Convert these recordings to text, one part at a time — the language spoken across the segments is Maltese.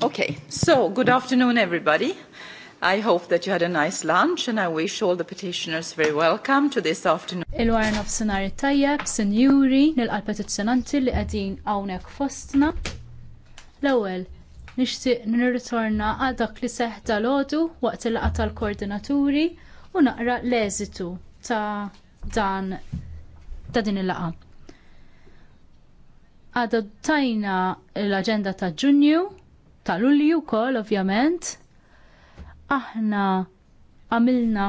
Okay, so good afternoon, everybody. I hope that you had a nice lunch and I wish all the petitioners very welcome to this afternoon. Il-war nofsinari tajjeb, senjuri, nil-qal petizzjonanti li għadin għawnek fostna. L-ewel, nixtieq nirritorna għal dak li seħħ dal ħodu waqt il laqgħa tal-koordinaturi u naqra l-eżitu ta' dan ta' din il laqgħa Adottajna l aġenda ta' Ġunju tal u wkoll ovvjament. Aħna għamilna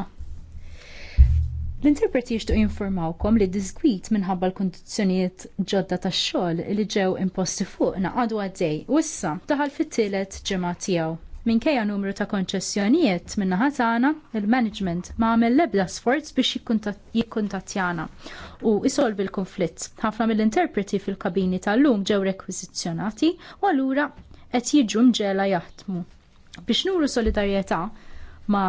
L-interpreti jixtu jinformawkom li diskwit minħabba l-kondizjoniet ġodda tax xogħol li ġew imposti fuqna għadu għaddej u issa daħal fit-tielet ġimgħa tiegħu. Minkejja numru ta' konċessjonijiet minna tagħna, il-management ma għamil l-ebda sforz biex jikkuntattjana u isolvi l-konflitt. Ħafna mill-interpreti fil-kabini tal-lum ġew rekwiżizzjonati u allura qed jiġu mġela jaħdmu. Biex nuru solidarjetà ma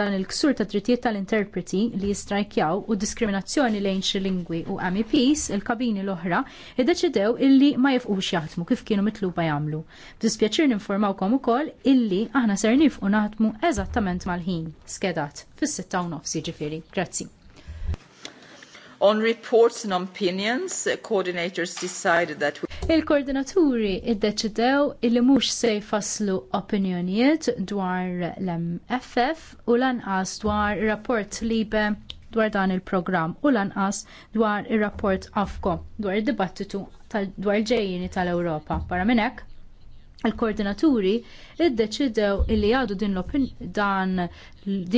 dan il-ksur ta' drittijiet tal-interpreti li jistrajkjaw u diskriminazzjoni lejn xi lingwi u MEPs il-kabini l-oħra iddeċidew illi ma jifqux jaħdmu kif kienu mitluba jagħmlu. Dispjaċir ninformawkom ukoll illi aħna ser nifqu naħdmu eżattament mal-ħin skedat fis-sitta u nofs jiġifieri. Grazzi. On reports and opinions, coordinators decided that we Il-koordinaturi iddeċidew illi mhux se jfasslu opinjonijiet dwar l-MFF u lanqas dwar rapport libe dwar dan il-programm u lanqas dwar ir-rapport AFCO dwar id-dibattitu dwar ġejjini tal-Ewropa. Barra minn hekk, il-koordinaturi iddeċidew illi għadu din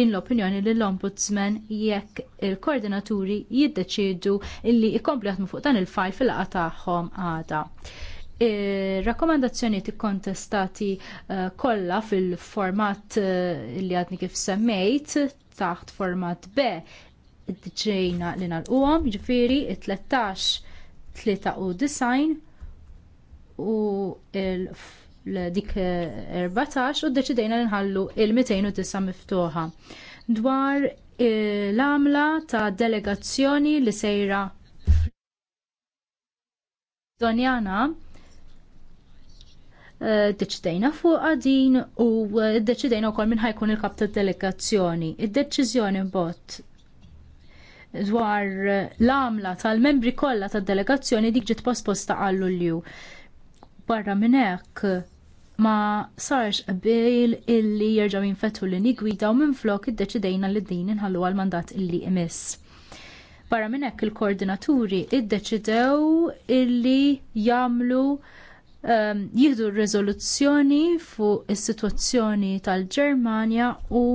l-opinjoni lill l-ombudsman jekk il-koordinaturi jiddeċidu illi ikomplu jaħdmu fuq dan il-fajl fil-laqa tagħhom għada. Rakkomandazzjoni tikkontestati eh, kollha fil-format eh, li għadni kif semmejt taħt format B id-ġejna li nalquhom, ġifieri 13 3 u design u il dik 14 eh, u ddeċidejna li nħallu il-209 miftuħa dwar eh, l-għamla ta' delegazzjoni li sejra Donjana eh, deċidejna fuq din u deċidejna wkoll minn ħajkun il-kap tad delegazzjoni. Id-deċiżjoni bot dwar l-għamla tal-membri kollha tad delegazzjoni dik ġiet posposta għallu l-ju. Barra minn hekk ma sarx qabel illi jerġgħu jinfetħu l gwida u minflok iddeċidejna li din inħallu għal mandat illi jmiss. Barra minn hekk il-koordinaturi iddeċidew illi jagħmlu um, jieħdu r-riżoluzzjoni fuq is-sitwazzjoni tal-Ġermanja u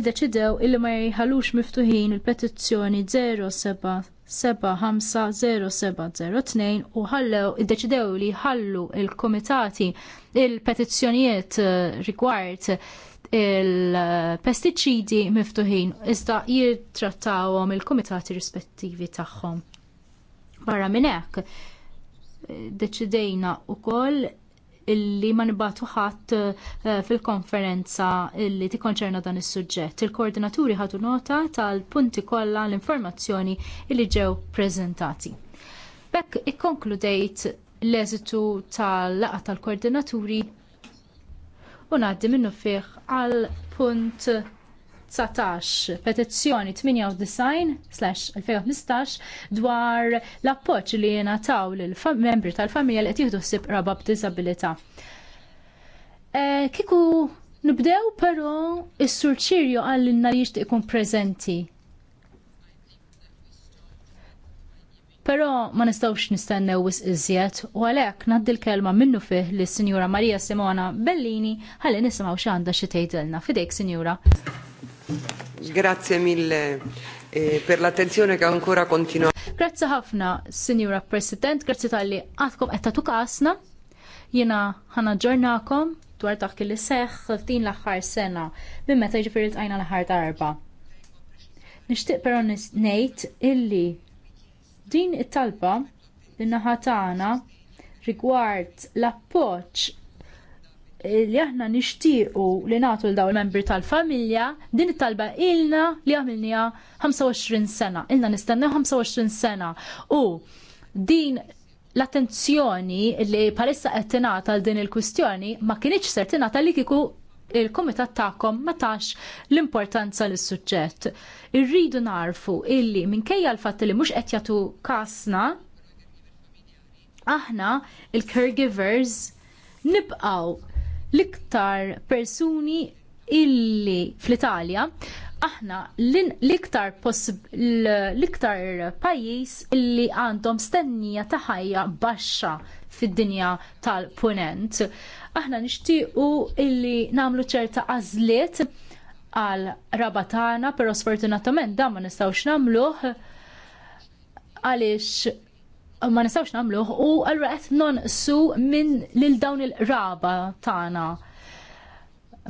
iddeċidew illi ma jħallux miftuħin il-petizzjoni 07 750702 u ħallew iddeċidew li ħallu il-komitati il-petizzjonijiet eh, rigward il-pestiċidi miftuħin iżda jittrattawhom il-kumitati rispettivi tagħhom. Barra minn hekk eh, deċidejna wkoll illi ma nibatu ħadd eh, fil-konferenza illi tikkonċerna dan is-suġġett. Il-koordinaturi ħadu nota tal-punti kollha l-informazzjoni illi ġew preżentati. Bekk ikkonkludejt l-eżitu tal laqgħa tal-koordinaturi u ngħaddi minnu fih għal punt 19, petizzjoni 98-2015 dwar l-appoġġ li taw lill membri tal-familja li qed jieħdu ħsieb raba b'diżabilità. E, kiku Kieku nibdew però is surċirju Ċirju inna li ikun preżenti. Pero ma nistawx nistennew wis iżjed u għalhekk ngħaddi l-kelma minnu fih lis sinjura Maria Simona Bellini ħalli nisimgħu x'għandha xi tgħidilna. Fidejk, Sinjura. Grazie mille eh, per l'attenzione che ancora continua. Grazie ħafna, Signora President, grazie tal-li għadkom qed tagħtu kasna. Jiena ħana ġornakom dwar taħk li seħħ din l-aħħar sena minn meta jiġifieri tqajna l axħar darba. Nixtieq però ngħid illi din it-talba in-naħa tagħna rigward l-appoġġ li aħna nixtiequ li nagħtu l dawn membri tal-familja din it-talba ilna li għamilnija 25 sena. Ilna nistenna 25 sena. U din l-attenzjoni li palissa qed tingħata għal din il-kwistjoni ma kienieċ ser tingħata li kieku il-komitat tagħkom ma tax l-importanza lis suġġett Irridu narfu illi minkejja l-fatt li mhux qed jagħtu kasna aħna il-caregivers nibqaw l-iktar persuni illi fl-Italja aħna l-iktar l-iktar pajis illi għandhom stennija ta' ħajja baxxa fid-dinja tal-punent. Aħna nixtiequ illi namlu ċerta għażliet għal rabatana, pero sfortunatament dan ma nistgħux nagħmluh għaliex ma nistawx namluħ u għallura non nonqsu minn lil dawn il-raba tagħna.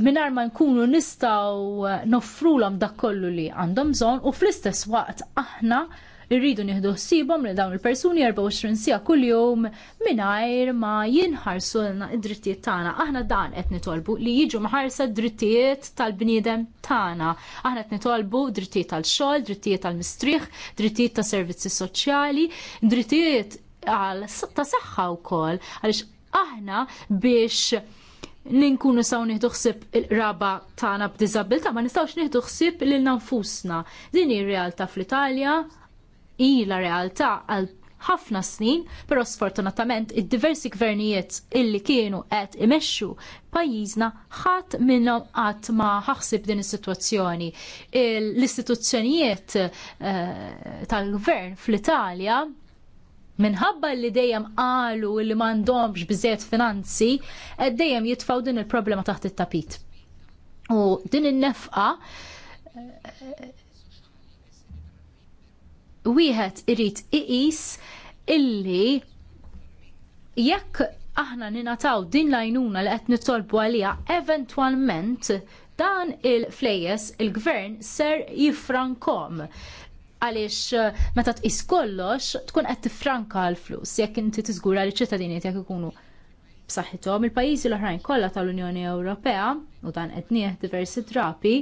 Minn arma nkunu nistaw nofrulhom dak kollu li għandhom bżonn u fl-istess waqt aħna irridu nieħdu ħsiebhom li dawn il-persuni 24 sija kuljum mingħajr ma jinħarsu id-drittijiet tagħna. Aħna dan qed nitolbu li jiġu mħarsa d-drittijiet tal-bniedem tagħna. Aħna qed nitolbu drittijiet tal-xogħol, drittijiet tal-mistrieħ, drittijiet ta' servizzi soċjali, drittijiet għal ta' saħħa wkoll għaliex aħna biex ninkunu saw nieħdu ħsieb il-raba tagħna b'diżabilità ma nistgħux nieħdu ħsieb lil nfusna. Din hi r-realtà fl-Italja ila realtà għal ħafna snin, però sfortunatament id-diversi gvernijiet illi kienu qed imexxu pajjiżna ħadd minnhom qatt ma ħaħsib din is-sitwazzjoni. L-istituzzjonijiet eh, tal-gvern fl-Italja minħabba li dejjem qalu li m'għandhomx biżejjed finanzi, dejjem jitfgħu din il-problema taħt it-tapit. U din in-nefqa wieħed irid iqis illi jekk aħna ninataw din l-għajnuna li qed nitolbu għalija eventwalment dan il-flejes il-gvern ser jifrankom għaliex eh, meta tqis kollox tkun qed tifranka l-flus jekk inti tiżgura li ċittadini jekk ikunu b'saħħithom il-pajjiżi l-oħrajn kollha tal-Unjoni Ewropea u dan qed nieħ diversi drapi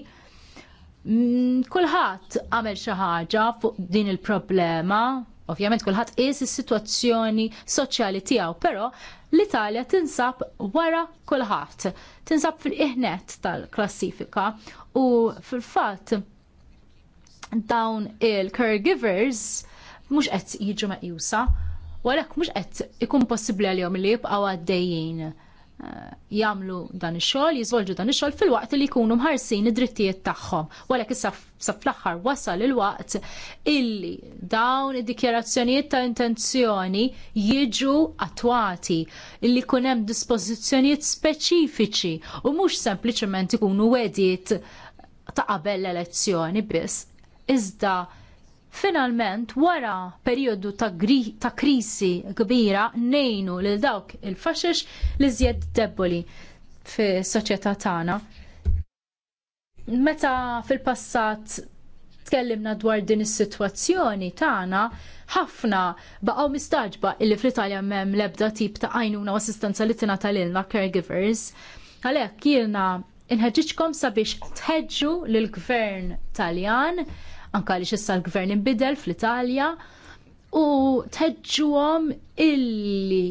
Mm, kulħadd għamel xi ħaġa fuq din il-problema, ovvjament kulħadd qies is-sitwazzjoni soċjali tiegħu, però l-Italja tinsab wara kulħadd, tinsab fil-qihnet tal-klassifika u fil-fatt dawn il-caregivers mhux qed jiġu meqjusa, u għalhekk mhux qed ikun possibbli għalihom li jibqgħu għaddejjin jagħmlu dan ix-xogħol, jiżvolġu dan ix-xogħol fil-waqt li jkunu mħarsin id-drittijiet tagħhom. Walek issa sa fl-aħħar wasal il-waqt illi dawn id-dikjarazzjonijiet ta' intenzjoni jiġu attwati, illi jkun hemm dispożizzjonijiet speċifiċi u mhux sempliċement ikunu wedijiet ta' qabel l-elezzjoni biss. Iżda Finalment, wara perjodu ta', ta krisi kbira, nejnu lil dawk il-faxix li żjed deboli fis soċjetà tagħna. Meta fil-passat tkellimna dwar din is-sitwazzjoni tagħna, ħafna baqgħu mistaġba illi fl-Italja m'hemm l-ebda tip ta' għajnuna u assistenza li tingħata lilna caregivers. Għalhekk jiena inħeġġiġkom sabiex tħeġġu lill gvern Taljan anka li xissa l-gvern imbidel fl-Italja u tħeġġuhom illi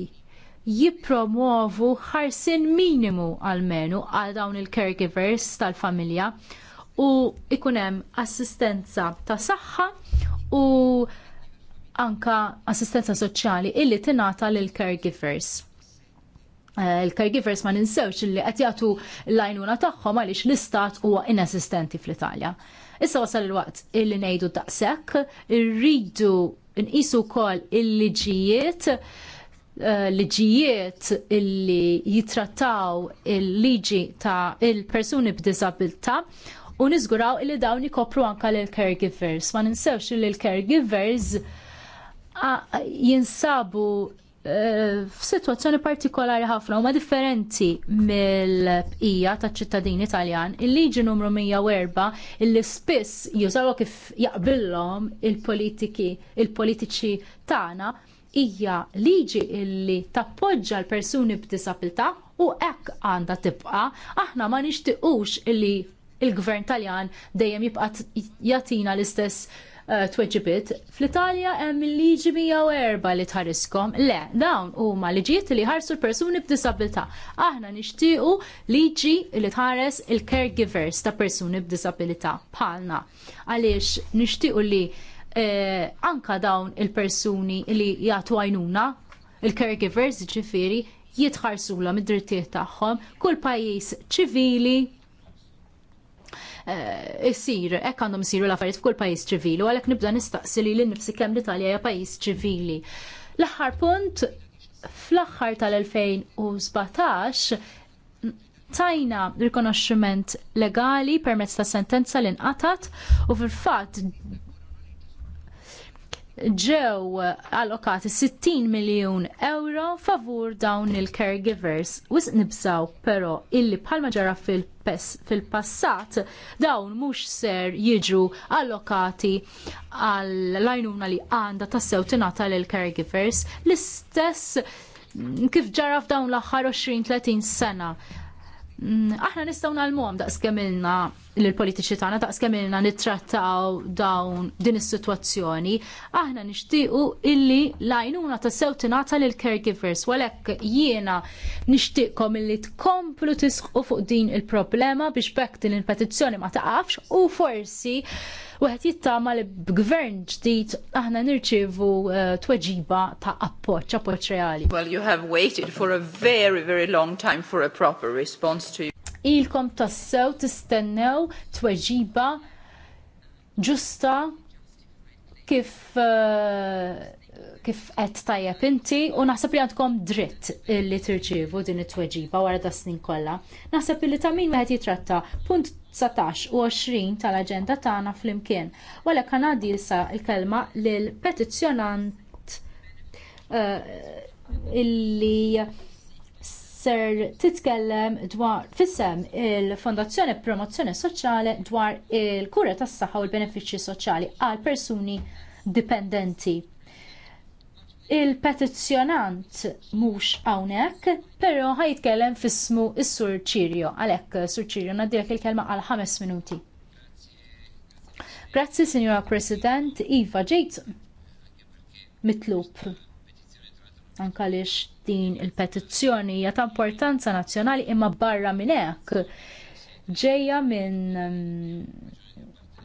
jippromovu ħarsin minimu għal-menu għal dawn il-caregivers tal-familja u ikun hemm assistenza ta' saħħa u anka assistenza soċjali illi tingħata lill caregivers eh, il-caregivers ma ninsewx li qed jagħtu l-għajnuna tagħhom għaliex l-istat huwa inassistenti fl-Italja. Issa wasal il-waqt illi ngħidu daqshekk, irridu nqisu wkoll il-liġijiet eh, liġijiet illi jitrattaw il-liġi ta' il-persuni b'disabilta u niżguraw illi dawn ikopru anka l-caregivers. Ma ninsewx illi l-caregivers jinsabu Eh, f'sitwazzjoni partikolari ħafna huma differenti mill-bqija taċ ċittadini Taljan. Il-liġi numru 104 illi spiss jużawha kif jaqbilhom il-politiki, il-politiċi tagħna hija liġi illi tappoġġa l-persuni b'disabilità u hekk għandha tibqa' aħna ma nixtiequx illi il-gvern Taljan dejjem jibqa' jagħtina l-istess Eh, tweġibit. Fl-Italja hemm il-liġi 104 li tħariskom. Le, dawn huma liġijiet li ħarsu l-persuni b'disabilità. Aħna nixtiequ liġi li tħares il-caregivers ta' persuni b'disabilità bħalna. Għaliex nixtiequ li eh, anka dawn il-persuni li jagħtu għajnuna il-caregivers ġifiri jitħarsulhom id drittijiet tagħhom, kull pajjiż ċivili Eh, isir, hekk għandhom isiru l-affarijiet f'kull pajjiż ċivili, u għalhekk nibda nistaqsi li nnifsi kemm l-Italja hija pajjiż ċivili. L-aħħar punt fl-aħħar tal-2017 tajna rikonoxximent legali permezz ta' sentenza li nqatat u fil-fatt ġew allokati 60 miljun euro favur dawn il-caregivers. Wisq nibżaw però illi bħalma ġara fil- fil-passat dawn mhux ser jiġu allokati għall-għajnuna li għandha tassew tingħata lill caregivers l-istess kif ġara f'dawn l-aħħar 20-30 sena Mm, aħna nistgħu nagħmluhom daqs kemmilna lill-politiċi tagħna daqs kemmilna nittrattaw dawn din is-sitwazzjoni, aħna nixtiequ illi l-għajnuna ta' sew tingħata lil caregivers għalhekk jiena nixtieqkom illi tkomplu tisqu fuq din il-problema biex bekk din il-petizzjoni ma taqafx u forsi għet jittama li b'gvern ġdid aħna nirċievu eh, tweġiba ta' appoċ, appoċ reali. Well, you have waited for a very, very long time for a proper response to you. Ilkom tassew tistennew tweġiba ġusta kif uh, kif qed tajjeb inti u naħseb li għandkom dritt li tirċievu din it-tweġiba wara da snin kollha. Naħseb li ta' min wieħed jitratta punt 19 u 20 tal-aġenda tagħna flimkien. Wala kan sa l-kelma lil petizzjonant eh, illi ser titkellem dwar fissem il-Fondazzjoni Promozzjoni Soċjali dwar il-kura tas-saħħa u l-benefiċċji soċjali għal persuni dipendenti. Il-petizzjonant mhux hawnhekk, però ħajtkellem f'ismu s-Sur Ċirio. Għalhekk Sur Ċirio nadilek il-kelma għal ħames minuti. Grazzi, Signora President, Iva ġejt mitlub anka lix din il-petizzjoni hija ta' importanza nazzjonali imma barra minn hekk ġejja minn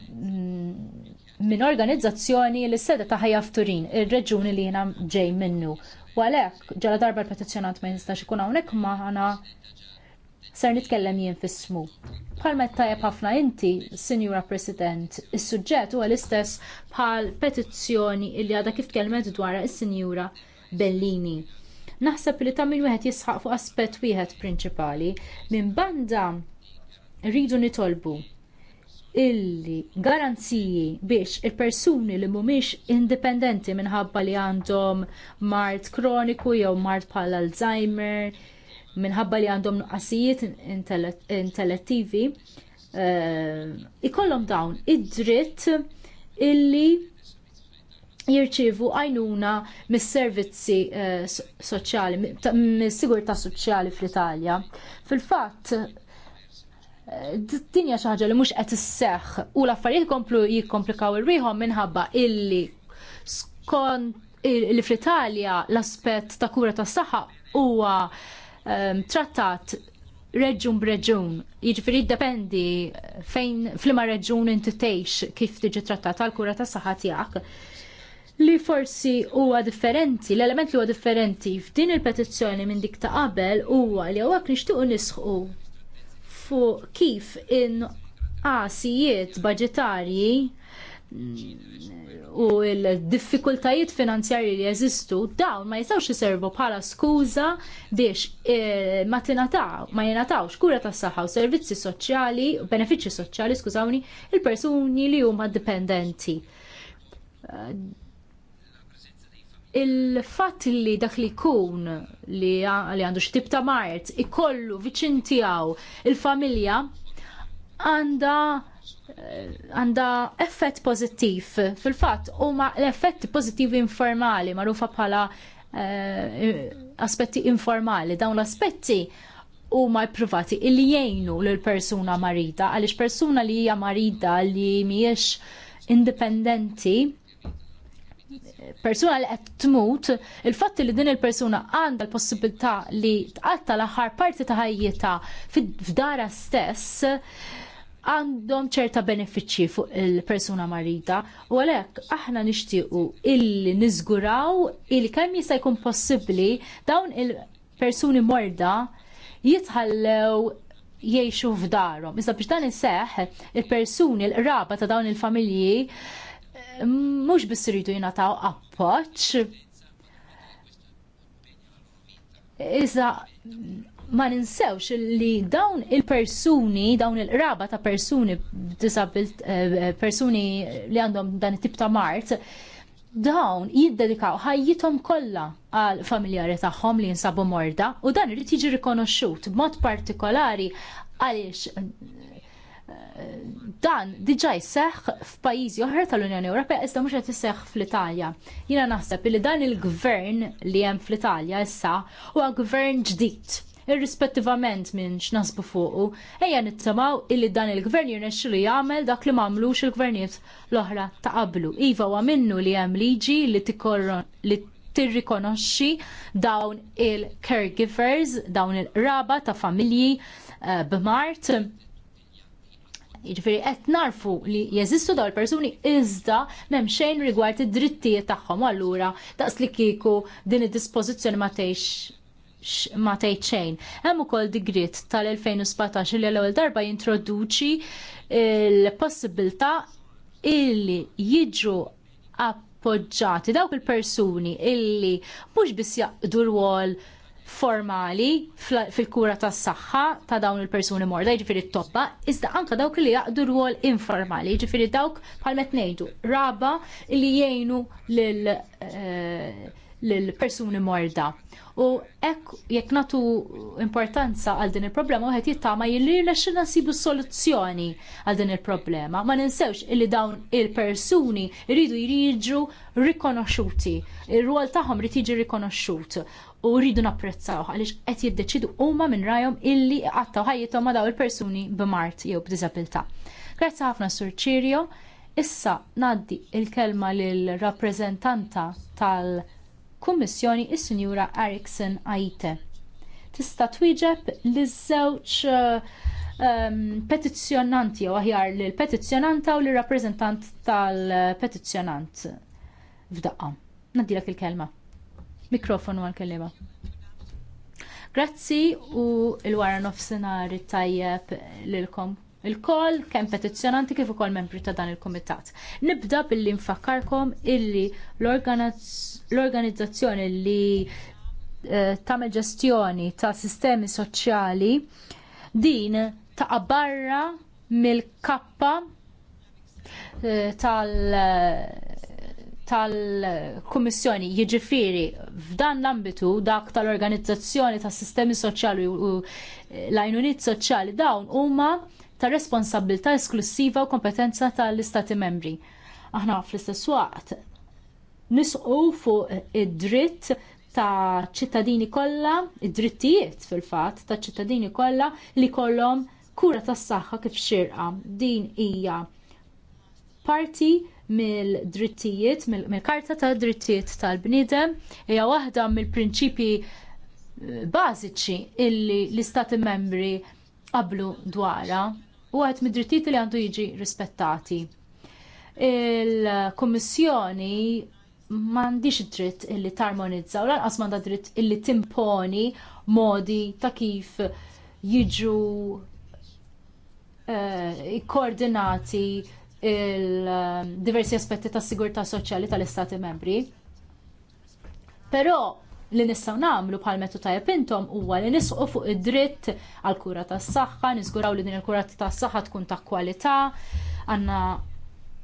mm, minn organizzazzjoni li s-seda taħja f'Turin, ir-reġuni li jiena ġej minnu. U għalhekk ġala darba l petizjonant ma jistax ikun hawnhekk maħna ser nitkellem jien fis-smu. Bħalma tajjeb ħafna inti, Sinjura President, is-suġġett huwa l-istess bħal petizzjoni li għadha kif tkellmet dwar is-Sinjura Bellini naħseb li ta' min wieħed jisħaq fuq aspett wieħed prinċipali. Minn banda rridu nitolbu illi garanziji biex il-persuni li mhumiex indipendenti minħabba li għandhom mart kroniku jew mart pal Alzheimer, minħabba li għandhom nuqqasijiet intellettivi, uh, ikollhom dawn id-dritt illi jirċivu għajnuna mis-servizzi uh, soċjali, mis-sigurta soċjali fl-Italja. Fil-fatt, dinja xaħġa li mhux qed isseħħ u l-affarijiet komplu jikkomplikaw riħom minħabba illi skont li fl-Italja l-aspett ta' kura tas saħħa huwa ehm, trattat reġun b'reġun. Jiġifieri jiddependi fejn flima reġun inti tgħix kif tiġi trattat għall kura tas saħħa tiegħek li forsi huwa differenti, l-element li huwa differenti f'din il-petizzjoni minn dik ta' qabel huwa li hawnhekk nixtiequ nisħu fuq kif in asijiet budġetarji mm, u l-diffikultajiet finanzjarji li jeżistu dawn ma jistgħux jiservu bħala skuża biex eh, ma tinataw, ma kura tas saħħa u servizzi soċjali, benefiċċji soċjali, skużawni, il-persuni li huma dipendenti eh, il fat li dak li jkun li għandu xtib ta' mart ikollu viċin tiegħu il-familja għanda eh, għanda effett pozittiv. Fil-fatt, huma l-effetti pozittivi informali, magħrufa bħala eh, aspetti informali, dawn l-aspetti huma ppruvati li jgħinu lill persuna marida, għaliex persuna li hija marida li mhijiex indipendenti, persuna li qed tmut, il-fatt li din il-persuna għandha l-possibilità li tqatta l-aħħar parti ta' ħajjita f'dara stess għandhom ċerta benefiċċji fuq il-persuna marita u għalhekk aħna nixtiequ illi niżguraw il kemm jista' jkun possibbli dawn il-persuni morda jitħallew jiexu f'darhom. Iżda biex dan iseħħ il-persuni l-qraba ta' dawn il-familji mhux biss iridu jingħataw appoġġ iżda ma ninsewx li dawn il-persuni, dawn il-qraba ta' persuni, eh, persuni li għandhom dan it-tip ta' mart, dawn jiddedikaw ħajjithom kollha għal familjari tagħhom li jinsabu morda u dan irid jiġi rikonoxxut b'mod partikolari għaliex dan diġà jseħħ f'pajjiżi oħra tal-Unjoni Ewropea iżda mhux qed isseħħ fl-Italja. Jiena naħseb li dan il-gvern li hemm fl-Italja issa huwa gvern ġdid irrispettivament minn x'nasbu fuqu, ejja nittamaw illi dan il-gvern jirnexxu li jagħmel dak li m'għamlux il-gvernijiet l-oħra ta' qablu. Iva huwa minnu li hemm liġi li tikorron li tirrikonoxxi dawn il-caregivers, dawn il-raba ta' familji uh, b'mart Jiġifieri qed narfu li jeżistu dawn persuni iżda m'hemm xejn rigward id-drittijiet tagħhom allura daqs li kieku din id-dispożizzjoni ma tgħix ma tgħid xejn. Hemm ukoll digrit tal-2017 li l-ewwel darba jintroduċi l-possibilità illi jiġu appoġġati dawk il-persuni illi mhux biss jaqdu rwol formali fil-kura tas saħħa ta' dawn il-persuni morda, ġifiri t toppa iżda anke dawk li jaqdu rwol informali, ġifiri dawk palmet ngħidu raba li jgħinu lil eh, l-persuni morda. U ek jekk natu importanza għal din il-problema, uħet jittama jilli l-axina sibu soluzzjoni għal din il-problema. Ma ninsewx illi dawn il-persuni rridu jiriġu rikonoxuti. Il-rwol taħom rrit jiġi rikonoxut u rridu napprezzaw għaliex qed jiddeċidu huma minn rajhom illi qattaw ħajjithom ma' daw il-persuni b'mart jew b'diżabilità. Grazzi ħafna Sur Ċirio. Issa ngħaddi l kelma lil rappreżentanta tal- kummissjoni is-Sinjura Erickson Aite. Tista' twieġeb li żewġ eh, petizzjonanti jew aħjar lil petizzjonanta u lir rappreżentant tal-petizzjonant f'daqqa. Nadilek il-kelma. Mikrofonu għal-kellima. Grazzi u il-wara nofsinhar tajjeb lilkom il-koll, kemm petizzjonanti kif ukoll membri ta' dan il-kumitat. Nibda billi nfakkarkom illi l-organizzazzjoni li eh, tagħmel ġestjoni ta' sistemi soċjali din ta' barra mill-kappa eh, tal- tal-Kummissjoni jiġifieri f'dan l-ambitu dak tal-organizzazzjoni tas sistemi soċjali u eh, l-għajnuniet soċjali dawn huma ta' responsabilità esklusiva u kompetenza tal-Istati membri. Aħna fl-istess waqt nisqu fuq id-dritt ta' ċittadini kollha, id-drittijiet fil-fatt ta' ċittadini kollha li kollhom kura tas saħħa kif xirqa. Din hija parti mill-drittijiet, mill-karta tad drittijiet tal-bnidem, hija waħda mill-prinċipji bażiċi illi l-istati membri qablu dwarha u għed mid-drittijiet li għandu jiġi rispettati. Il-Kommissjoni mandiċ dritt illi tarmonizza u lanqas manda dritt illi timponi modi ta' kif jiġu uh, eh, koordinati il-diversi aspetti ta' sigurta soċjali tal-Istati membri. Però li nistaw nagħmlu bħal metu tajjeb intom huwa li nisqu fuq id-dritt għall kura tas-saħħa, nisguraw li din il-kura tas-saħħa tkun ta' kwalità, għanna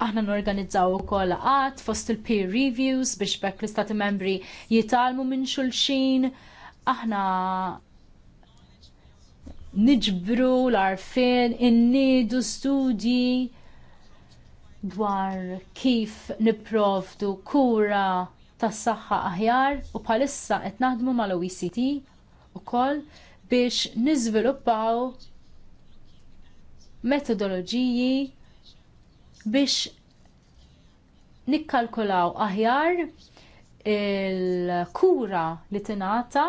aħna norganizzaw ukoll kolaqat fost il-peer reviews biex bekk l-istati membri jitalmu minn xulxin, aħna niġbru l-arfin, innidu studji dwar kif niprovdu kura tas-saħħa aħjar u bħalissa qed naħdmu mal-OECD ukoll biex niżviluppaw metodoloġiji biex nikkalkulaw aħjar il-kura li tingħata,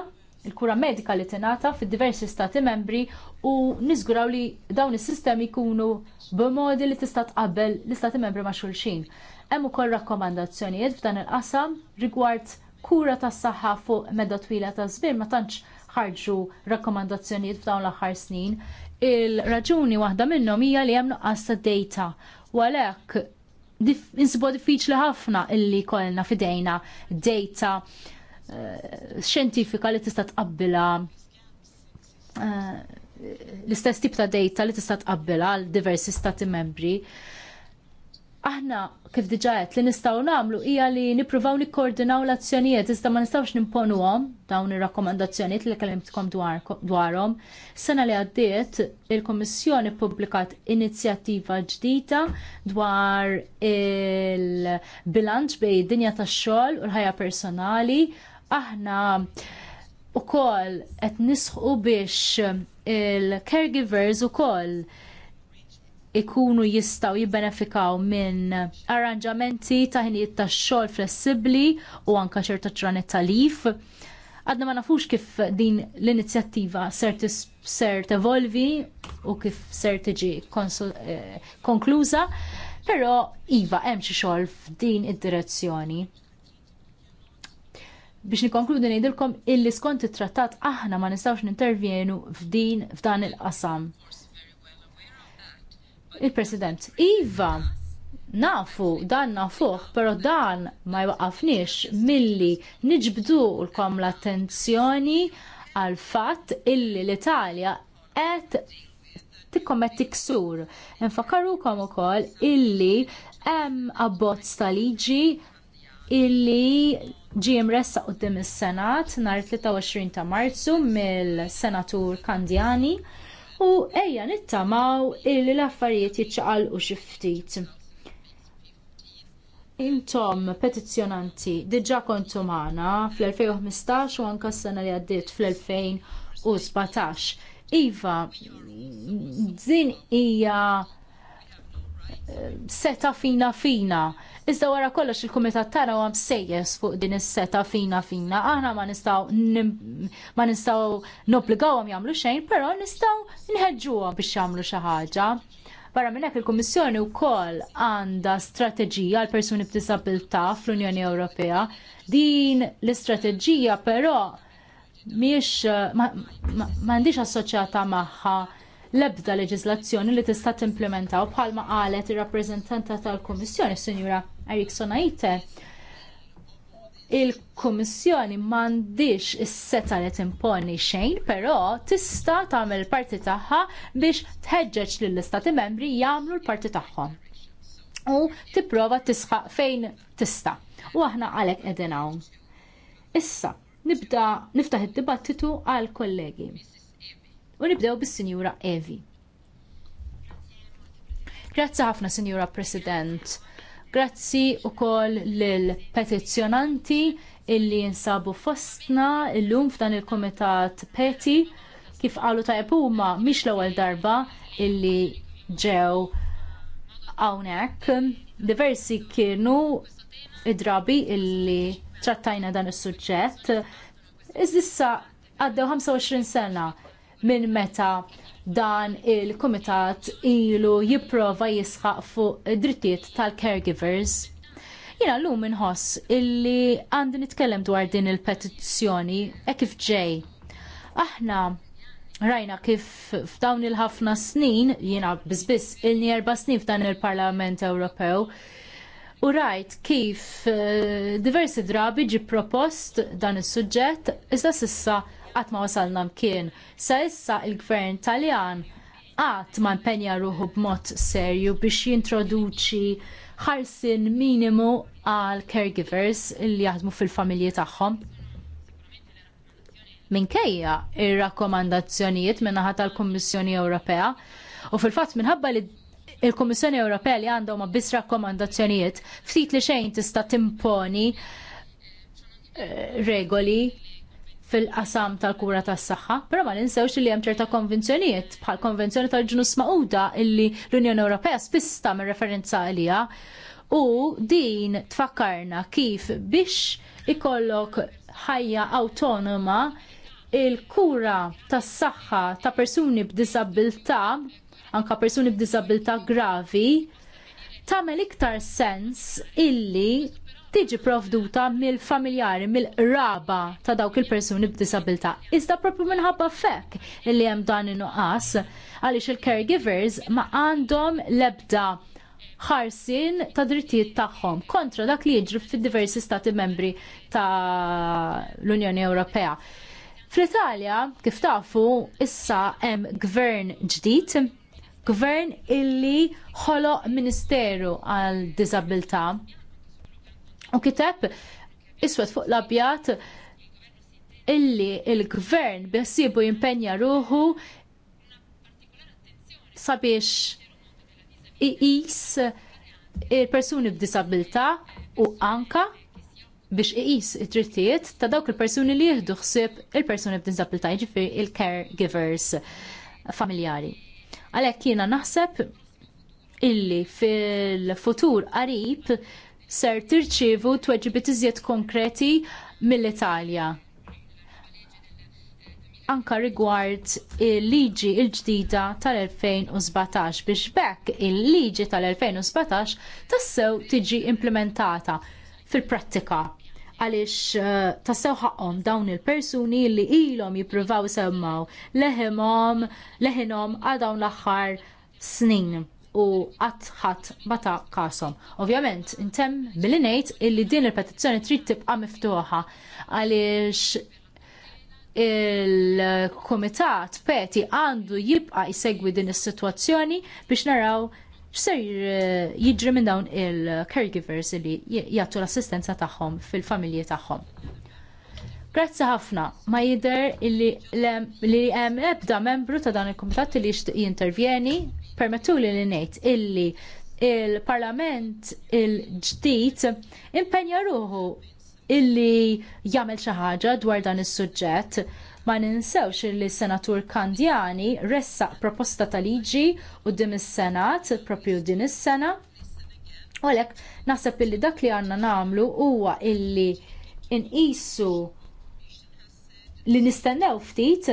il-kura medika li tingħata fid diversi stati membri u niżguraw li dawn is-sistemi jkunu b'modi li tista' tqabbel l-istati membri ma' xulxin. Hemm ukoll rakkomandazzjonijiet f'dan il-qasam rigward kura tas-saħħa fuq medda twila ta' żmien ma tantx ħarġu rakkomandazzjonijiet f'dawn l-aħħar snin. Il-raġuni waħda minnhom hija li hemm nuqqas ta' data u għalhekk insibu diffiċli ħafna illi kollna fidejna data eh, xjentifika li tista' tqabbilha eh, l-istess tip ta' data li tista' tqabbilha għal diversi stati membri aħna kif diġa li nistgħu nagħmlu hija li nippruvaw nikkoordinaw l-azzjonijiet iżda ma nistgħux nimponuhom dawn ir-rakkomandazzjonijiet li kellimtkom dwarhom. Sena li għaddiet il-Kommissjoni ppubblikat inizjattiva ġdida dwar il-bilanċ bej dinja tax-xogħol u l-ħajja personali. Aħna ukoll qed nisħu biex il-caregivers ukoll koll ikunu jistgħu jibbenefikaw minn arranġamenti ta' ħinijiet tax xogħol flessibbli u anke ċerta ċranet talif. Għadna ma nafux kif din l-inizjattiva ser tevolvi u kif ser tiġi eh, konkluża, però iva hemm xi xogħol f'din id-direzzjoni biex nikonkludi ngħidilkom illi skont it-trattat aħna ma nistgħux nintervjenu f'din f'dan il-qasam. Il-President, Iva, nafu, dan nafuh, pero dan ma jwaqafniex milli niġbdu l-kom l-attenzjoni għal fatt illi l-Italja qed tikkommet tiksur. Infakarukom ukoll illi hemm abbozz ta' liġi illi ġie mressa qudiem is-Senat nhar 23 ta' Marzu mill-Senatur Kandjani u ejja nittamaw illi l-affarijiet jiċċaqalqu xi ftit. Intom petizzjonanti diġà kontu magħna fl-2015 u anke s-sena li għaddiet fl-2017. Iva, din hija eh, seta fina fina Iżda wara kollox il-kumitat tara għam sejjes fuq din is-seta fina fina. Aħna ma nistgħu ma nistaw nobligaw għam jamlu xejn, però nistgħu nħedġu għam biex xi ħaġa. Barra minnek il kummissjoni u koll għanda strategija għal persuni b'disabilta fl-Unjoni Ewropea. Din l-istrategija però miex ma, ma, ma, assoċjata maħħa l-ebda leġislazzjoni li tista' timplementaw bħalma qalet ir-rappreżentanta tal-Kummissjoni, Sinjura Erikson Aite. Il-Kummissjoni m'għandix is-seta li timponi xejn, però tista' tagħmel parti tagħha biex tħeġġeġ lill-istati membri jagħmlu l-parti tagħhom u tipprova tisħaq fejn tista. U aħna għalhekk qegħdin hawn. Issa, nibda niftaħ id-dibattitu għal kollegi. U nibdew bis-Sinjura Evi. Grazzi ħafna, Sinjura President. Grazzi u koll l-petizjonanti illi jinsabu fostna illum f'dan il-Komitat Peti kif qalu ta' huma mhix l-ewwel darba illi ġew hawnhekk. Diversi kienu id-drabi illi trattajna dan is-suġġett. issa għaddew 25 sena minn meta dan il-Kumitat ilu jipprova jisħaq fuq drittijiet tal-caregivers. Jina l-lum inħoss illi għandi nitkellem dwar din il-petizzjoni e kif ġej. Aħna rajna kif f'dawn il-ħafna snin, jiena bizbis il-ni erba snin f'dan il-Parlament Ewropew, U rajt kif eh, diversi drabi ġi propost dan is suġġett iżda sissa qatt ma wasalna mkien. Sa issa l gvern Taljan qatt ma mpenja ruħu b'mod serju biex jintroduċi ħarsin minimu għal caregivers li jaħdmu fil-familji tagħhom. Minkejja ir-rakkomandazzjonijiet min-naħa tal-Kummissjoni Ewropea u fil-fatt minħabba li il-Kummissjoni Ewropea li għandhom ma biss rakkomandazzjonijiet ftit li xejn tista' timponi eh, regoli fil-qasam tal-kura tas-saħħa, però ma ninsewx li hemm ċerta konvenzjonijiet bħal konvenzjoni tal-ġnus Magħquda illi l-Unjoni Ewropea spiss tagħmel referenza għaliha u din tfakkarna kif biex ikollok ħajja awtonoma il-kura tas-saħħa ta' persuni b'disabilità, anka persuni b'disabilità gravi, tagħmel iktar sens illi tiġi provduta mill-familjari, mill-raba ta' dawk il-persuni b'disabilità. Iżda propju minħabba fekk li hemm dan in-nuqqas għaliex il-caregivers ma għandhom l-ebda ħarsien ta' drittijiet tagħhom kontra dak li jiġri fid-diversi stati membri ta' l-Unjoni Ewropea. Fl-Italja, kif tafu, issa hemm gvern ġdid gvern illi ħoloq ministeru għal diżabilità U kitab iswet fuq labjat illi il-gvern besibu jimpenja ruħu sabiex iqis il-persuni b'disabilità u anka biex iqis it-trittijiet ta' dawk il-persuni li jieħdu ħsieb il-persuni b'disabilità jiġifieri il-caregivers familjari. Għalhekk jiena naħseb illi fil-futur qarib ser tirċievu tweġibiet iżjed konkreti mill-Italja anka rigward il-liġi l il ġdida tal-2017 biex bekk il-liġi tal-2017 tassew tiġi implementata fil-prattika għaliex eh, tassew ħaqhom dawn il-persuni li ilhom jippruvaw semmaw leħinhom għal dawn l-aħħar snin u għatħat bata kasom. Ovvjament, intem billi ngħid illi din il-petizzjoni trid tibqa' miftuħa għaliex il-komitat peti għandu jibqa' jsegwi din is-sitwazzjoni biex naraw x'ser eh, jiġri minn dawn il-caregivers li jagħtu l-assistenza tagħhom fil-familji tagħhom. Grazzi ħafna, ma jider li hemm ebda membru ta' dan il-komitat li jixtieq jintervjeni permettu li ngħid illi il-parlament il-ġdid impenja ruħu illi jagħmel xi ħaġa dwar dan is-suġġett ma ninsewx li senatur Kandjani ressaq proposta ta' liġi u dim is-senat propju din is-sena. U għalhekk naħseb illi dak li għandna nagħmlu huwa illi inqisu li nistennew ftit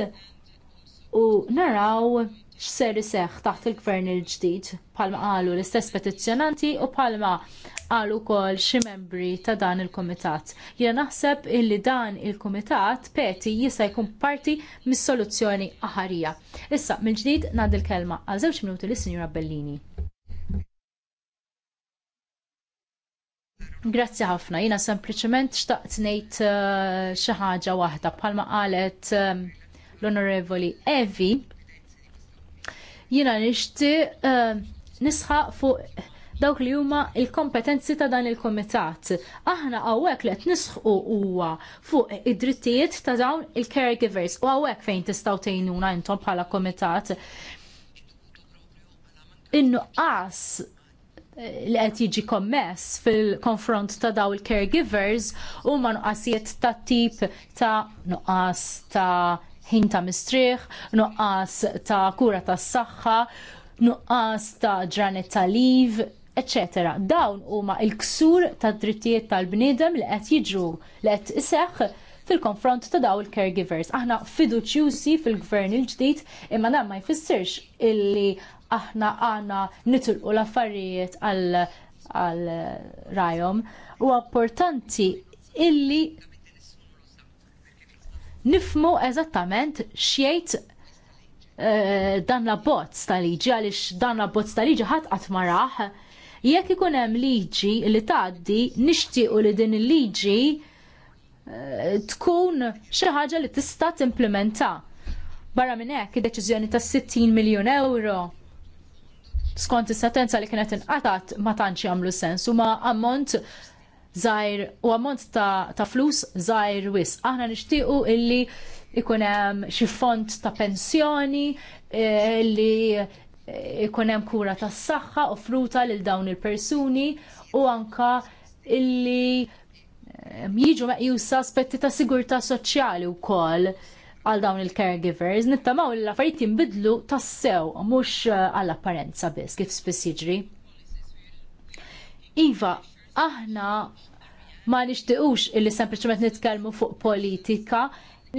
u naraw x'ser iseħħ taħt il-gvern il-ġdid bħalma qalu l-istess petizzjonanti u bħalma qalu wkoll xi membri ta' dan il-kumitat. Jiena naħseb illi dan il-kumitat peti jista' jkun parti mis-soluzzjoni aħarija. Issa mill-ġdid ngħaddi l-kelma għal żewġ minuti lis sinjura Bellini. Grazzi ħafna, jiena sempliċement xtaqt ngħid eh, xi ħaġa waħda bħalma qalet eh, l-Onorevoli Evi Jiena nixtieq eh, nisħaq fuq dawk li huma il-kompetenzi ta' dan il-komitat. Aħna għawek li qed nisħu huwa fuq id-drittijiet ta' dawn il-caregivers u hawnhekk fejn tistgħu tgħinuna intom bħala komitat. In-nuqqas eh, li qed jiġi kommess fil-konfront ta' daw il-caregivers huma nuqqasijiet ta' tip ta' nuqqas ta' ħin ta' mistrieħ, nuqqas ta' kura tas saħħa nuqqas ta' ġranet ta' liv, etc. Dawn huma l-ksur tad drittijiet tal-bniedem li qed jiġru li qed iseħħ fil-konfront ta' daw il-caregivers. Aħna fiduċjusi fil-gvern il-ġdid imma dan ma jfissirx illi aħna għana nitulqu l-affarijiet għal rajom. U importanti illi nifmu eżattament xjejt eh, dan la bozz tal-liġi, għaliex dan la bozz tal-liġi ħadd qatt maraħ. Jekk ikun hemm liġi li tgħaddi nixtiequ li din il-liġi eh, tkun xi ħaġa li tista' timplementa. Barra minn hekk id-deċiżjoni ta' 60 miljun euro skont is-sentenza li kienet inqatat ma tantx jagħmlu sens huma ammont zaħir u għamont ta', ta flus żgħir wis. Aħna nixtiequ illi ikun hemm xi ta' pensjoni eh, illi eh, ikun hemm kura tas-saħħa fruta lil dawn il-persuni u anka illi eh, jiġu meqjusa aspetti ta' sigurtà soċjali wkoll għal dawn il-caregivers, nittamaw l-affarijiet jinbidlu tassew, mhux għall apparenza biss, kif spiss jiġri. Iva, aħna ma nixtiequx illi sempliċement nitkellmu fuq politika,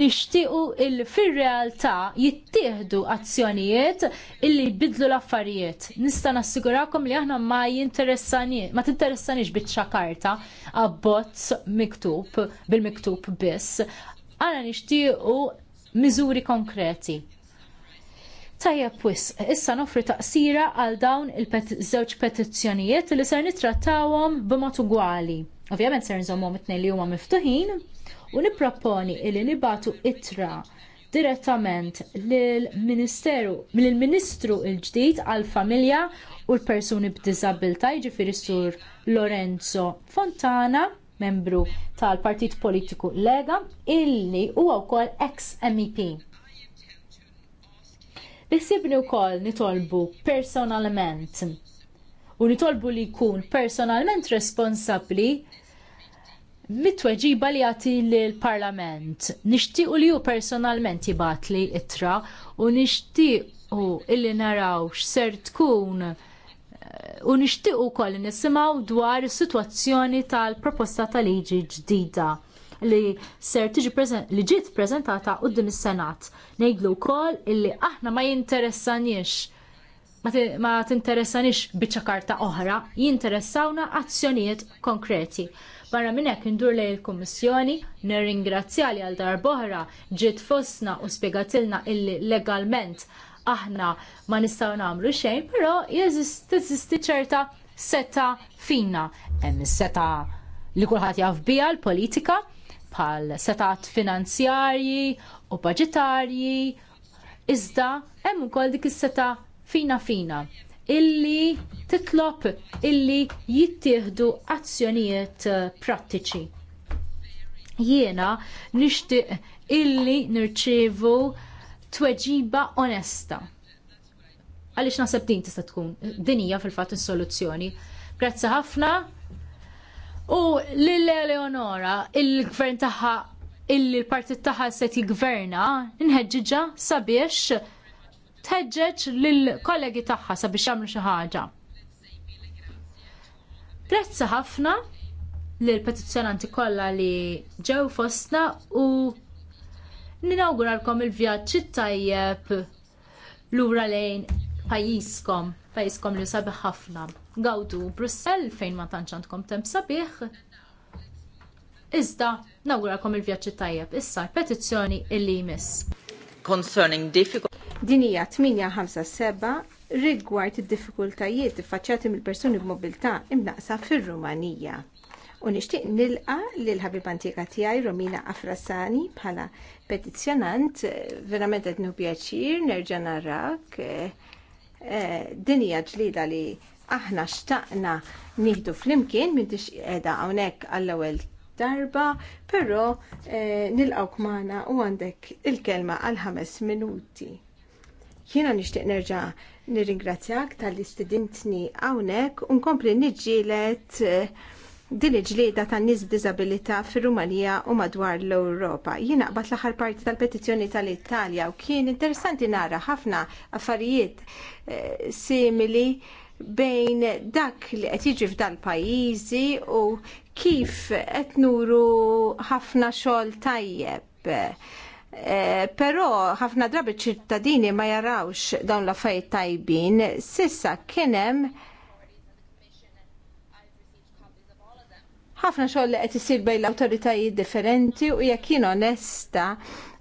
nixtiequ illi fir-realtà jittieħdu azzjonijiet illi jbidlu l-affarijiet. Nista' nassigurakom li aħna ma jinteressanix, ma tinteressanix biċċa karta abbozz miktub bil-miktub biss. Aħna nixtiequ miżuri konkreti. Tajjeb wisq, issa nofri taqsira għal dawn il-żewġ petizzjonijiet li ser nittrattawhom b'mod ugwali. Ovvjament ser nżommhom it-tnejn li huma miftuħin u nipproponi li nibatu ittra direttament lill-Ministeru mill-Ministru l-ġdid għall familja u l-persuni b'diżabilità jiġifieri sur Lorenzo Fontana, membru tal-Partit Politiku Lega, illi huwa wkoll ex MEP u wkoll nitolbu personalment u nitolbu li jkun personalment responsabbli mitweġiba li għati l-parlament. u li ju personalment jibat li itra u u illi naraw x'ser tkun eh, u u koll nisimaw dwar is-sitwazzjoni tal-proposta tal-liġi ġdida li ser tiġi li ġiet prezentata qudiem is-Senat. Ngħidlu wkoll illi aħna ma jinteressanix ma tinteressanix biċċa karta oħra, jinteressawna azzjonijiet konkreti. Barra minn hekk indur lejn il-Kummissjoni, nirringrazzjali għal darboħra ġiet fostna u spjegatilna illi legalment aħna ma nistgħu nagħmlu xejn, però jeżisti ċerta seta fina. Hemm seta li kulħadd jaf biha l-politika, bħal setat finanzjarji u budgetarji, iżda hemm ukoll dik is-seta fina fina illi titlob illi jittieħdu azzjonijiet eh, prattiċi. Jiena nixtieq illi nirċievu tweġiba onesta. Għaliex naħseb din tista' tkun din hija fil-fatt is-soluzzjoni. Grazzi ħafna. U l-Eleonora, il-gvern tagħha il-partit taħħa se jigverna, nħeġġiġa sabiex tħeġġeġ lill-kollegi tagħha sabiex jagħmlu xi ħaġa. Grazzi ħafna lill petizzjonanti kollha li ġew fostna u ninauguralkom il-vjaġġ tajjeb lura lejn pajjiżkom, pajiskom li sabi ħafna. Gawtu Brussell fejn ma tantx għandkom temp sabiħ. Iżda nawgurakom il-vjaġġi tajjeb issa petizzjoni illi jmiss. Concerning difficult. Dinija 857 rigward id-diffikultajiet iffaċċjati mill-persuni b'mobilità imnaqsa fir-Rumanija. U nixtieq nilqa lil ħabib antika tiegħi Romina Afrasani bħala petizzjonant verament qed pjaċir nerġa' narrak eh, eh, dinija ġlida li aħna xtaqna nieħdu flimkien m'intix qiegħda hawnhekk għall-ewwel darba, però eh, nilqgħu magħna u għandek il-kelma għal ħames minuti. Jiena nixtieq nerġa' nirringrazzjak tal-istudentni hawnhekk u nkompli niġġielet eh, din il-ġlieda tan nies b'diżabilità fir-Rumanija u madwar l-Ewropa. Jiena naqbad l-aħħar parti tal-petizzjoni tal-Italja u kien interessanti nara ħafna affarijiet eh, simili bejn dak li qed jiġi f'dan pajjiżi u kif qed nuru ħafna xogħol tajjeb. Eh, Però ħafna drabi ċittadini ma jarawx dawn l-affarijiet tajbin, sissa kien hemm ħafna xogħol li qed isir bejn l-awtoritajiet differenti u jekk jien onesta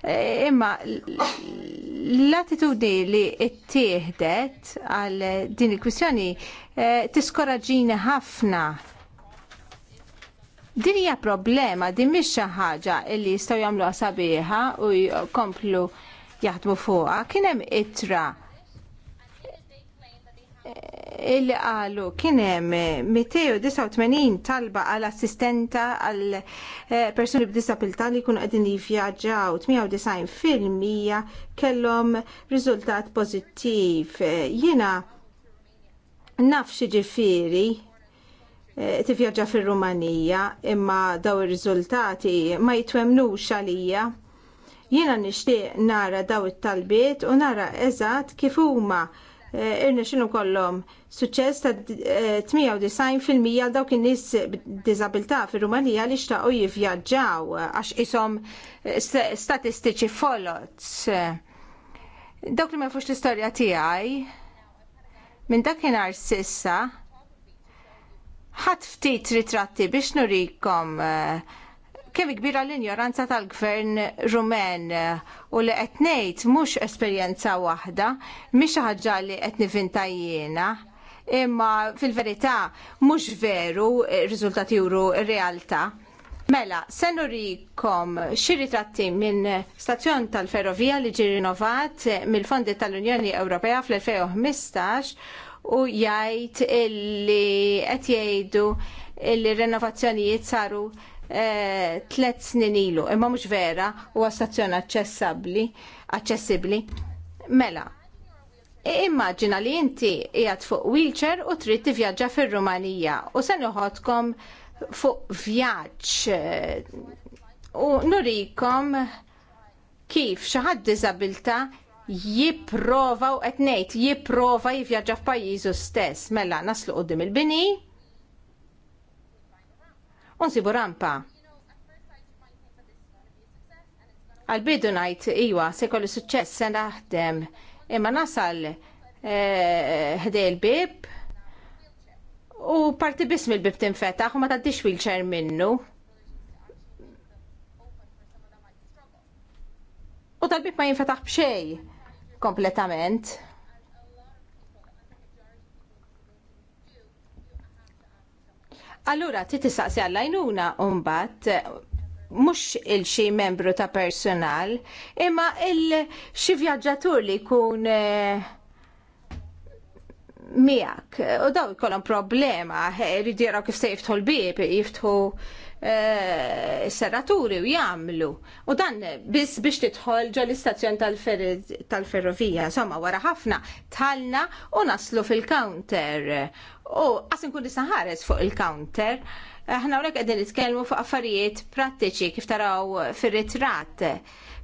Eh, imma l-attitudni li ttieħdet għal din il-kwistjoni eh, tiskoraġini ħafna Din hija problema, din mhix xi ħaġa li jistgħu jagħmluha sabiħa u jkomplu jaħdmu fuqha. Kien hemm ittra illi qalu kien hemm 289 talba għal assistenta għal eh, persuni b'disabilità li jkunu qegħdin jivvjaġġaw 98 fil-mija kellhom riżultat pożittiv. Jiena naf xi ġifieri eh, tivvjaġġa fir-Rumanija imma daw ir-riżultati ma jitwemnux għalija. Jiena nixtieq nara daw it-talbiet u nara eżatt kif huma Eh, irna xinu kollom suċċess ta' 98% eh, għal dawk in-nies b'diżabilità fir-Rumanija li xtaqgħu jivvjaġġaw eh, għax isom statistiċi folots. Dawk li ma jafux l-istorja tiegħi minn dakinhar sissa ħadd ftit ritratti biex nurikom uh, kemm kbira l-injoranza tal-gvern rumen u li qed ngħid mhux esperjenza waħda, xi ħaġa li qed nivvinta jiena, imma fil-verità mhux veru riżultati juru r-realtà. Mela, se nurikom xi ritratti minn stazzjon tal-ferrovija li ġie rinnovat mill-Fondi tal-Unjoni Ewropea fl-2015 u jgħid li qed jgħidu r renovazzjonijiet saru Eh, tlet snin ilu, imma mhux vera huwa stazzjon aċċessabbli, aċċessibbli. Mela, immaġina li inti qiegħed fuq wheelchair u trid tivvjaġġa fir-Rumanija u se noħodkom fuq vjaġġ eh, u nurikom kif xi ħadd diżabilità jipprova u qed ngħid jipprova jivvjaġġa f'pajjiżu stess. Mela naslu qudiem il-bini, unsibu rampa. Għal-bidu najt, iwa, se kolli suċċess, se naħdem, imma nasal eh, ħdej il-bib u parti bismi il-bib tinfetta, u ma taddix wheelchair minnu. U tal-bib ma jinfetaħ bxej kompletament. Allura, ti tisaqsi għallajnuna umbat, mux il-xi membru ta' personal, imma il-xi vjaġġatur li kun eh, miegħek. U daw ikollhom problema, eh, jridu jaraw kif se jiftħu l-bib, jiftħu Eh, serraturi u jagħmlu. U dan biss biex titħol ġo l-istazzjon tal-ferrovija, somma wara ħafna talna u naslu fil-counter. U għasin kun saħares fuq il-counter, aħna eh, hawnhekk qegħdin nitkellmu fuq affarijiet prattiċi kif taraw fir ritrat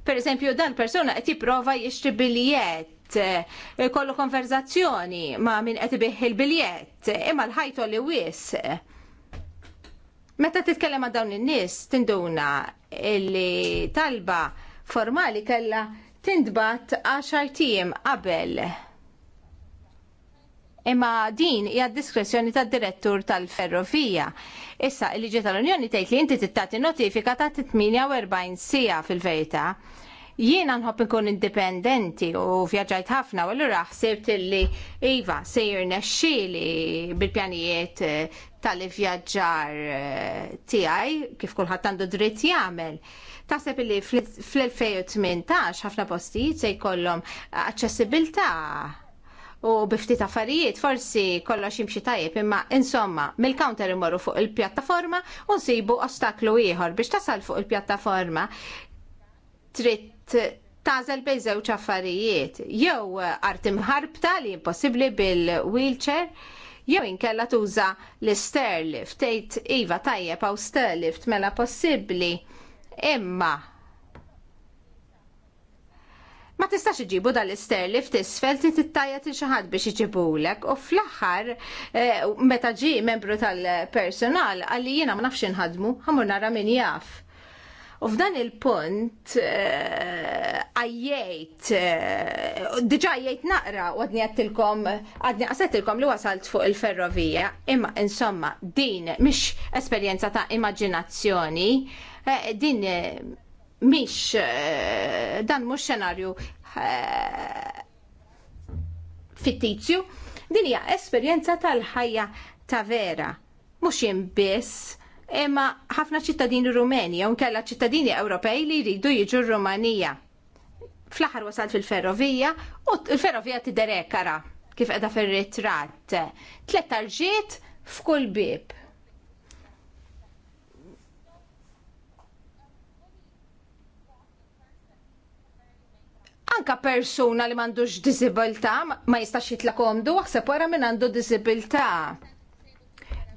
Per eżempju, dan persuna qed jipprova jixtri biljett eh, kollu konverzazzjoni ma' min qed ibiħ il-biljett imma l-ħajtu li wisq Meta titkellem ma' dawn in-nies tinduna illi talba formali kellha tindbat għaxar tim qabel. Imma din hija diskrezzjoni tad-direttur tal-ferrovija. Issa il-liġi tal-Unjoni tgħid li inti tittati notifika ta' 48 sija fil-verità. Jiena nħobb inkun indipendenti u vjaġġajt ħafna u allura ħsibt illi iva se jirnexxieli bil-pjanijiet eh, tal-ivvjaġġar eh, tiegħi kif kulħadd għandu dritt jagħmel. Taħseb li fl-2018 ħafna postijiet se jkollhom aċċessibilità u biftit affarijiet forsi kollox jimxi tajjeb imma insomma mill-counter imorru fuq il-pjattaforma u nsibu ostaklu ieħor biex tasal fuq il-pjattaforma trid tażel bejn żewġ affarijiet jew art imħarbta li impossibbli bil-wheelchair jew inkella tuża l-sterlift, tgħid iva tajjeb għaw sterlift mela possibbli. Imma ma tistax iġibu dal-isterlif tisfel ti tittajja xi xaħat biex iġibulek u fl-axar eh, meta ġi membru tal-personal għalli jiena ma nafx inħadmu ħamur nara min jaf. U f'dan il-punt għajjajt, diġa għajjajt naqra u għadni għattilkom, għadni għasattilkom li wasalt fuq il-ferrovija, imma insomma din mish esperienza ta' immaġinazzjoni, eh, din mish eh, eh, dan mux xenarju fittizju, din hija esperjenza tal-ħajja ta' vera, mhux jien biss imma ħafna ċittadini Rumeni, jew kella ċittadini Ewropej li jridu jiġu r-Rumanija. Fl-aħħar wasal fil-ferrovija u l-ferrovija tiderekara kif qiegħda fir-ritratt. Tlet tarġiet f'kull bib. Anka persuna li m'għandux diżibilità ma jistax jitlaq għomdu, waħseb wara minn għandu diżibilità.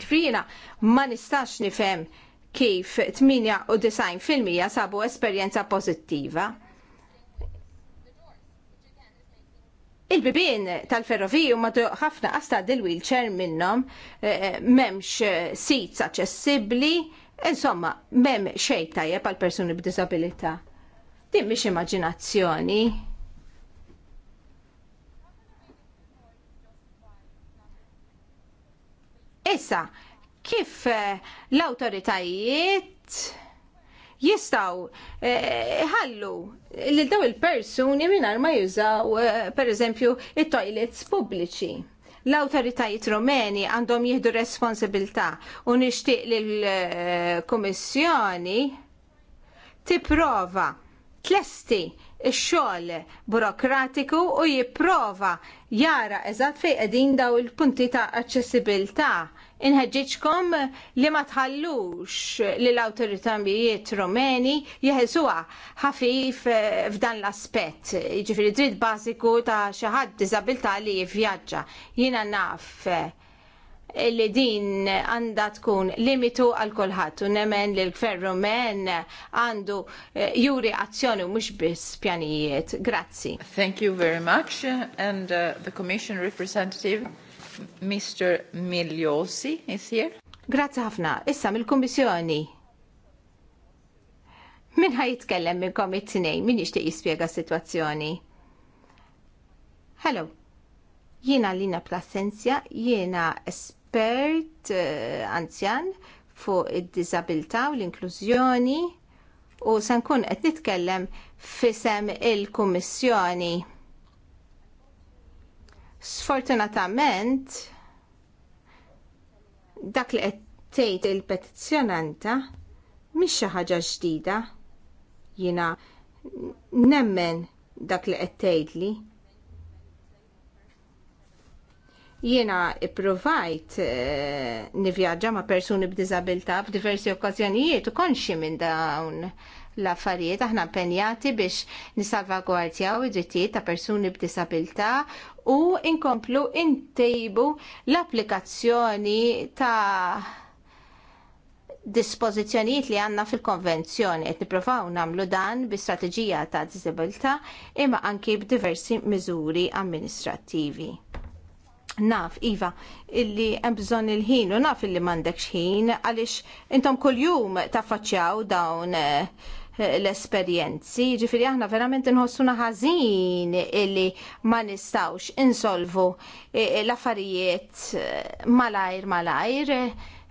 Trina ma nistax nifhem kif 98% sabu esperjenza pożittiva. Il-bibin tal-ferroviju ma ħafna għasta dil-wheelchair minnom, eh, eh, memx eh, seats aċċessibbli, insomma, mem xejn tajjeb għal persuni b'disabilità. Din mhix immaġinazzjoni. Issa, kif eh, l awtoritajiet jistaw eh, ħallu lil daw il-persuni mingħajr ma jużaw eh, pereżempju it-toilets pubbliċi. l awtoritajiet rumeni għandhom jieħdu responsabilità u nixtieq lill kummissjoni tipprova tlesti ix-xogħol burokratiku u jipprova jara eżatt fejn qegħdin daw il-punti ta' aċċessibilità. Inħeġġiġkom li ma tħallux li l-awtoritajiet Rumeni jeħesuha ħafif eh, f'dan l-aspett, jiġifieri dritt bażiku ta' xi ħadd diżabilità li jivvjaġġa. Jiena naf eh, li din għanda tkun limitu għal kulħadd u nemmen li l-gvern men għandu eh, juri azzjoni mhux bis pjanijiet. Grazzi. Thank you very much and uh, the commission representative Mr. Miljosi is here. Grazzi ħafna. Issa mill-Kummissjoni. Min ħaj jitkellem minn it-tnejn, min jixtieq jispjega s-sitwazzjoni? Hello. Jiena Lina Plasenzja, jiena es espert eh, anzjan fuq id-disabilità u l-inklużjoni u se nkun qed nitkellem fisem il-Kummissjoni. Sfortunatament, dak li qed tgħid il-petizzjonanta mhix xi ħaġa ġdida. Jiena nemmen dak li qed tgħidli Jiena ipprovajt eh, nivjaġġa ma' persuni b'diżabilità f'diversi okkażjonijiet u konxi minn dawn l-affarijiet aħna impenjati biex nisalvagwardjaw id-drittijiet ta' persuni b'diżabilità u inkomplu intejbu l-applikazzjoni ta' dispożizzjonijiet li għanna fil-konvenzjoni qed nippruvaw nagħmlu dan bi-strateġija ta' disabilità imma anki b'diversi miżuri amministrattivi naf, Iva, illi hemm bżonn il-ħin u naf illi m'għandekx ħin għaliex intom kuljum taffaċċjaw dawn eh, l-esperjenzi, ġifiri aħna verament nħossuna ħażin illi ma nistawx insolvu eh, l-affarijiet eh, malajr malajr,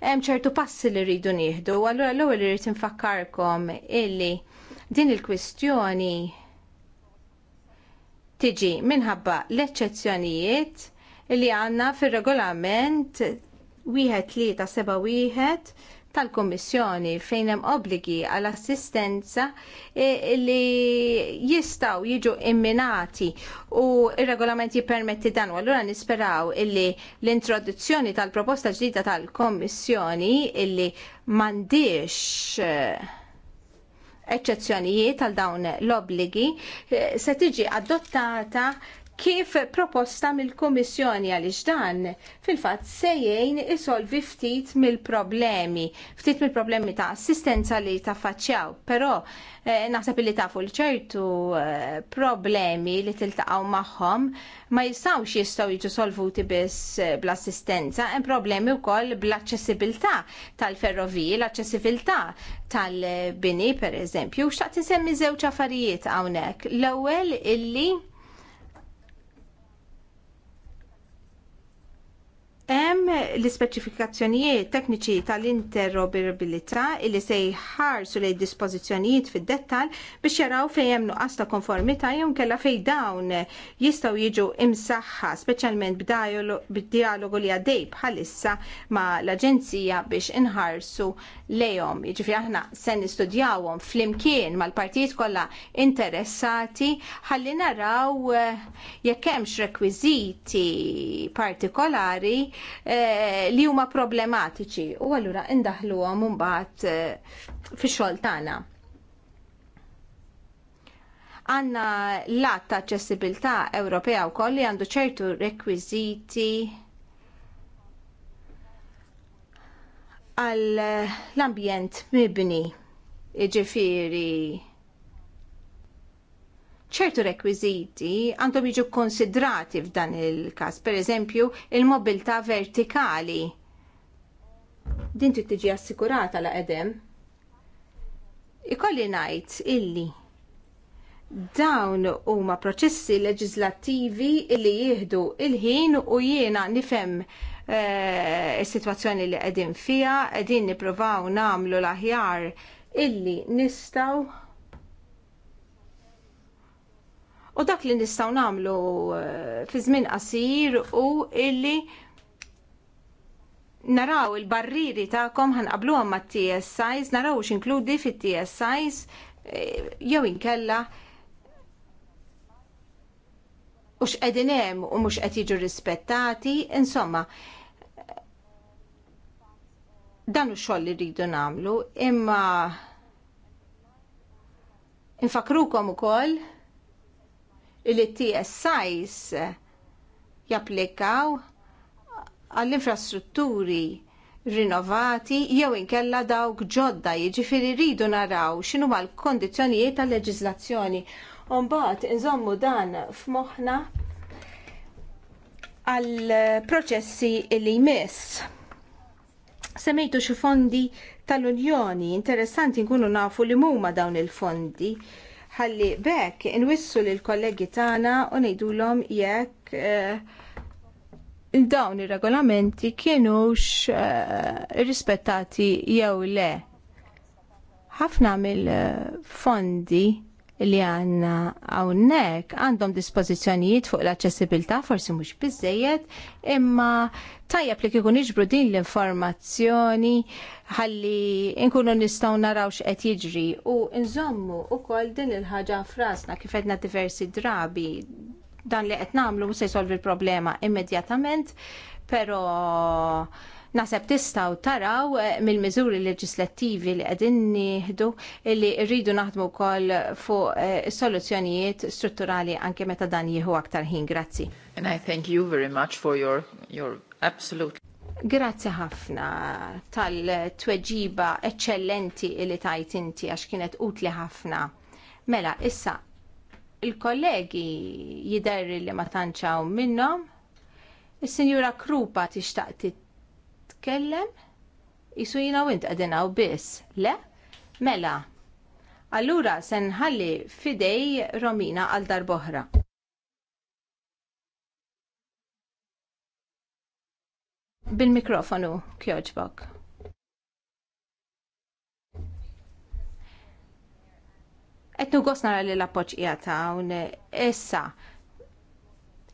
hemm ċertu passi li rridu nieħdu, allura l-ewwel irid infakkarkom illi din il-kwistjoni tiġi minħabba l-eċċezzjonijiet li għandna fir regolament wieħed li ta' seba wieħed tal kummissjoni fejn hemm obbligi għall assistenza e, li jistgħu jiġu imminati u r regolament jippermetti dan. U allura nisperaw illi l-introduzzjoni tal-proposta ġdida tal kummissjoni illi m'għandix e, eċċezzjonijiet għal dawn l obbligi e, se tiġi adottata kif proposta mill-Kummissjoni għaliex dan fil-fatt sejjejn isolvi ftit mill-problemi, ftit mill-problemi ta' assistenza li taffaċċjaw, però eh, naħseb li tafu l-ċertu eh, problemi li tiltaqgħu magħhom ma jistgħux jistgħu jiġu solvuti biss eh, bl-assistenza, hemm problemi wkoll bl-aċċessibilità tal-ferroviji, l-aċċessibilità tal-bini pereżempju, xtaqt insemmi żewġ affarijiet hawnhekk. L-ewwel illi Hemm l-ispeċifikazzjonijiet tekniċi tal-interoperabilità li se jħarsu lejn dispożizzjonijiet fid-dettal biex jaraw fejn hemm nuqqas ta' konformità jew kellha fejn dawn jistgħu jiġu imsaħħa speċjalment bid-dialogu li għaddej bħalissa ma' l-Aġenzija biex inħarsu lejhom. Jiġifieri aħna se nistudjawhom flimkien mal-partijiet kollha interessati ħalli naraw jekk hemmx rekwiżiti partikolari Eh, li huma problematiċi u allura indaħluhom mbagħad eh, fix-xogħol tagħna. Għanna l-att ta' ċessibilità Ewropea wkoll li għandu ċertu rekwiżiti għall l-ambjent mibni ġifiri ċertu rekwiżiti għandhom jiġu konsidrati f'dan il-każ, pereżempju il-mobilità vertikali. Din trid tiġi assikurata la edem. Ikolli ngħid illi dawn huma proċessi leġislattivi li jieħdu il-ħin u jiena nifhem eh, is-sitwazzjoni li qegħdin fiha, qegħdin nippruvaw nagħmlu l-aħjar illi nistgħu U dak li nistgħu nagħmlu eh, fi żmien qasir u illi naraw il-barriri tagħkom ħanqabluhom mat-TSIs, naraw x'inkludi fit-TSIs eh, jew inkella u x'qegħdin hemm u mhux qed jiġu rispettati, insomma dan u xoll li rridu nagħmlu, imma infakrukom ukoll li TSIs eh, japplikaw għall-infrastrutturi rinnovati jew inkella dawk ġodda jiġifieri rridu naraw x'inhu l kondizzjonijiet tal-leġiżlazzjoni. u mbagħad inżommu dan f'moħħna għall proċessi li jmiss. Semmejtu xi fondi tal-Unjoni, interessanti nkunu nafu li huma dawn il-fondi ħalli bekk inwissu lil kollegi tagħna u ngħidulhom jekk eh, dawn ir-regolamenti kienux eh, rispettati jew le. Ħafna mill-fondi li għanna għawnek għandhom dispozizjonijiet fuq l-accessibilità, forsi mux bizzejiet, imma tajja li kikun iġbru din l-informazzjoni ħalli inkunu nistaw naraw x'qed jiġri u nżommu wkoll din il-ħaġa frasna kif edna diversi drabi dan li qed nagħmlu se jsolvi l-problema immedjatament, però Naseb tistaw taraw eh, mill-miżuri leġislattivi li qegħdin nieħdu li rridu naħdmu wkoll fuq eh, soluzzjonijiet strutturali anke meta dan jieħu aktar ħin. Grazzi. And I thank you very much for your your absolute Grazzi ħafna tal-tweġiba eccellenti li tajt inti għax kienet utli ħafna. Mela, issa il-kollegi jidherri li ma tanċaw minnhom, is senjura Krupa tixtaq Kellem jisu jina wint int u biss. Le? Mela. Allura se nħalli fidej Romina għal darboħra. Bil-mikrofonu, kjoġbok. Etnu għosna li l-appoċ jgħata un issa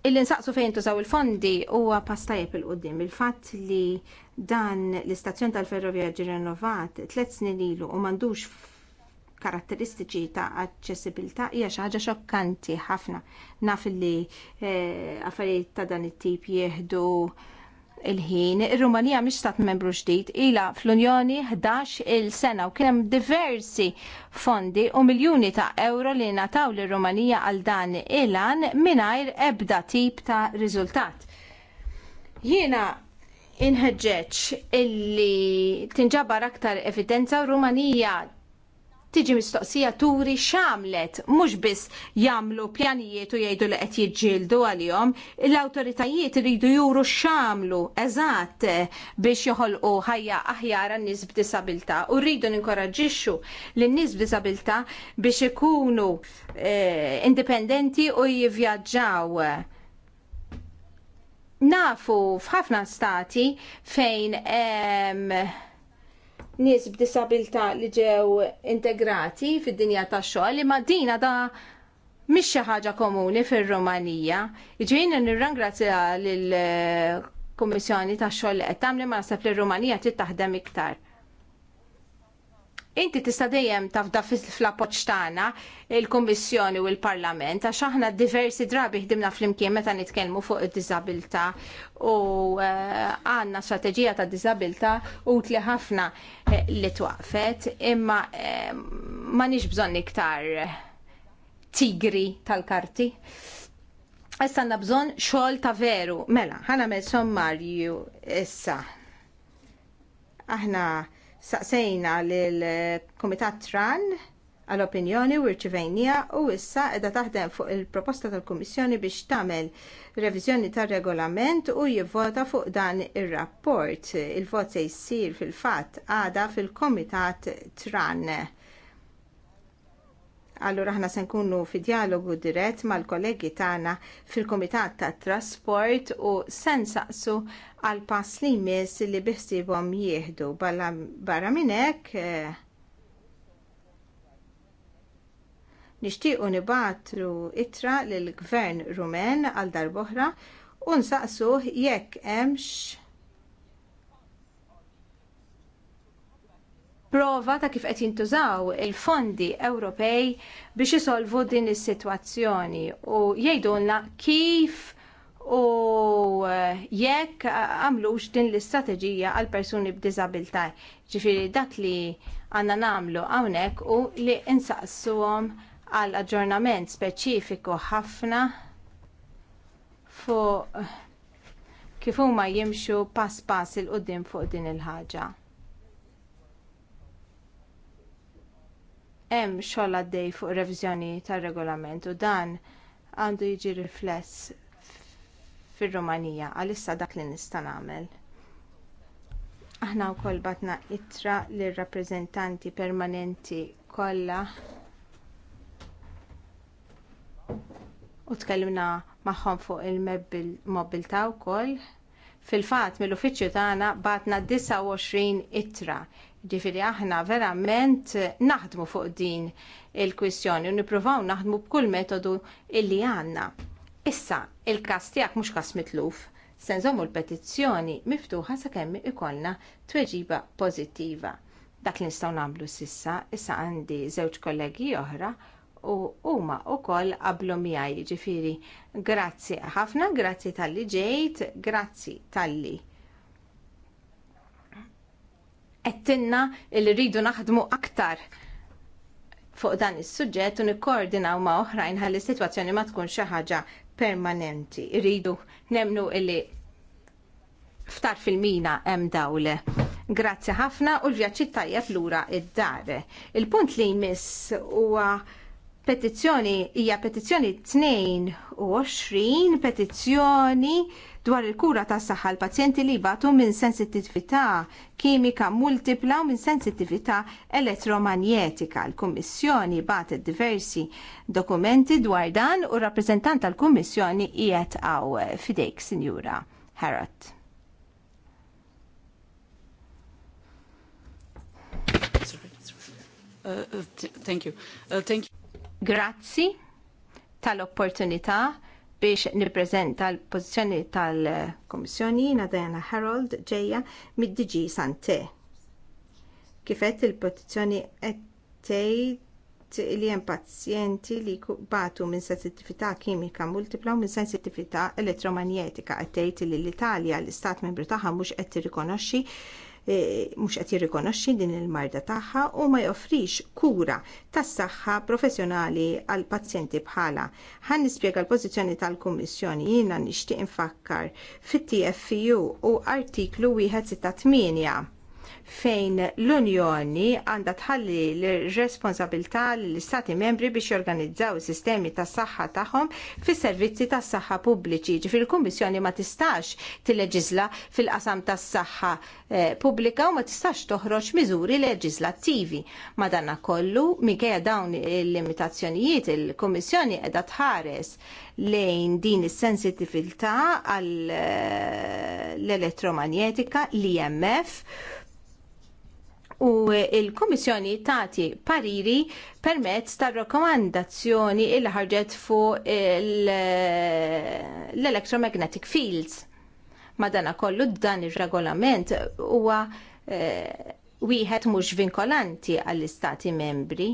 Il-insaqsu fejn tużaw il-fondi huwa pastajb il-qoddim. Il-fatt li dan l-istazzjon tal-ferrovija ġi rinnovat tliet snin ilu u m'għandux karatteristiċi ta' aċċessibilità hija xi ħaġa xokkanti ħafna. Naf li eh, affarijiet ta' dan it-tip jieħdu il-ħin, il rumanija mish stat membru ġdid, ilha fl-Unjoni 11 il-sena u kien hemm diversi fondi u miljuni ta' euro li nataw l rumanija għal dan il-an mingħajr ebda tip ta' riżultat. Jiena inħeġġeġ illi tinġabar aktar evidenza u Rumanija tiġi mistoqsija turi xamlet, mhux biss jagħmlu pjanijiet u jgħidu li qed jiġġieldu għalihom, l-awtoritajiet iridu juru xamlu eżatt biex joħolqu ħajja aħjar għan-nies b'disabilità u rridu ninkoraġiċu lin nies b'disabilità biex ikunu eh, indipendenti u jivvjaġġaw nafu f'ħafna stati fejn nies b'disabilità li ġew integrati fid-dinja tax-xogħol imma din da mhix xi ħaġa komuni fir-Rumanija. Ġejna nirrangrazzja lill kummissjoni tax-xogħol li qed tagħmel ma nasab li rumanija trid taħdem iktar. Inti tista' dejjem tafda fl-appoġġ tagħna il-Kummissjoni u l-Parlament għax aħna diversi drabi ħdimna flimkien meta nitkellmu fuq id-diżabilità u eh, għandna strateġija ta' diżabilità utli ħafna eh, li twaqfet imma eh, nix bżonn iktar tigri tal-karti. Issa għandna bżonn xogħol ta' veru. Mela, ħana mel sommarju issa. Aħna Saqsejna lill-Kumitat eh, Tran għal-opinjoni u rċivejnija u issa edha taħdem fuq il-proposta tal-Kummissjoni biex tagħmel reviżjoni tar-regolament u jivvota fuq dan ir-rapport. Il vot se jsir fil-fatt għada fil-Kumitat Tran. Allura aħna se nkunu fi dialogu dirett mal-kollegi tagħna fil-Kumitat tat Trasport u se nsaqsu għal pass li jmiss li biħsibhom jieħdu barra minn hekk eh, nixtiequ nibatru itra lill gvern rumen għal darboħra u nsaqsuh jekk hemmx prova ta' kif qed jintużaw il-fondi Ewropej biex isolvu din is-sitwazzjoni u jgħidulna kif u eh, jekk għamlux din l-istrateġija għal persuni b'diżabilità. Ġifiri dak li għanna namlu għawnek u li insaqsuhom għal aġġornament speċifiku ħafna fuq kif huma jimxu pass pass il qudiem fuq din il-ħaġa. Hemm xogħol għaddej fuq reviżjoni tar-regolament u dan għandu jiġi rifless fir-Rumanija għalissa dak li nista' nagħmel. Aħna wkoll batna ittra lir rappreżentanti permanenti kollha u tkellimna magħhom fuq il mobilta wkoll. Fil-fatt mill-uffiċċju tagħna batna 29 ittra. jiġifieri aħna verament naħdmu fuq din il-kwistjoni u nippruvaw naħdmu b'kull metodu illi għandna Issa, il każ tiegħek mhux każ mitluf, se nżommu l-petizzjoni miftuħa sakemm ikollna tweġiba pożittiva. Dak li nistgħu nagħmlu sissa, issa għandi żewġ kollegi oħra u huma wkoll qablu miegħi jiġifieri Grazzi ħafna, grazzi talli ġejt, grazzi talli. Qedtinna li rridu naħdmu aktar fuq dan is-suġġett u nikkoordinaw ma' oħrajn ħalli s-sitwazzjoni ma tkun xi ħaġa permanenti. Iridu nemnu illi ftar fil-mina hemm dawle. Grazzi ħafna u l-vjaċċi tajjeb lura id-dar. Il-punt li jmiss huwa petizzjoni hija petizzjoni 22 petizzjoni dwar il-kura tas saħħa l-pazjenti li jibatu minn sensittività kimika multipla u minn sensittività elettromanjetika. L-Kummissjoni batet diversi dokumenti dwar dan u rappresentant tal-Kummissjoni qiegħed għaw fidejk, Sinjura Harrod. Uh, uh thank you. Uh, thank you. Grazzi tal-opportunità biex nippreżenta l-pożizzjoni tal komissjoni jiena Diana Harold ġejja mid-DG Sante. Kifet il pozizjoni qed tgħid li hemm pazjenti li batu minn sensitivita kimika multipla u minn sensitivita elettromanjetika qed tgħid li l-Italja l-Istat Membru tagħha mhux qed tirrikonoxxi E, mhux qed jirrikonoxxi din il-marda tagħha u ma joffrix kura tas-saħħa professjonali għal pazjenti bħala. Ħan nispjega l-pożizzjoni tal-Kummissjoni jiena nixtieq infakkar fit-TFU u artiklu 168 fejn l-Unjoni għandha tħalli l-responsabilità l-Istati membri biex jorganizzaw sistemi tas saħħa tagħhom fis servizzi tas saħħa pubbliċi. Ġifir kummissjoni ma tistax tilleġisla fil-qasam tas saħħa eh, pubblika u ma tistax toħroġ miżuri leġislattivi. Madanna kollu, minkejja dawn il-limitazzjonijiet, il-Kummissjoni qiegħda tħares lejn din is-sensitività għall eh, l-elettromagnetika, l-IMF, u il-Komissjoni tagħti pariri permezz tar rakkomandazzjoni il ħarġet fuq l-electromagnetic fields. Madana kollu dan ir-regolament huwa eh, wieħed mhux vinkolanti għall-istati membri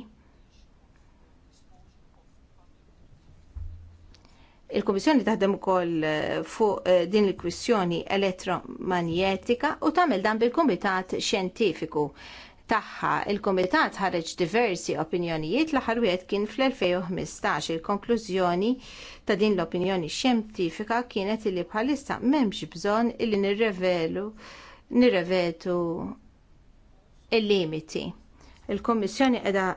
Il-Kummissjoni taħdem ukoll eh, fuq eh, din il-kwissjoni elettromanjetika u tagħmel dan bil-Kumitat Xjentifiku tagħha. Il-Kumitat ħareġ diversi opinjonijiet l-aħħar wieħed kien fl-2015. Il-konklużjoni ta' din l-opinjoni xjentifika kienet li bħalissa m'hemmx bżonn illi nirrevelu nirrevetu il-limiti. Il-Kommissjoni qiegħda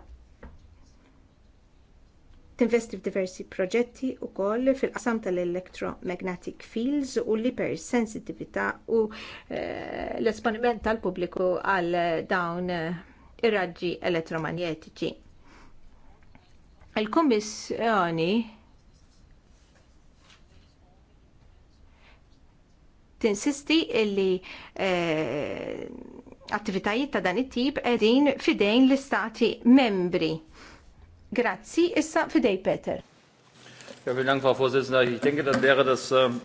tinvesti f'diversi proġetti wkoll fil-qasam tal-electromagnetic fields u l ipersensitivita u eh, l-esponiment tal-pubbliku għal dawn eh, ir-raġġi elettromagnetiċi. Il-Kummissjoni tinsisti illi eh, attivitajiet ta' dan it-tip qegħdin fidejn l-istati membri Grazzi, issa fidej Peter. Ja, vielen Dank, Frau Vorsitzende. Ich denke, dann wäre das... Ähm...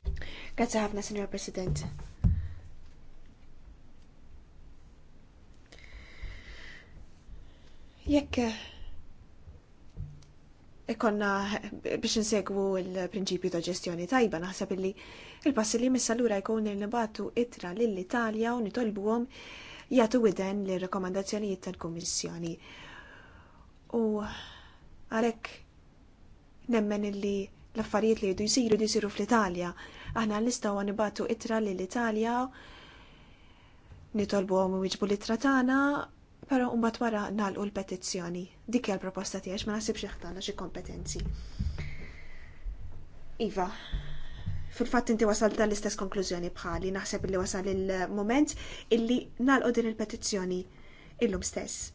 Grazie ħafna, Signor President. Jekk eh, ikonna eh, biex insegwu l prinċipju ta' ġestjoni tajba, naħseb illi il-passi li missa lura jkun il-nibatu itra lill-Italja u nitolbuhom jagħtu widen l rekomandazzjonijiet tal komissjoni U Għalhekk nemmen illi l-affarijiet li jdu jsiru di jsiru fl-Italja. Aħna nistgħu nibatu itra li l-Italja nitolbu għom l-itra tana, pero umbat wara nalqu l-petizzjoni. Dik hija l-proposta tiegħek ma nasibx iħtana xi kompetenzi. Iva, fil-fatt inti wasal tal-istess konklużjoni bħali, naħseb li wasal il-moment illi nalqu din il-petizzjoni illum stess.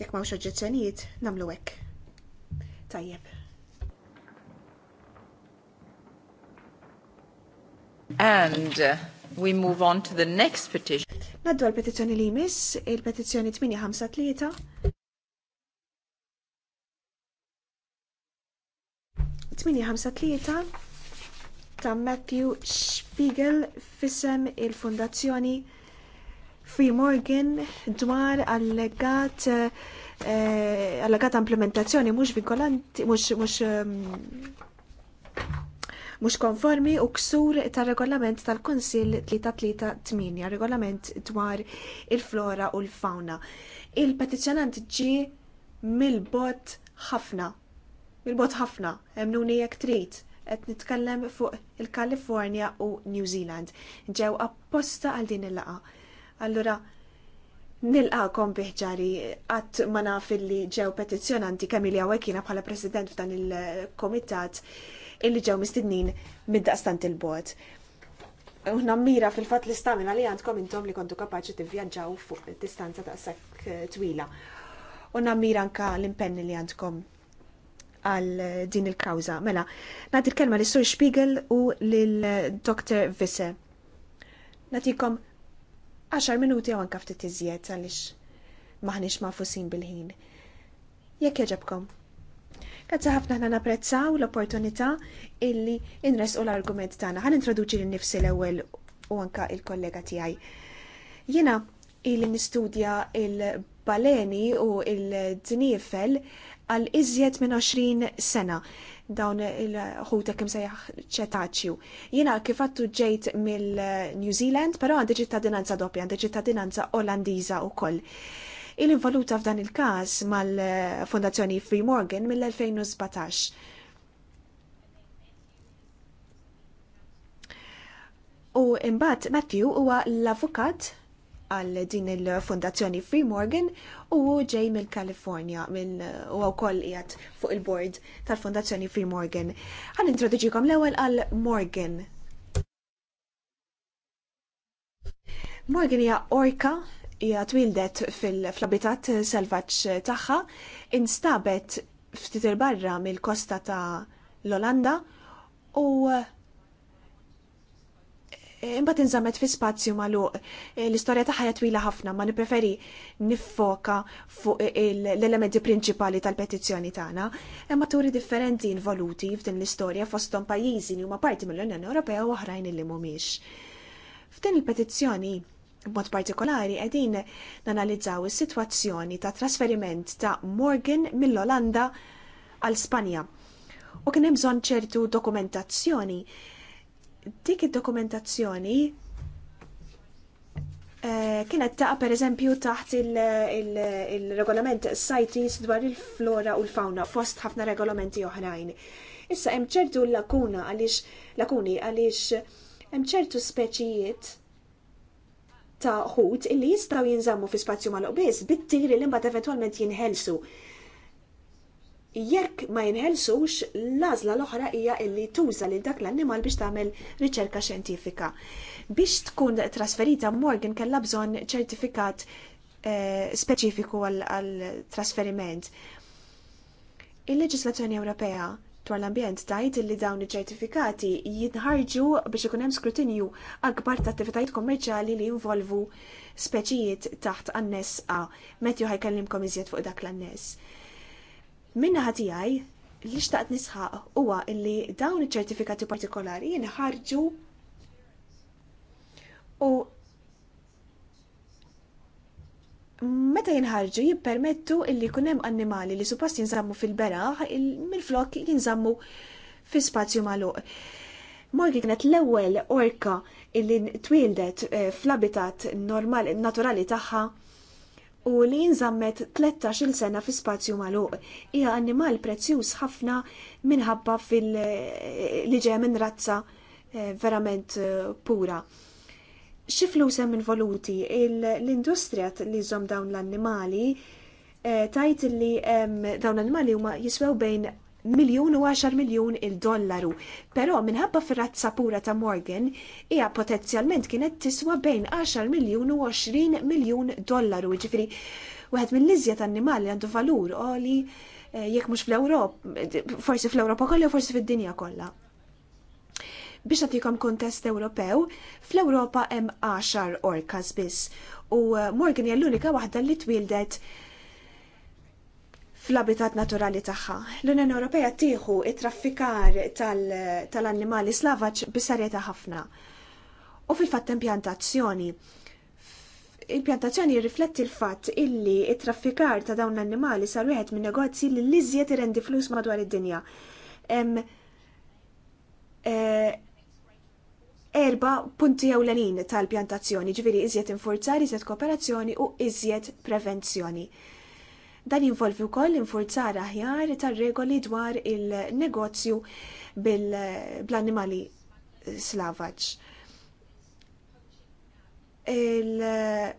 Jekk m'hawnx oġġezzjonijiet, nagħmlu hekk. Tajjeb. And uh, we move on to the next petition. Naddu għal petizzjoni li jmiss, il-petizzjoni 853. Tmini ħamsa tlieta ta' Matthew Spiegel fissem il-Fundazzjoni Free Morgan dwar allegat eh, allegat implementazzjoni mhux vinkolanti mhux mhux ehm, mhux konformi u ksur tar-regolament tal-Kunsill 338, regolament dwar il-flora u l-fauna. Il-petizzjonant ġi mil bot ħafna. mil bot ħafna, emnuni jek trid qed nitkellem fuq il kalifornia u New Zealand. Ġew apposta għal din il laqgħa Allura, nilqakom biħġari għat ma naf illi ġew petizjonanti Kamilja Wekina bħala president f'dan il-komitat illi ġew mistednin mid-daqstant il-bot. Nammira fil-fat l-istamina li għandkom intom li kontu kapaċi tivvjaġġaw fuq distanza sekk eh, twila. U nammira anka l-impenni li għandkom għal eh, din il-kawza. Mela, nagħti l-kelma li sur Spiegel u l-Dr. Visse. Natikom għaxar minuti għanka ftit iżjed għaliex maħniex mafusin bil-ħin. Jekk jaġabkom. Grazzi ħafna ħna napprezzaw l-opportunità illi u l-argument tagħna. Ħan introduċi l-nifsi l-ewwel u anka il-kollega tiegħi. Jiena illi nistudja il-baleni u il-dniefel għal iżjed minn 20 sena dawn il-ħuta kim sejjaħ ċetaċju. Jina kifattu ġejt mill-New Zealand, pero għandi ċittadinanza doppja, għandi ċittadinanza olandiza u koll. Il-involuta f'dan il-kas mal-Fondazzjoni Free Morgan mill-2017. U imbat Matthew huwa l-avukat għal din il-Fondazzjoni Free Morgan u ġej mill-Kalifornja minn u wkoll qiegħed fuq il-board tal-Fondazzjoni Free Morgan. Għan introduċikom l-ewwel għal Morgan. Morgan hija orka hija twildet fil-abitat selvaġġ tagħha, instabet ftit il-barra mill-kosta ta' l-Olanda u Eh, imbagħad tinżamet fi spazju magħluq. Eh, l-istorja ta' ħajja twila ħafna ma nippreferi niffoka fuq eh, l-elementi prinċipali tal-petizzjoni tagħna. Hemm turi differenti involuti f'din l-istorja fosthom pajjiżi li huma parti mill-Unjoni Ewropea u oħrajn li mhumiex. F'din il-petizzjoni b'mod partikolari qegħdin nanalizzaw is-sitwazzjoni ta' trasferiment ta' Morgan mill-Olanda għal Spanja. U kien hemm bżonn ċertu dokumentazzjoni dik id-dokumentazzjoni eh, kienet taqa per eżempju taħt il-regolament CITES dwar il-flora u l-fauna fost ħafna regolamenti oħrajn. Issa hemm ċertu lakuna għaliex lakuni għaliex hemm ċertu speċijiet ta' ħut illi jistgħu jinżammu fi spazju mal-qbiż bit-tigri li mbagħad eventwalment jinħelsu jekk ma jinħelsux l-għażla l-oħra hija illi tuża lil dak l-annimal biex tagħmel riċerka xjentifika. Biex tkun trasferita Morgan kellha bżonn ċertifikat eh, speċifiku għal trasferiment. Il-leġislazzjoni Ewropea dwar l-ambjent tajt li dawn iċ-ċertifikati jinħarġu biex ikun hemm skrutinju akbar ta' attivitajiet kommerċjali li jinvolvu speċijiet taħt anness A. Metju ħajkellimkom iżjed fuq dak l-anness. Minna għaj, li xtaqt nisħaq huwa illi dawn iċ-ċertifikati partikolari jinħarġu u meta jinħarġu jippermettu illi kunem annimali li suppost jinżammu fil-beraħ mill-flok jinżammu fi spazju maluq. Morgi kienet l-ewwel orka illi twildet eh, fl-habitat normal naturali tagħha u li nżammet 13-il sena fi spazju magħluq hija annimal prezzjuż ħafna minħabba fil li ġej minn razza eh, verament eh, pura. Xi flus hemm involuti l-industrija li żomm dawn l-annimali eh, tajt li dawn l-annimali huma jiswew bejn miljun u 10 miljun il-dollaru. Però minħabba fir-razza pura ta' Morgan, hija potenzjalment kienet tiswa bejn 10 miljun u 20 miljun dollaru. Ġifri, wieħed mill ta' annimali għandu valur oli eh, jekk mhux fl-Ewropa, forsi fl-Ewropa kollha forsi fid-dinja kollha. Biex nagħtikom kontest Ewropew, fl-Ewropa hemm 10 orkas biss u eh, Morgan hija l-unika waħda li twildet fl-abitat naturali tagħha. L-Unjoni Ewropea tieħu it-traffikar tal-annimali slavaċ bisarjeta ħafna. U fil-fatt impjantazzjoni. Il-pjantazzjoni l-fatt illi it-traffikar ta' dawn l-annimali sar wieħed minn negozji li l-iżjed irendi flus madwar id-dinja. E, erba' punti ewlenin tal-pjantazzjoni, ġviri iżjed infurzar iżjed kooperazzjoni u iżjed prevenzjoni. Dan jinvolvi wkoll l-infurzar aħjar tar-regoli dwar il-negozju bl-annimali slavaġ. Il-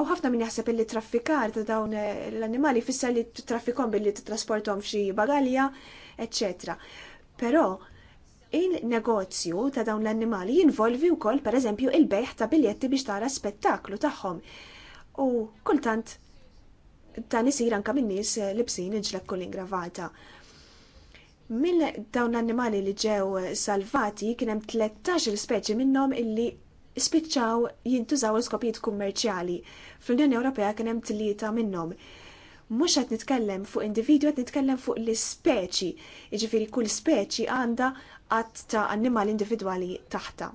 Aw ħafna min jaħseb illi traffikar ta' dawn l-annimali fissa li traffikom billi t-trasportom f'xi bagalja, eccetera. Però il-negozju ta' dawn l-annimali jinvolvi wkoll pereżempju il-bejħ ta' biljetti biex tara spettaklu tagħhom. U kultant ta' isir anka minn nies eh, li bsin iġlek kull ingravata. Mill dawn l-annimali li ġew eh, salvati kien hemm 13 speċi minnhom illi spiċċaw jintużaw l-skopijiet kummerċjali. Fl-Unjoni Ewropea kien hemm tlieta minnhom. Mhux qed nitkellem fuq individwi qed nitkellem fuq l-ispeċi, jiġifieri kull speċi għandha qatt ta' annimali individwali taħta.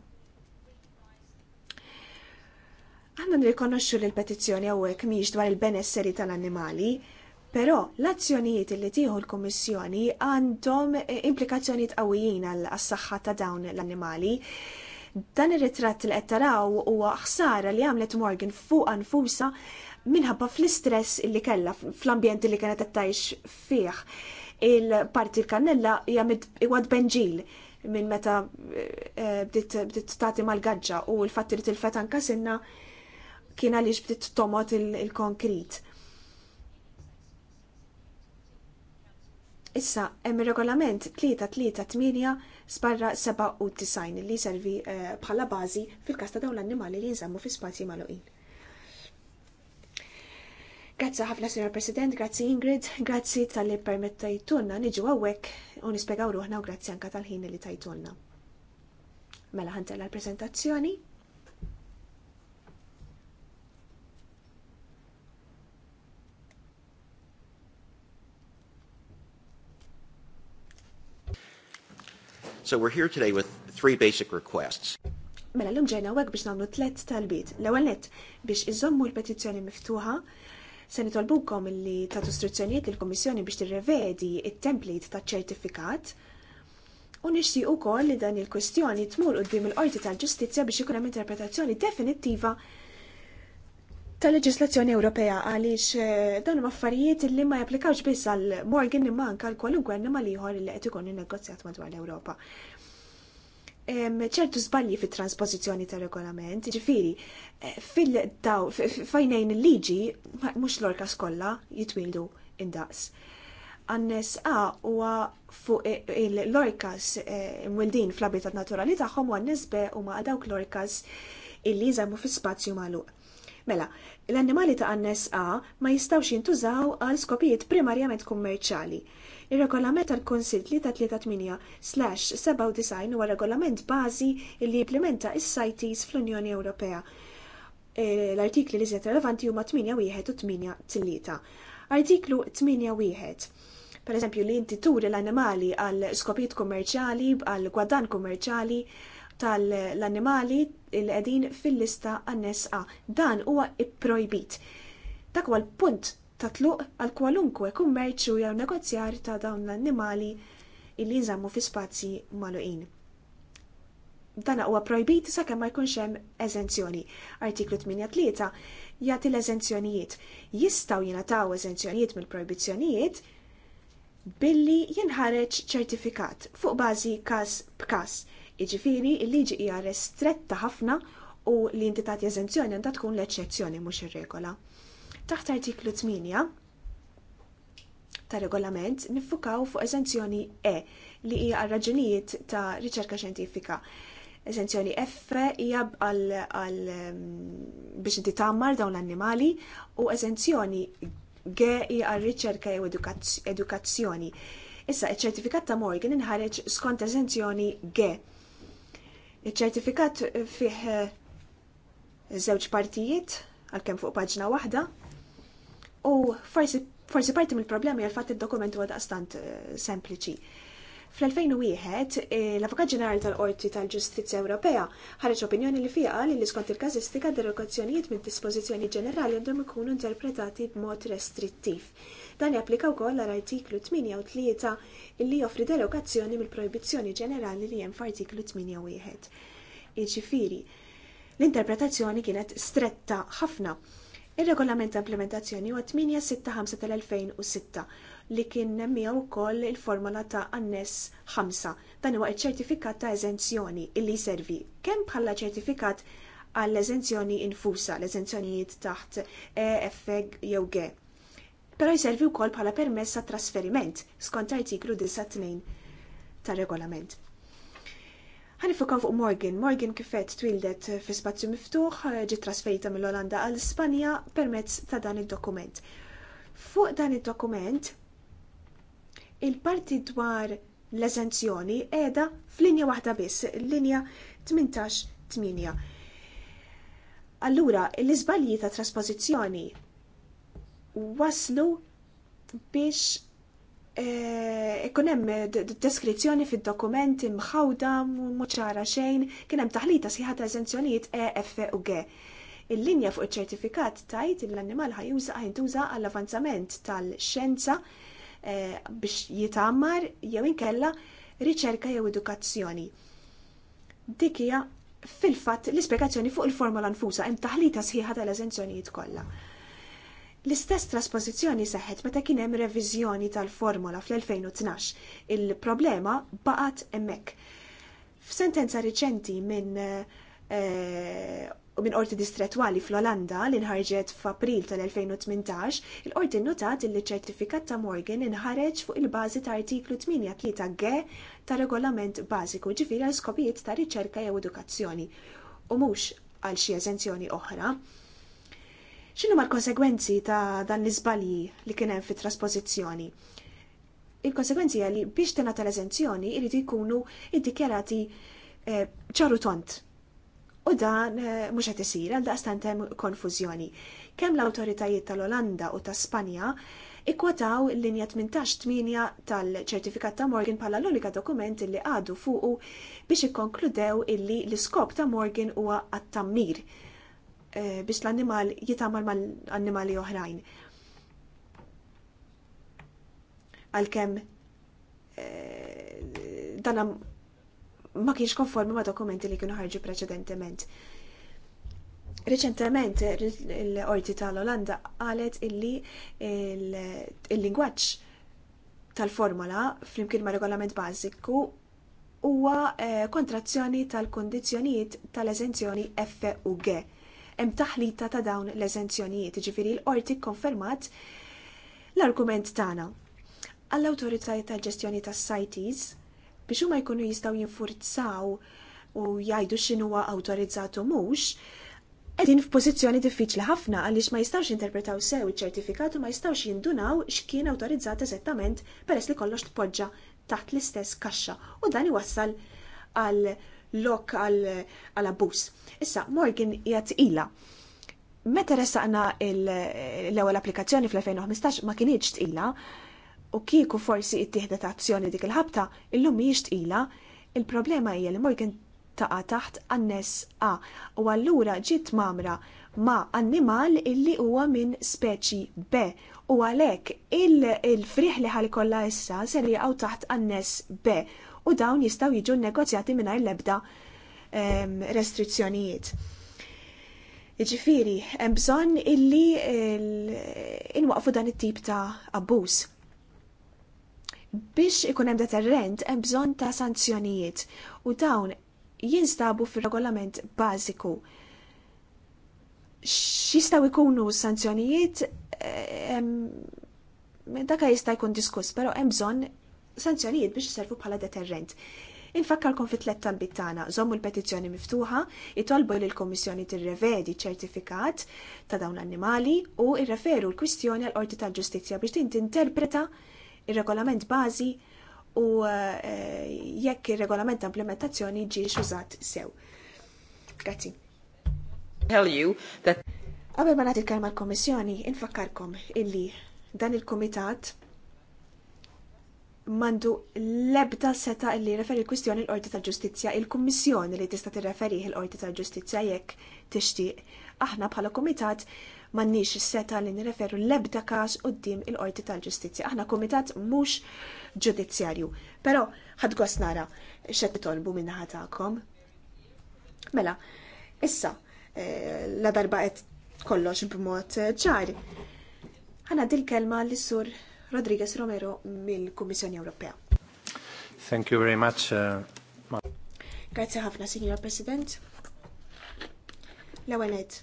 Għanna nirrikonoxxu li l-petizzjoni hawnhekk mhijiex dwar il-benesseri tal-annimali, però l-azzjonijiet li tieħu l-Kummissjoni għandhom eh, implikazzjonijiet qawwijin għall-saħħa ta' dawn l-annimali. Dan ir-ritratt li qed taraw huwa ħsara li għamlet Morgan fuq anfusa minħabba fl-istress li kellha fl-ambjent li kienet qed tgħix fih. Il-parti l-kannella hija iwad benġil minn meta eh, bdiet tati mal-gaġġa u l fattirit il tilfet kasinna kien għaliex bdiet tomot il-konkrit. Issa, hemm regolament 338 sbarra 97 li servi eh, bħala bażi fil-kas ta' dawn l-annimali li nżammu fi spazji magħluqin. Grazzi ħafna Sra. President, grazzi Ingrid, grazzi tal-li permettajtulna niġu għawek u nispegaw ruħna u grazzi anka tal-ħin li tajtunna. Mela ħantella l-prezentazzjoni. So we're here today with three basic requests. Mela l-lum ġejna għek biex namlu tlet talbiet. L-ewel net biex iżommu l-petizzjoni miftuħa se nitolbukom li ta' istruzzjonijiet il-Komissjoni biex tirrevedi il template ta' ċertifikat u nixti u koll li dan il-kwestjoni tmur d-dim il-qorti tal-ġustizja biex ikun hemm interpretazzjoni definittiva ta' leġislazzjoni Ewropea għaliex eh, dan affarijiet li ma japplikawx biss għal Morgan imma anke għal kwalunkwe annima ieħor li qed ikun innegozjat madwar l-Ewropa. ċertu żbalji fit-transpożizzjoni ta' regolament, ġifiri, eh, fil-daw, fajnejn il-liġi, mhux l-orkas kollha jitwildu indaqs għannes A huwa fuq eh, l-orkas imwildin fl-abitat naturali tagħhom u għannes B huma dawk l l-orkas illi jżammu fi spazju magħluq. Mela, l-annimali ta' NSA ma jistawx jintużaw għal skopijiet primarjament kummerċali. Ir-regolament tal-Konsil 338/97 huwa regolament bażi li jimplementa is-CITES fl-Unjoni Ewropea. E, l-artikli li żiet relevanti huma 8 u 8 tlieta. Artiklu 8 wieħed per eżempju li inti turi l-animali għal skopijiet kummerċali, għal gwadan kummerċali, tal-annimali il qegħdin fil-lista annesqa. Dan huwa ipprojbit. Dak huwa l-punt ta' tluq għal kwalunkwe kummerċu jew negozjar ta' dawn l-annimali illi jżammu fi spazji maluqin. Dan huwa projbit sakemm ma jkunx hemm eżenzjoni. Artiklu 83 jagħti l-eżenzjonijiet. Jistgħu jingħataw eżenzjonijiet mill-projbizzjonijiet billi jinħareġ ċertifikat fuq bażi każ b'każ Iġifiri, il-liġi hija restretta ħafna u li inti tagħti eżenzjoni għandha tkun l-eċċezzjoni mhux ir-regola. Taħt artiklu 8 ta' regolament niffukaw fuq eżenzjoni E li hija għal raġunijiet ta' riċerka xjentifika. Eżenzjoni F hija għal mm, biex inti tammar dawn l-annimali u eżenzjoni G hija għal riċerka jew edukazzjoni. Issa, iċ-ċertifikat ta' Morgan inħareġ skont eżenzjoni G Iċ-ċertifikat fih eh, żewġ partijiet għalkemm fuq paġna waħda u forsi forsi parti mill problemi għal fatt id-dokument huwa daqstant eh, sempliċi. Fl-2001, eh, l-Avokat Ġenerali tal-Qorti tal-Ġustizzja Ewropea ħareġ opinjoni li fiha li skont il-każistika derogazzjonijiet mid dispożizzjoni ġenerali għandhom ikunu interpretati b'mod restrittiv. Dan japplika wkoll għall artiklu 8 illi joffri delokazzjoni mill-projbizzjoni ġenerali li hemm f'artiklu 8 Iġifieri, l-interpretazzjoni kienet stretta ħafna. Ir-regolament ta' implementazzjoni huwa 865 tal-2006 li kien miegħu wkoll il-formola ta' annes 5 dan huwa ċ-ċertifikat ta' eżenzjoni illi servi kemm bħala ċertifikat għall eżenzjoni infusa, l-eżenzjonijiet taħt EFG jew G pero jservi wkoll bħala pala permessa trasferiment skont artiklu 19 tar-regolament. Ħanifukaw fuq Morgan. Morgan kifet twildet fi spazju miftuħ, ġi trasferita mill-Olanda għal Spanja permezz ta' dan id-dokument. Fuq dan id-dokument, il-parti dwar l-eżenzjoni qiegħda f'linja waħda biss, linja 18-8. Allura, l-iżbalji ta' trasposizjoni waslu biex eh, ikun hemm deskrizzjoni fid-dokument imħawda ċara xejn, kien hemm taħlita sħiħa ta' eżenzjonijiet E, F u G. Il-linja fuq iċ-ċertifikat tajt li l-annimal ħajjuża ħajntuża għall-avanzament tal-xjenza eh, biex jitammar jew inkella riċerka jew edukazzjoni. Dik hija fil-fatt l-ispjegazzjoni fuq il-formula nfusa hemm taħlita sħiħa tal-eżenzjonijiet kollha. L-istess trasposizjoni seħħet meta kien hemm reviżjoni tal-formula fl-2012. Il-problema baqgħet hemmhekk. F'sentenza riċenti minn u eh, minn qorti distretwali fl-Olanda li nħarġet f'April tal-2018, il-qorti notat li ċertifikat ta' Morgan inħareġ fuq il-bażi ta' artiklu 83 G ta' regolament bażiku ġifiri għal skopijiet ta' riċerka jew edukazzjoni u mhux għal xi eżenzjoni oħra ma l-konsegwenzi ta' dan l-iżbalji li kien hemm fit-trasposizzjoni? Il-konsegwenzi li biex tena tal eżenzjoni irid ikunu iddikjarati eh, ċaru tont. U dan eh, mhux qed isir għal daqstant hemm konfużjoni. Kemm l-awtoritajiet tal-Olanda u ta' Spanja ikkwotaw l-linja 18-8 tal-ċertifikat ta' Morgan bħala l-unika dokument li għadu fuqu biex ikkonkludew illi l-iskop ta' Morgan huwa għat-tammir Eh, biex l animal jitamal mal-annimali oħrajn. Għalkemm eh, dan ma kienx konformi ma' dokumenti li kienu ħarġu preċedentement. Reċentement l-Orti tal-Olanda qalet illi il-lingwaġġ tal-formola flimkien ma' regolament bażiku huwa eh, kontrazzjoni tal-kondizzjonijiet tal-eżenzjoni F u G hemm taħlita ta' dawn l-eżenzjonijiet, ġifieri l-qorti konfermat l-argument tagħna. Għall-awtoritajiet tal-ġestjoni tas-sajtis biex huma jkunu jistgħu jinfurzaw u jgħidu x'inhuwa awtorizzat u mhux, qegħdin f'pożizzjoni diffiċli ħafna għaliex ma jistgħux interpretaw sew iċ-ċertifikat u ma jistgħux jindunaw x'kien awtorizzat eżattament peress li kollox tpoġġa taħt l-istess kaxxa u dan iwassal għal lok għal abbuż. Issa, Morgan jgħat ila. Meta ressaqna l-ewwel applikazzjoni fl-2015 ma kienieċ tqila u kieku forsi ittieħdet azzjoni dik il-ħabta, illum mhijiex tqila, il-problema hija li Morgan taqa' taħt għannes A u allura ġiet mamra ma' annimal illi huwa minn speċi B u għalhekk il-friħ li ħalkolla issa ser jaqgħu taħt għannes B u dawn jistaw jiġu negozjati mingħajr l-ebda restrizzjonijiet. Jiġifieri hemm bżonn illi inwaqfu dan it-tip ta' abbuż. Biex ikun hemm deterrent hemm bżonn ta' sanzjonijiet u dawn jinstabu fir-regolament bażiku xistaw jkunu sanzjonijiet daka jista' jkun diskuss, però hemm bżonn sanzjonijiet biex jiservu bħala deterrent. Infakkarkom fit tlet talbit tagħna żommu l-petizzjoni miftuħa, itolbu lil kummissjoni tirrevedi ċertifikat ta' dawn l-annimali u irreferu l-kwistjoni għal qorti tal-ġustizzja biex interpreta ir-regolament bażi u eh, jekk ir-regolament ta' implementazzjoni ġiex użat sew. Grazzi tell you that Qabel ma nagħti kelma l komissjoni infakkarkom illi dan il-Kumitat mandu lebda seta li referi kwistjoni l-Qorti tal-Ġustizzja, il-Kummissjoni li tista' tirreferih l qorti tal-Ġustizzja jekk tixtieq. Aħna bħala kumitat m'għandniex seta li nirreferu lebda każ qudiem il-Qorti tal-Ġustizzja. Aħna kumitat mhux ġudizzjarju. Però ħad gost nara x'qed tolbu minn ħatakom. Mela, issa eh, la darba qed kollox b'mod ċar. Ħana dil kelma li sur Rodriguez Romero mill-Kummissjoni Ewropea. Thank you very much. Uh, ma... Grazie ħafna, Signor President. L-ewenet.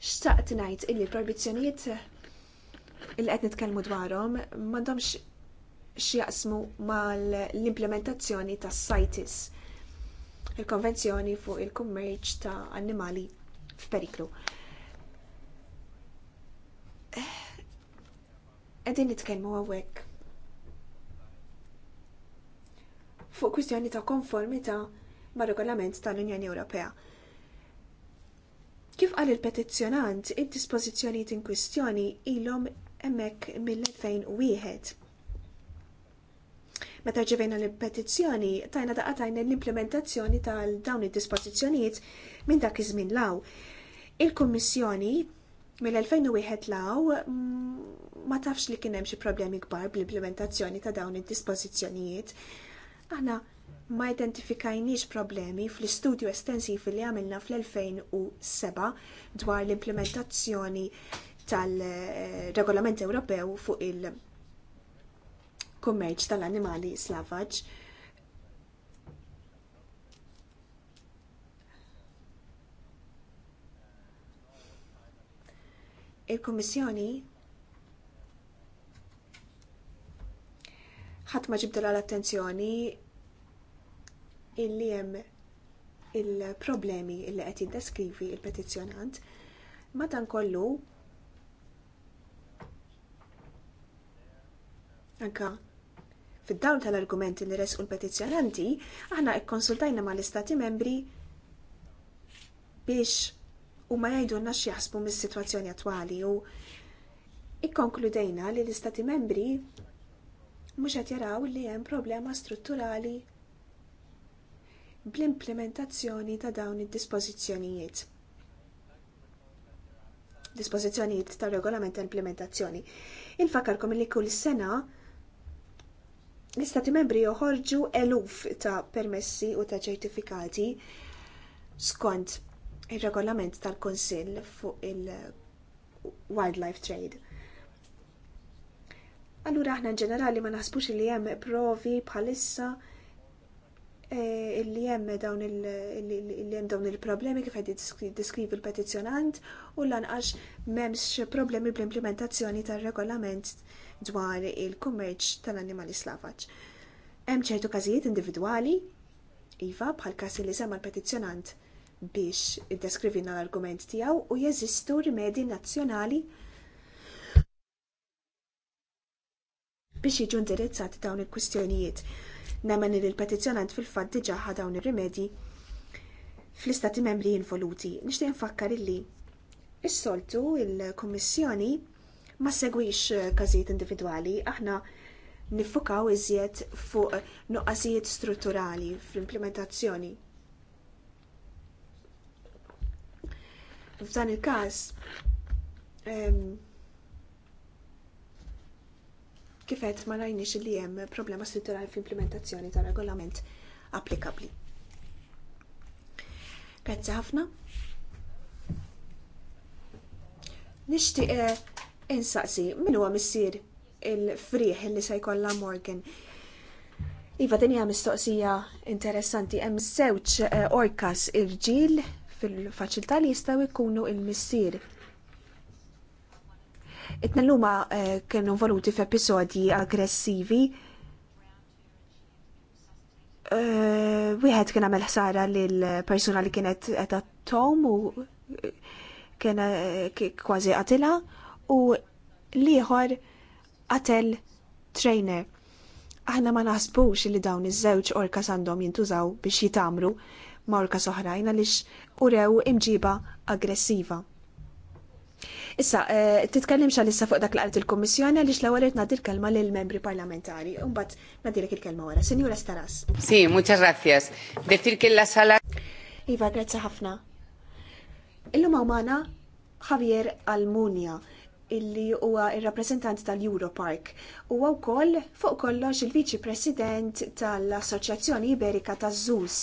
Xtaqt najt illi l prohibizjoniet illi qed nitkellmu dwarhom m'għandhomx x'jaqsmu mal-implementazzjoni ta' CITES, il-Konvenzjoni fuq il-kummerċ ta' annimali f'periklu. Qegħdin nitkellmu hawnhekk. Fuq kwistjoni ta' konformità mar regolament tal-Unjoni Ewropea. Kif qal il-petizzjonant, id-dispożizzjonijiet in kwistjoni ilhom hemmhekk mill-2001. Meta ġivejna l-petizzjoni, tajna daqatajna l-implementazzjoni tal dawn id-dispożizzjonijiet minn dak iż-żmien law. Il-Kummissjoni Mill-2001 law mm, ma tafx li kien hemm xi problemi kbar bl-implementazzjoni ta' dawn id-dispożizzjonijiet. Aħna ma identifikajniex problemi fl-istudju estensiv li għamilna fl-2007 dwar l-implementazzjoni tal-regolament Ewropew fuq il-kummerċ tal-animali slavaġ. il-Kummissjoni ħadd ma ġibtu l-attenzjoni illi hemm il-problemi illi qed jiddeskrivi il-petizzjonant madankollu anka fid-dawl tal-argumenti li resqu l-petizzjonanti aħna konsultajna mal istati membri biex u ma nax x'jaħsbu mis-sitwazzjoni attwali u ikkonkludejna li l-Istati membri mhux qed jaraw li hemm problema strutturali bl-implementazzjoni ta' dawn id-dispożizzjonijiet. Dispożizzjonijiet tar regolament ta' implementazzjoni. Infakarkom li kull sena l-Istati membri joħorġu eluf ta' permessi u ta' ċertifikati skont ir-regolament tal-Kunsill fuq il-wildlife trade. Allura aħna ġenerali ma naħsbux li hemm provi bħalissa eh, illi hemm dawn il hemm dawn il-problemi kif qed diskrivi l-petizzjonant u lanqas m'hemmx problemi bl-implementazzjoni tar-regolament dwar il-kummerċ tal-annimali slavaġ. Hemm ċertu każijiet individwali, iva bħal każ li sema l-petizzjonant biex iddeskrivina l-argument tiegħu u jeżistu rimedi nazzjonali biex jiġu indirizzati dawn il-kwistjonijiet. Nemmen li l-petizzjonant fil-fatt diġà ħa dawn ir-rimedji fl-istati membri involuti. Nixtieq nfakkar illi is-soltu il-Kummissjoni ma segwix eh, każijiet individwali, aħna niffukaw iżjed fuq nuqqasijiet strutturali fl-implementazzjoni F'dan il-każ kifet ma rajniex li hemm problema strutturali fl-implementazzjoni tar regolament applikabbli. Grazzi ħafna. Nixtieq eh, insaqsi min huwa missier il friħ li se jkollha Morgan. Iva, din hija mistoqsija interessanti. Hemm żewġ eh, orkas irġiel fil-faċilità li jistaw jkunu il-missier. Itna l-luma eh, kienu voluti f'episodji aggressivi. Eh, wieħed kien għamel ħsara l persuna li kienet qed tom u eh, kien kważi qatilha u liħor qatel trainer. Aħna ma naħsbux li dawn iż-żewġ orkas għandhom jintużaw biex jitamru marka soħrajn soħrajn għaliex rew imġiba aggressiva. Issa, eh, titkellimx għalissa fuq dak l-qalt il-Kommissjoni għaliex l-ewwel nadir kelma l lill-membri parlamentari Umbat, mbagħad il-kelma wara. Sinjura Staras. Si, muċa gracias. Dettir kella sala Iva, grazzi ħafna. Illum għamana Javier Almunia illi huwa il rappreżentant tal-Europark u wkoll fuq kollox il-Viċi President tal-Assoċjazzjoni Iberika taż-Żus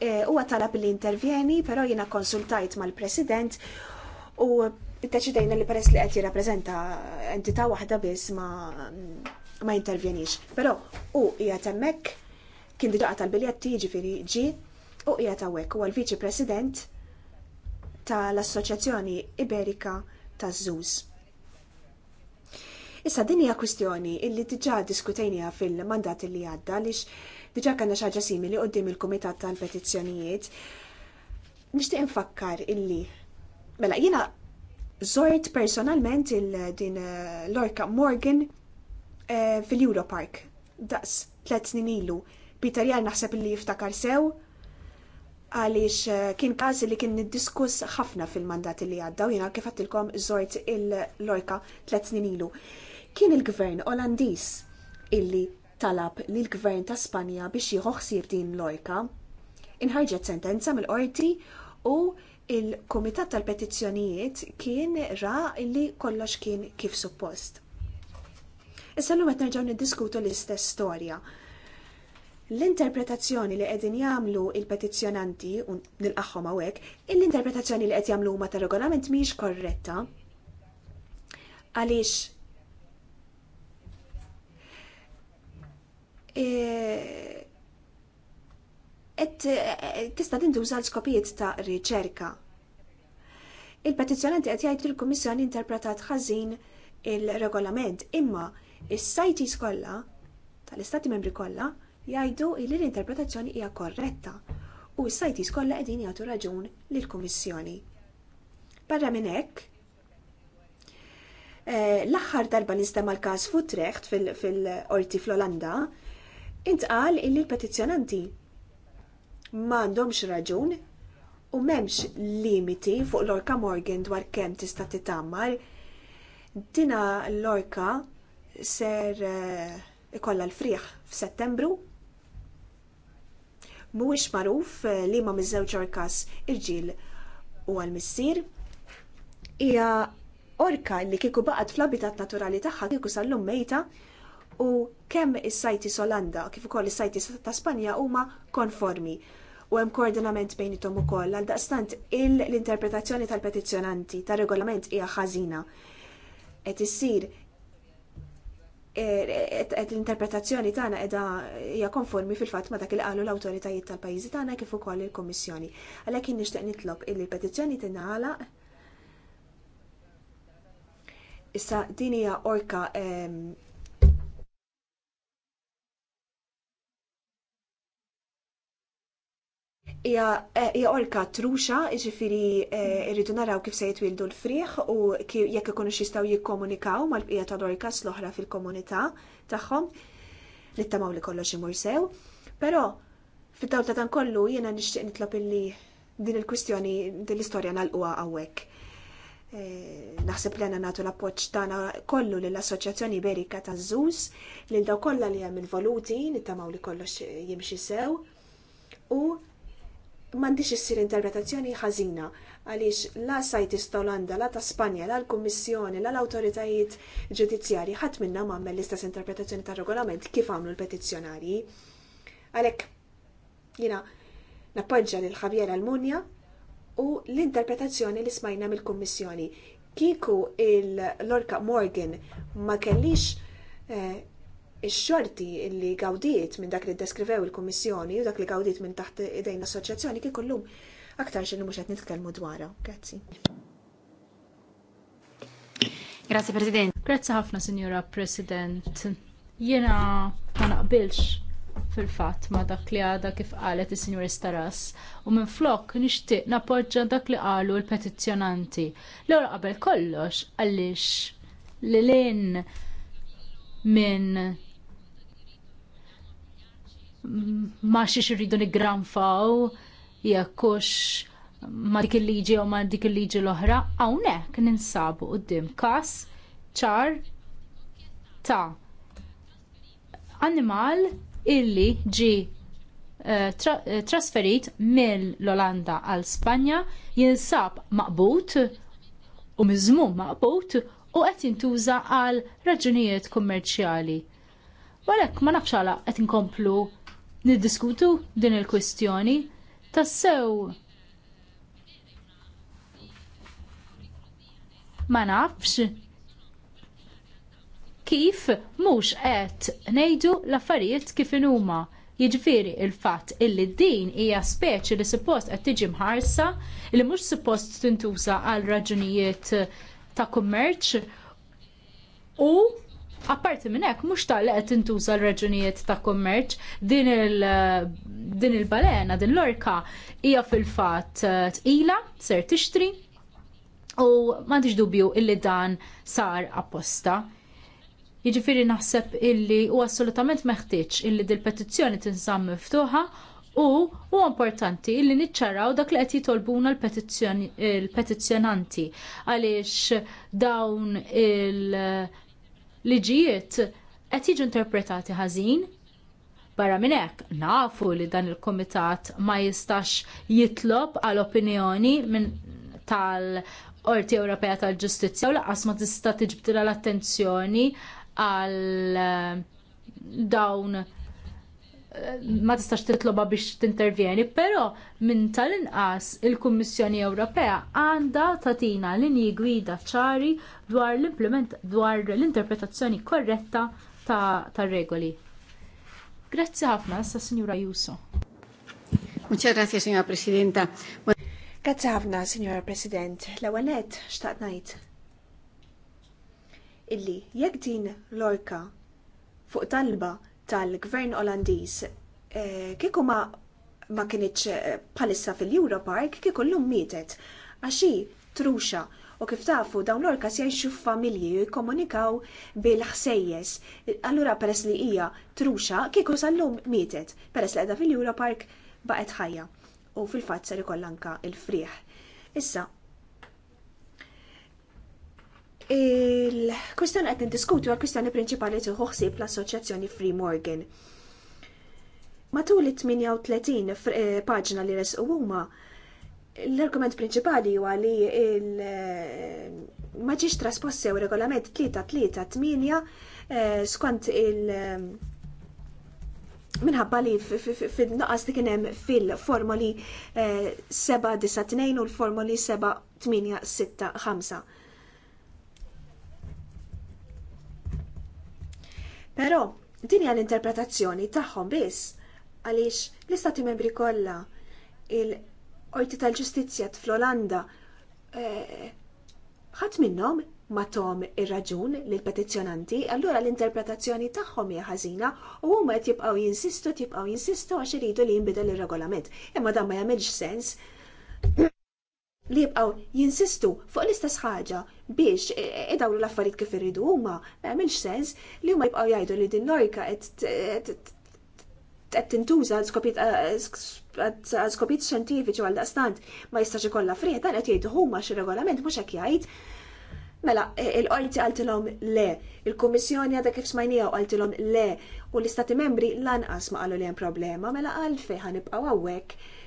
Eh, huwa talab li intervjeni, però jiena konsultajt mal-President u deċidejna li peress li qed jirrappreżenta entità waħda biss ma ma intervjenix. Però u hija hemmhekk kien diġa tal-biljetti jiġifieri ġi u hija hawnhekk huwa l-Viċi President tal-Assoċjazzjoni Iberika taż-Żuż. Issa din hija kwistjoni illi diġà diskutejniha fil-mandat li għadda għaliex Diġa kanna xaġa simili għoddim il-Kumitat tal-Petizzjonijiet. Nixtieq infakkar illi mela jiena zort personalment il-din eh, Lorca Morgan eh, fil-Europark daqs tlet snin ilu. Peter Jal naħseb illi jiftakar sew għaliex eh, kien każ li kien diskuss ħafna fil-mandat li għadda u jena kif zort il-lorka tlet snin ilu. Kien il-gvern Olandiż illi talab lill gvern ta' Spanja biex jieħu ħsieb din l-orka. Inħarġet sentenza mill-qorti u l kumitat tal-Petizzjonijiet kien ra li kollox kien kif suppost. Issa l qed nerġgħu niddiskutu l-istess storja. L-interpretazzjoni li qegħdin jagħmlu il-petizzjonanti u nilqaħħom hawnhekk, l-interpretazzjoni li qed jagħmlu huma tar-regolament mhijiex korretta. Għaliex E, tista' tintuża l-skopijiet ta' riċerka. Il-petizzjonanti qed jgħid il-Kummissjoni interpretat ħażin il-regolament imma is-sajti kollha tal-Istati Membri kollha jgħidu li l-interpretazzjoni hija korretta u s-sajti kollha qegħdin jagħtu raġun lill-Kummissjoni. Barra minn hekk, eh, l-aħħar darba nistema l-każ Futrecht fil-qorti fl-Olanda, intqal illi l-petizzjonanti m'għandhomx raġun u m'hemmx limiti fuq l-orka Morgan dwar kemm tista' titammar. Dina l-orka ser eh, ikolla l-friħ f'Settembru. Mhuwiex magħruf eh, li ma miż-żewġ orkas irġiel u għal-missier. Hija orka li kieku baqgħet fl-abitat naturali tagħha kieku sal-lum mejta u kemm is-sajti Solanda kif ukoll is-sajti ta' Spanja huma konformi u hemm koordinament ithom ukoll għal daqstant l-interpretazzjoni tal-petizzjonanti tar-regolament hija ħażina. Qed issir e, e, e, l-interpretazzjoni tagħna qiegħda hija konformi fil-fatt ma dak li qalu l-awtoritajiet tal-pajjiżi tagħna kif ukoll il-Kummissjoni. Għalhekk jien nixtieq nitlob illi l-petizzjoni tingħalaq Issa din hija orka Eh, hija orka truxa, ġifiri eh, irridu naraw kif se jitwildu l-friħ u jekk ikunu jistgħu jikkomunikaw mal-bqija tal-orkas l-oħra fil-komunità tagħhom t-tamaw li kollox imur sew. Però fid taw ta' dan kollu jiena nixtieq nitlob illi din il-kwistjoni din l-istorja nagħlquha hawnhekk. Eh, naħseb li għanna nagħtu l-appoġġ tagħna kollu lill assoċjazzjoni Berika taż li l daw kollha li hemm il-voluti nittamaw li kollox jimxi sew u mandiċ issir interpretazzjoni ħażina għaliex la sajtis ta' la ta' Spanja, la l-Kummissjoni, la l-autoritajiet ġudizzjari ħadd minna għamel l-istess interpretazzjoni tar regolament kif għamlu l-petizzjonarji. Għalhekk jiena nappoġġa lil l Almunja u l-interpretazzjoni li smajna mill-Kummissjoni. Kiku il-Lorca Morgan ma kellix eh, Ix-xorti illi gawdiet minn dak li deskrivew il-Kummissjoni u dak li gawdiet minn taħt idejn l-Assoċjazzjoni kien kollum aktar xi mhux qed nitkellmu dwarha. Grazzi. Grazzi President. Grazzi ħafna sinjura President. Jiena ma naqbilx fil-fatt ma dak li għada kif qalet is-Sinjur Staras u minflok nixtieq nappoġġa dak li qalu l-petizzjonanti. L-ewwel qabel kollox għaliex lilin minn ma xiex irridu nigranfaw jekkux ma dik il-liġi u ma dik il-liġi l-oħra, hawnhekk ninsabu quddiem każ ċar ta' animal illi ġi eh, eh, trasferit mill-Olanda għal Spanja jinsab maqbut u miżmum maqbut u qed jintuża għal raġunijiet kummerċjali. Walek ma nafx għala qed inkomplu niddiskutu din il-kwistjoni tassew ma nafx kif mhux qed ngħidu l-affarijiet kif inhuma. Jiġifieri il-fatt illi din hija speċi li suppost qed tiġi mħarsa li mhux suppost tintuża għal raġunijiet ta' kummerċ u Apparti minn hekk mhux taqlaq qed intuża l-raġunijiet ta' kummerċ din il-balena, din l-orka hija fil-fatt eh, tqila ser tixtri u m'għandix dubju illi dan sar apposta. Jiġifieri naħseb illi u assolutament meħtieġ illi dil-petizzjoni tinżamm miftuħa u u importanti illi niċċaraw dak li qed jitolbuna l-petizzjonanti għaliex dawn il- liġijiet qed jiġu interpretati ħażin. Barra minn hekk nafu li dan il-kumitat ma jistax jitlob għal opinjoni minn tal-Qorti Ewropea tal-Ġustizzja u laqas ma tista' tiġbdilha l-attenzjoni għal eh, dawn ma tistax titloba biex tintervjeni, però minn tal-inqas il-Kummissjoni Ewropea għandha tatina linji gwida ċari dwar l-implement dwar l-interpretazzjoni korretta ta' regoli. Grazzi ħafna, sa' Signora Juso. Muchas gracias, Signora Presidenta. Grazzi ħafna, Signora President. L-ewenet, xtaqt najt. Illi, jekk din l-orka fuq talba tal-gvern Olandiż eh, kieku ma ma kienieċ eh, palissa fil-Europark kieku llum mietet għaxi truxa u kif tafu dawn l orka se jgħixu f'familji u jikkomunikaw bil-ħsejjes. Allura peress li hija truxa kieku sal-lum mietet peress li qiegħda fil-Europark baqgħet ħajja u fil-fatt ser ikollanka anka il friħ Issa, Il-kwistjoni qed diskutu għal-kwistjoni prinċipali tieħu ħsieb l-Assoċjazzjoni Free Morgan. Matul it-38 eh, paġna li resqu huma, l-argument prinċipali huwa li il eh, ma ġiex traspossew regolament 338 eh, skont il- minħabba li fil-naqas li kienem fil formoli 792 u l formoli 7865. 8 Però din hija l-interpretazzjoni tagħhom biss għaliex l-istati membri kollha il-Qorti tal-Ġustizzja fl-Olanda eh, ħadd minnhom minnhom tom ir-raġun lill petizzjonanti allura l-interpretazzjoni tagħhom hija ħażina u huma qed jibqgħu jinsistu tibqgħu jinsistu għax iridu li jinbidel ir-regolament. Imma dan ma jagħmilx sens li jibqgħu jinsistu fuq l-istess ħaġa biex e, e, idawru l-affarijiet kif irridu huma, ma jagħmilx sens li huma jibqgħu jgħidu li din l-orka qed tintuża għal skopijiet xjentifiċi għal daqstant ma jistax ikollha friħ dan qed jgħidu huma xi regolament mhux hekk jgħid. Mela, e, il-qorti għaltilhom le, il-Kummissjoni għadha kif smajnija għaltilhom le, u l-Istati membri lanqas ma qalu li hemm problema, mela għalfejn nibqgħu hawnhekk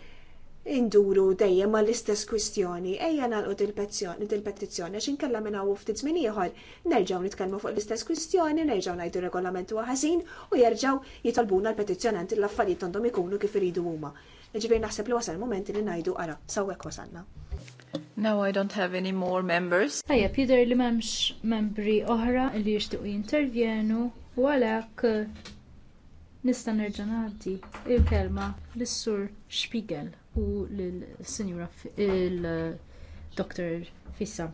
induru dejjem mal istess kwistjoni ejja nalqu il-petizzjoni għax inkella minn hawn ftit żmien ieħor nerġgħu nitkellmu fuq l-istess kwistjoni, nerġgħu ngħidu regolamentu huwa ħażin u jerġgħu jitolbuna l-petizzjonanti l-affarijiet għandhom ikunu kif iridu huma. Ġifieri naħseb li wasal moment li ngħidu ara sawek wasalna. Now I don't have any more members. Ejja Peter li m'hemmx membri oħra li jixtiequ jintervjenu u għalhekk eh, nista' nerġa' ngħaddi il-kelma lis-sur Spiegel u l-Sinjura il-Dr. Fissa.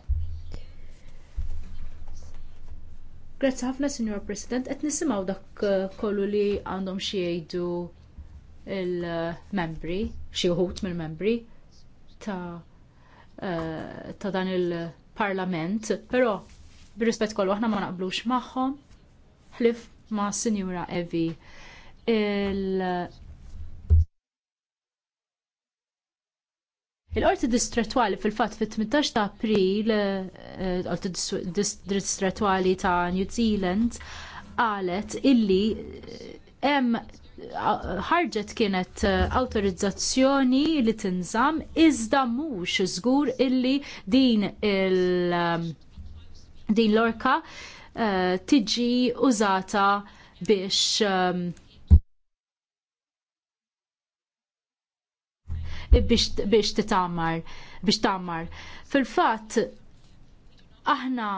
Grazzi ħafna, Sinjura President, et nisimgħu dak eh, kollu li għandhom xiejdu jgħidu il-membri, xi wħud mill-membri ta' eh, ta' dan il-parlament, però bir-rispett kollu aħna ma naqblux magħhom ħlif ma' Sinjura Evi il Il-qorti distretwali fil fatt fit-18 ta' april, eh, qorti distretwali ta' New Zealand, qalet illi eh, hemm eh, ħarġet kienet awtorizzazzjoni li tinżam iżda mhux żgur illi din il din l-orka tiġi użata biex biex titamar, biex tamar. Fil-fatt, aħna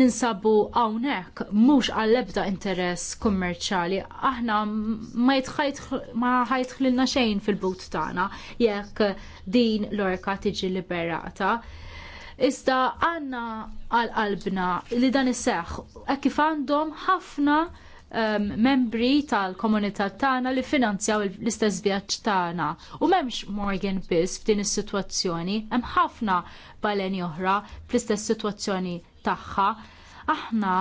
ninsabu għawnek, mux għall-ebda interess kummerċali, aħna ma jitħajtħlilna xejn fil-but tagħna jekk din l-orka tiġi liberata. Iżda għanna għal-qalbna li dan iseħħ, kif għandhom ħafna um, membri tal-komunità tagħna li finanzjaw l-istess vjaġġ tagħna. U m'hemmx Morgan biss f'din is-sitwazzjoni, hemm ħafna baleni oħra fl-istess sitwazzjoni tagħha. Aħna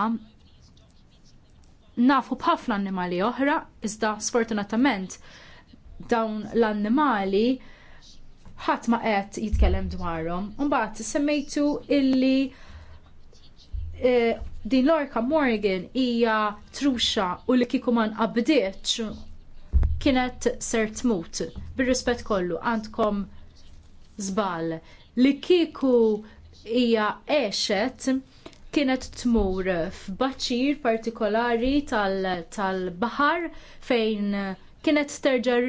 nafu b'ħafna annimali oħra, iżda sfortunatament dawn l-annimali ħadd ma qed jitkellem dwarhom. Imbagħad semmejtu illi eh, Din Lorca Morgan hija truxa u li kieku ma nqabbditx kienet ser tmut. Bir-rispett kollu għandkom żball li kieku hija għexet kienet tmur f'baċir partikolari tal baħar fejn kienet terġa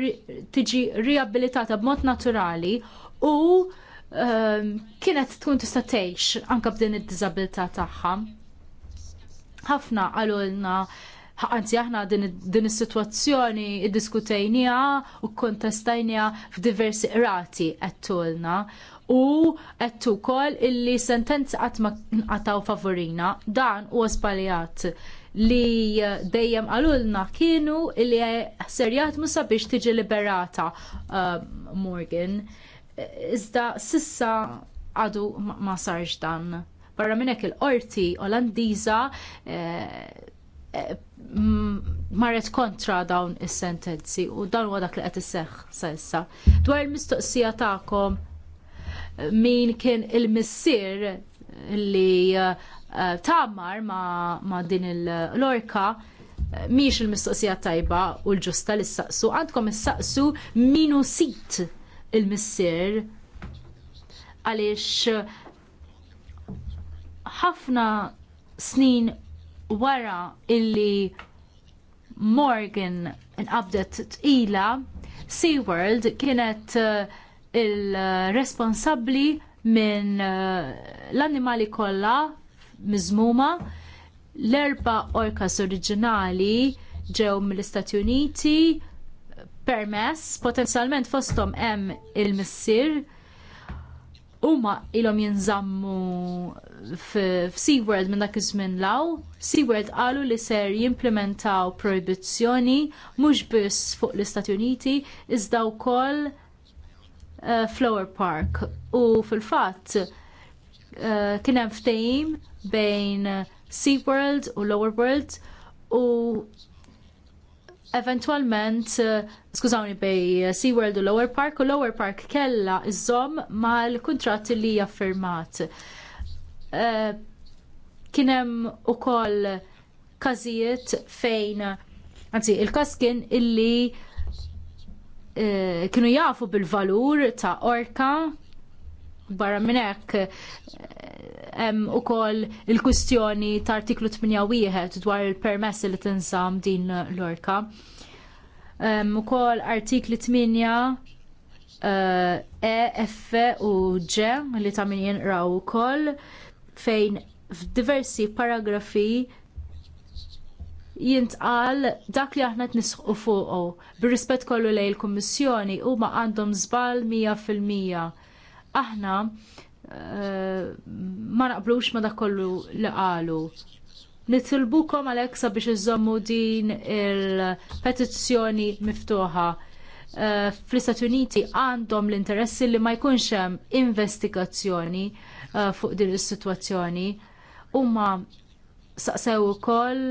tiġi riabilitata b'mod naturali u ehm, kienet tkun tista' tgħix anke b'din id-diżabilità tagħha ħafna għalulna Anzi, aħna din is-sitwazzjoni iddiskutejnija u kontestajnija f'diversi qrati għattulna u għattu kol illi sentenzi għatma ma favorina dan huwa għasbaljat li dejjem għalulna kienu illi serjat musa biex tiġi liberata uh, Morgan. Iżda sissa għadu ma sarx dan. Barra minnek il-qorti Olandiża eh, eh, marret kontra dawn is-sentenzi u dan huwa dak li qed isseħħ sa issa. Dwar il-mistoqsija tagħkom min kien il-missier li eh, tamar ma, din il-lorka miex il-mistoqsija tajba u l-ġusta li saqsu għandkom s-saqsu minu sit il-missir għaliex ħafna snin wara illi Morgan inqabdet tqila, SeaWorld kienet uh, il-responsabbli minn uh, l-annimali kollha miżmuma l-erba orkas oriġinali ġew mill-Istati Uniti permess potenzjalment fosthom hemm il-missier huma ilhom jinżammu f-SeaWorld minn dak iż-żmien law, SeaWorld qalu li ser jimplementaw proibizzjoni mhux biss fuq l-Istati Uniti iżda wkoll uh, Flower Park u fil-fatt uh, kien hemm ftehim bejn SeaWorld u Lower World u eventualment, eh, skużawni bej SeaWorld u Lower Park, u Lower Park kella iżom mal kuntratt li jaffirmat. Eh, kienem u koll kazijiet fejn, għanzi, il-kas kien illi eh, kienu jafu bil-valur ta' orka barra minnek hemm ukoll il kustjoni ta' artiklu 81 dwar il-permess li tinsam din l-orka. Ukoll artikli 8 Uh, e, F u G li ta' min jenqraw ukoll fejn f'diversi paragrafi jintqal dak li aħna t-nisħu fuqu. bir rispet kollu lejn il u ma għandhom zbal 100%. Aħna ma naqblux ma dakollu li qalu. Nitilbukom Alexa biex iżommu din il-petizzjoni miftuħa. Uh, fl-Istati Uniti għandhom l-interessi li ma jkunx hemm investigazzjoni uh, fuq din is-sitwazzjoni. Huma saqsew ukoll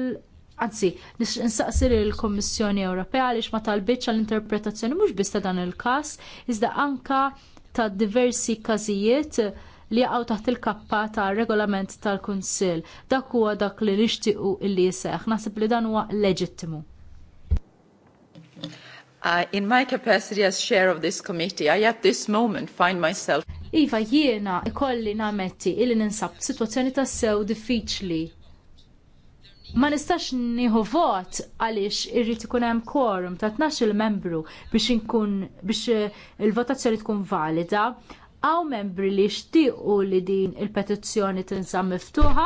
Anzi, nsaqsi lill kummissjoni Ewropea għaliex ma talbitx għall-interpretazzjoni mhux biss ta' dan il-każ, iżda anka ta' diversi każijiet li jaqgħu taħt il-kappa ta' regolament tal-Kunsill. Dak huwa dak li nixtiequ illi jseħħ. Naħseb li dan huwa leġittimu. Uh, in my capacity as chair of this committee, I at this moment find myself. Iva, jiena ikolli nametti illi ninsab situazzjoni ta' sew diffiċli ma nistax nieħu vot għaliex irrid ikun hemm quorum ta' 12 membru biex inkun biex eh, il-votazzjoni tkun valida għaw membri li jixtiequ li din il-petizzjoni tinsam miftuħa,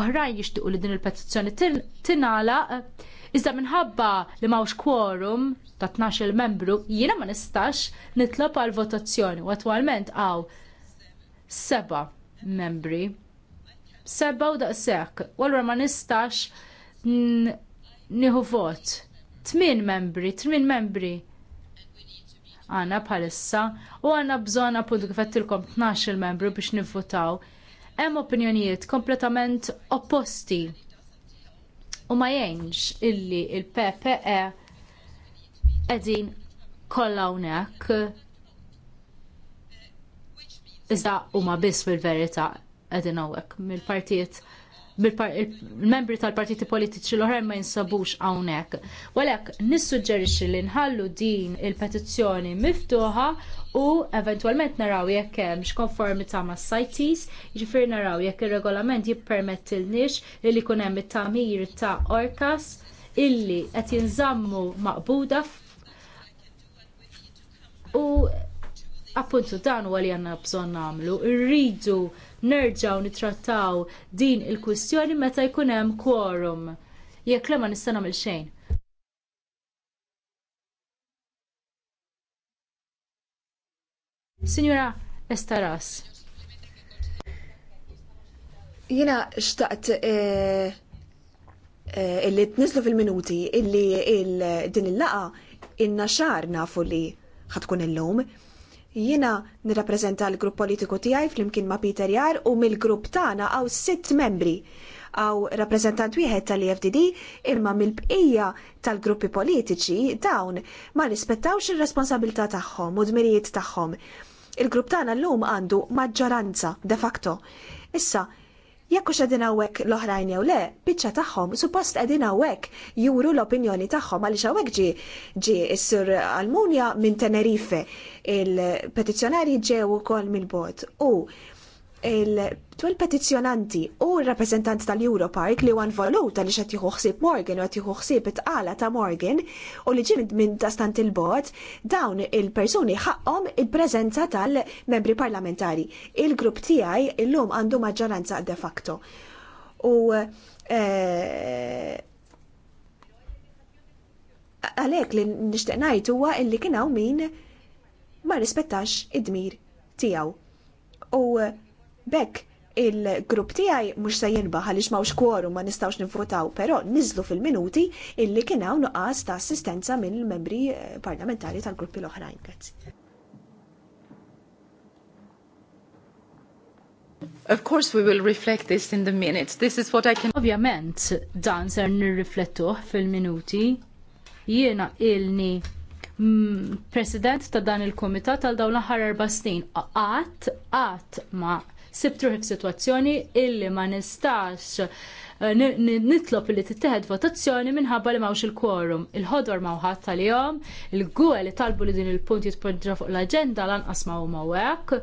oħrajn jixtiequ li din il-petizzjoni tingħalaq, iżda minħabba li mawx quorum ta' 12 membru, jiena ma nistax nitlob għal votazzjoni u attwalment għaw seba membri sebba u daqshekk, u allura ma nistax nieħu vot. Tmien membri, tmien membri għana bħalissa u għanna bżon appuntu kif tnax 12 membru biex nivvotaw. Hemm opinjonijiet kompletament opposti. U ma jgħinx illi il-PPE qegħdin kollha hawnhekk iżda huma biss fil-verità qegħdin hawnhekk mill-partijiet il-membri tal-partiti politiċi l-oħra ma jinsabux hawnhekk. Walek nissuġġerixxi li nħallu din il-petizzjoni miftuħa u eventwalment naraw jekk hemm x'konformità s sajtis jiġifieri naraw jekk ir-regolament jippermettilniex li jkun hemm it-tagħmir ta' orkas illi qed jinżammu maqbuda u appuntu dan huwa li għandna bżonn nagħmlu. Irridu Nerġaw nittrattaw din il-kwistjoni meta jkun hemm quorum. Jekk le ma nista' nagħmel xejn. Signora Estaras. Jina xtaqt eh, eh, illi tnislu fil-minuti illi din il-laqa inna xar nafu li ħatkun il-lum. illum. il lum Jiena nirrappreżenta l-grupp politiku tiegħi flimkien ma' Peter Jar u mill-grupp tagħna għaw sitt membri għaw rappresentant wieħed tal-EFDD imma mill-bqija tal-gruppi politiċi dawn ma rispettawx ir-responsabilità tagħhom u dmirijiet tagħhom. Il-grupp tagħna llum għandu maġġoranza de facto. Issa, Jekk hux qegħdin hawnhekk l-oħrajn jew le, biċċa tagħhom suppost qegħdin hawnhekk juru l-opinjoni tagħhom għaliex hawnhekk ġie ġie s-sur Almunia minn Tenerife. Il-petizzjonarji ġew ukoll mill-bot u il-twel petizjonanti u il-rappresentant tal-Europark li għan voluta li xat juħuħsib Morgan u għat juħuħsib it-qala ta' Morgan u li ġim minn tastant il-bot dawn il-personi ħaqqom il-prezenza tal-membri parlamentari. Il-grupp tijaj il-lum għandu maġġoranza de facto. U eh, għalek li nishtiqnajt huwa illi kienaw min ma rispettax id-dmir tijaw. U Bekk, il-grupp tiegħi mhux se jinbaħ għaliex mawx kworum ma nistgħux nivvotaw, però niżlu fil-minuti illi kien hawn nuqqas ta' assistenza il membri eh, parlamentari tal-gruppi l-oħrajn. Of course we will reflect this in the minutes. This is what I can... Ovvjament, dan ser nirriflettuh fil-minuti. Jiena ilni mm, president ta' dan il kumitat għal dawn l aħħar erba' snin. Qatt qatt ma' sibtruħi f'sitwazzjoni illi ma nistax eh, nitlob li titteħed votazzjoni minħabba li mawx il-kworum. Il-ħodor mawħat tal-jom, il-gwe li talbu li din il-punt jitpoġġa fuq l-agenda lanqas ma' huma mawek.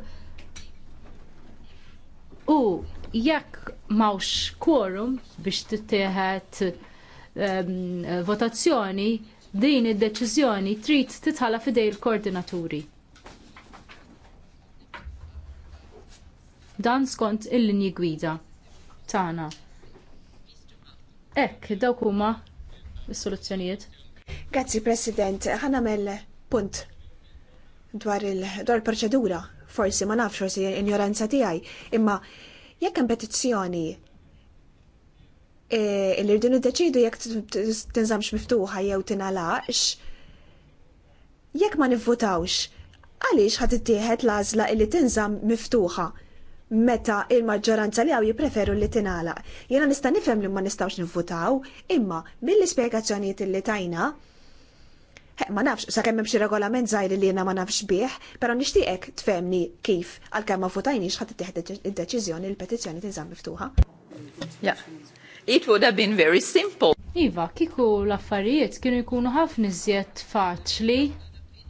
U jekk mawx kworum biex tittieħed ehm, votazzjoni, din id-deċiżjoni trid titħala fidej il-koordinaturi. dan skont il-linji gwida tagħna. Ekk, dawk huma s-soluzzjonijiet. Grazzi President, ħanamel punt dwar il-proċedura, forsi ma nafx forsi ignoranza tiegħi, imma jekk hemm petizzjoni eh, li rridu deċidu jekk tinżamx miftuħa jew tingħalax, jekk ma nivvutawx, għaliex ħad ittieħed l-għażla li tinżam miftuħa meta il-maġġoranza li għaw jipreferu li tinala. Jena nista nifem li ma nistawx nifutaw, imma mill-ispiegazzjoniet li tajna, ma nafx, sa' hemm xi regolament zaħir li jena ma nafx bih, pero nishtiqek tfemni kif għal-kemm ma futajni xħat tiħed id-deċizjoni il-petizjoni tinżam miftuħa. It would have been very simple. Iva, kiku l-affarijiet kienu jkunu ħafna iżjed faċli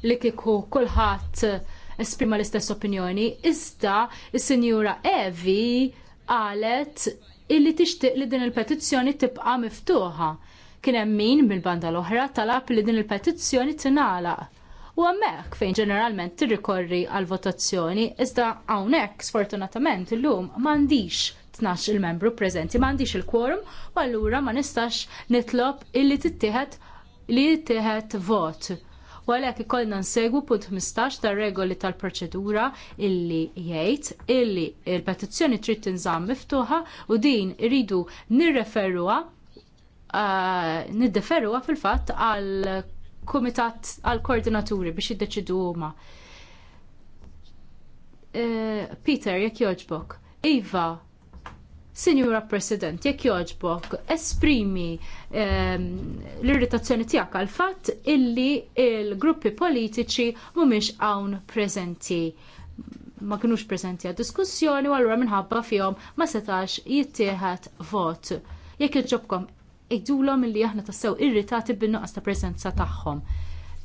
li kiku kulħadd esprima l-istess opinjoni, iżda is-Sinjura Evi qalet illi tixtieq li din il-petizzjoni tibqa' miftuħa. Kien hemm min mill-banda l-oħra talab li din il-petizzjoni tingħalaq. U hemmhekk fejn ġeneralment tirrikorri għal votazzjoni, iżda hawnhekk sfortunatament illum m'għandix tnax il-membru preżenti, m'għandix il-quorum, u allura ma nistax nitlob illi tittieħed li jittieħed vot u għalhekk ikollna nsegwu punt 15 tar-regoli tal-proċedura illi jgħid illi l il petizzjoni trid tinżamm miftuħa u din iridu nirreferuha uh, niddeferuha fil-fatt għal kumitat għal koordinaturi biex jiddeċidu huma. Uh, Peter, jekk jogħġbok, Iva, Sinjura President, jekk jogħġbok, esprimi Ehm, l-irritazzjoni tiegħek għal fatt illi l gruppi politiċi mhumiex hawn preżenti ma kinux preżenti għad diskussjoni u allura minħabba fihom ma setax jittieħed vot. Jekk iġobkom idulhom illi aħna tassew irritati bin-nuqqas ta' preżenza tagħhom.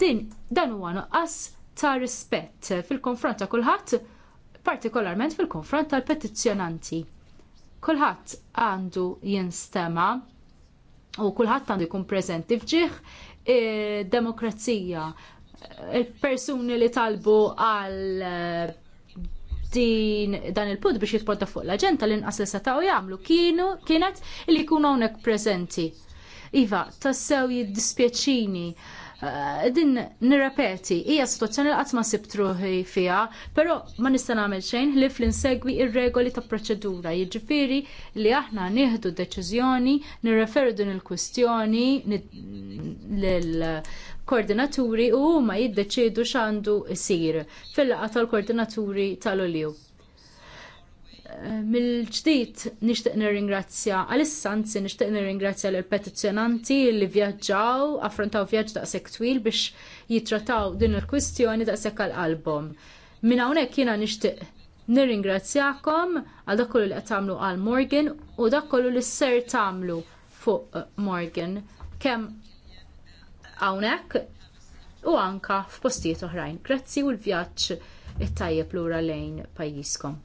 Din dan huwa nuqqas ta' rispett fil-konfront ta' kulħadd, partikolarment fil-konfront tal-petizzjonanti. Kulħadd għandu jinstema' u kulħadd għandu jkun prezenti fġieħ e, demokrazija. Il-persuni e, li talbu għal e, din dan il-pud biex jitporta fuq l-aġenda l-inqas li setgħu jagħmlu kienu kienet li jkunu hawnhekk preżenti. Iva, tassew jiddispjaċini Eh, din nirrepeti, hija situazzjoni li qatt ma sib truħi fiha, però ma nista' nagħmel xejn li nsegwi insegwi ir-regoli ta' proċedura, jiġifieri li aħna nieħdu deċiżjoni, nirreferu din il-kwistjoni lill-koordinaturi u huma jiddeċiedu x'għandu jsir fil-laqgħa tal-koordinaturi tal-Ulju mill-ġdid nixtieq nirringrazzja għalissa anzi nixtieq nirringrazzja lill petizzjonanti li vjaġġaw, affrontaw vjaġġ daqshekk twil biex jitrataw din il-kwistjoni daqshekk għall-qalbhom. Minn hawnhekk jiena nixtieq nirringrazzjakom għal dak kollu li qed tagħmlu għal Morgan u dak kollu li ser tagħmlu fuq Morgan kemm hawnhekk u anke f'postijiet oħrajn. Grazzi u l-vjaġġ it-tajjeb lura lejn pajjiżkom.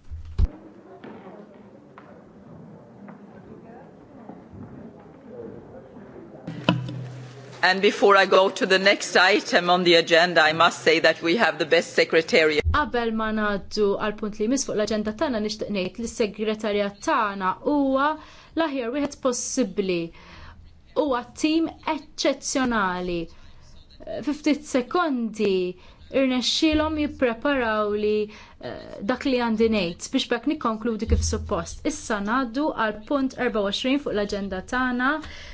And before I go to the next item on the agenda, I must say that we have the best secretariat. Qabel ma ngħaddu għal punt li fuq l-aġenda tagħna nixtieq ngħid li s-segretarjat tagħna huwa l-aħjar wieħed possibbli. Huwa tim eċċezzjonali. Fiftit sekondi irnexxilhom jippreparaw li eh, dak li għandi ngħid biex bekk nikkonkludi kif suppost. Issa ngħaddu għal punt 24 fuq l-aġenda tagħna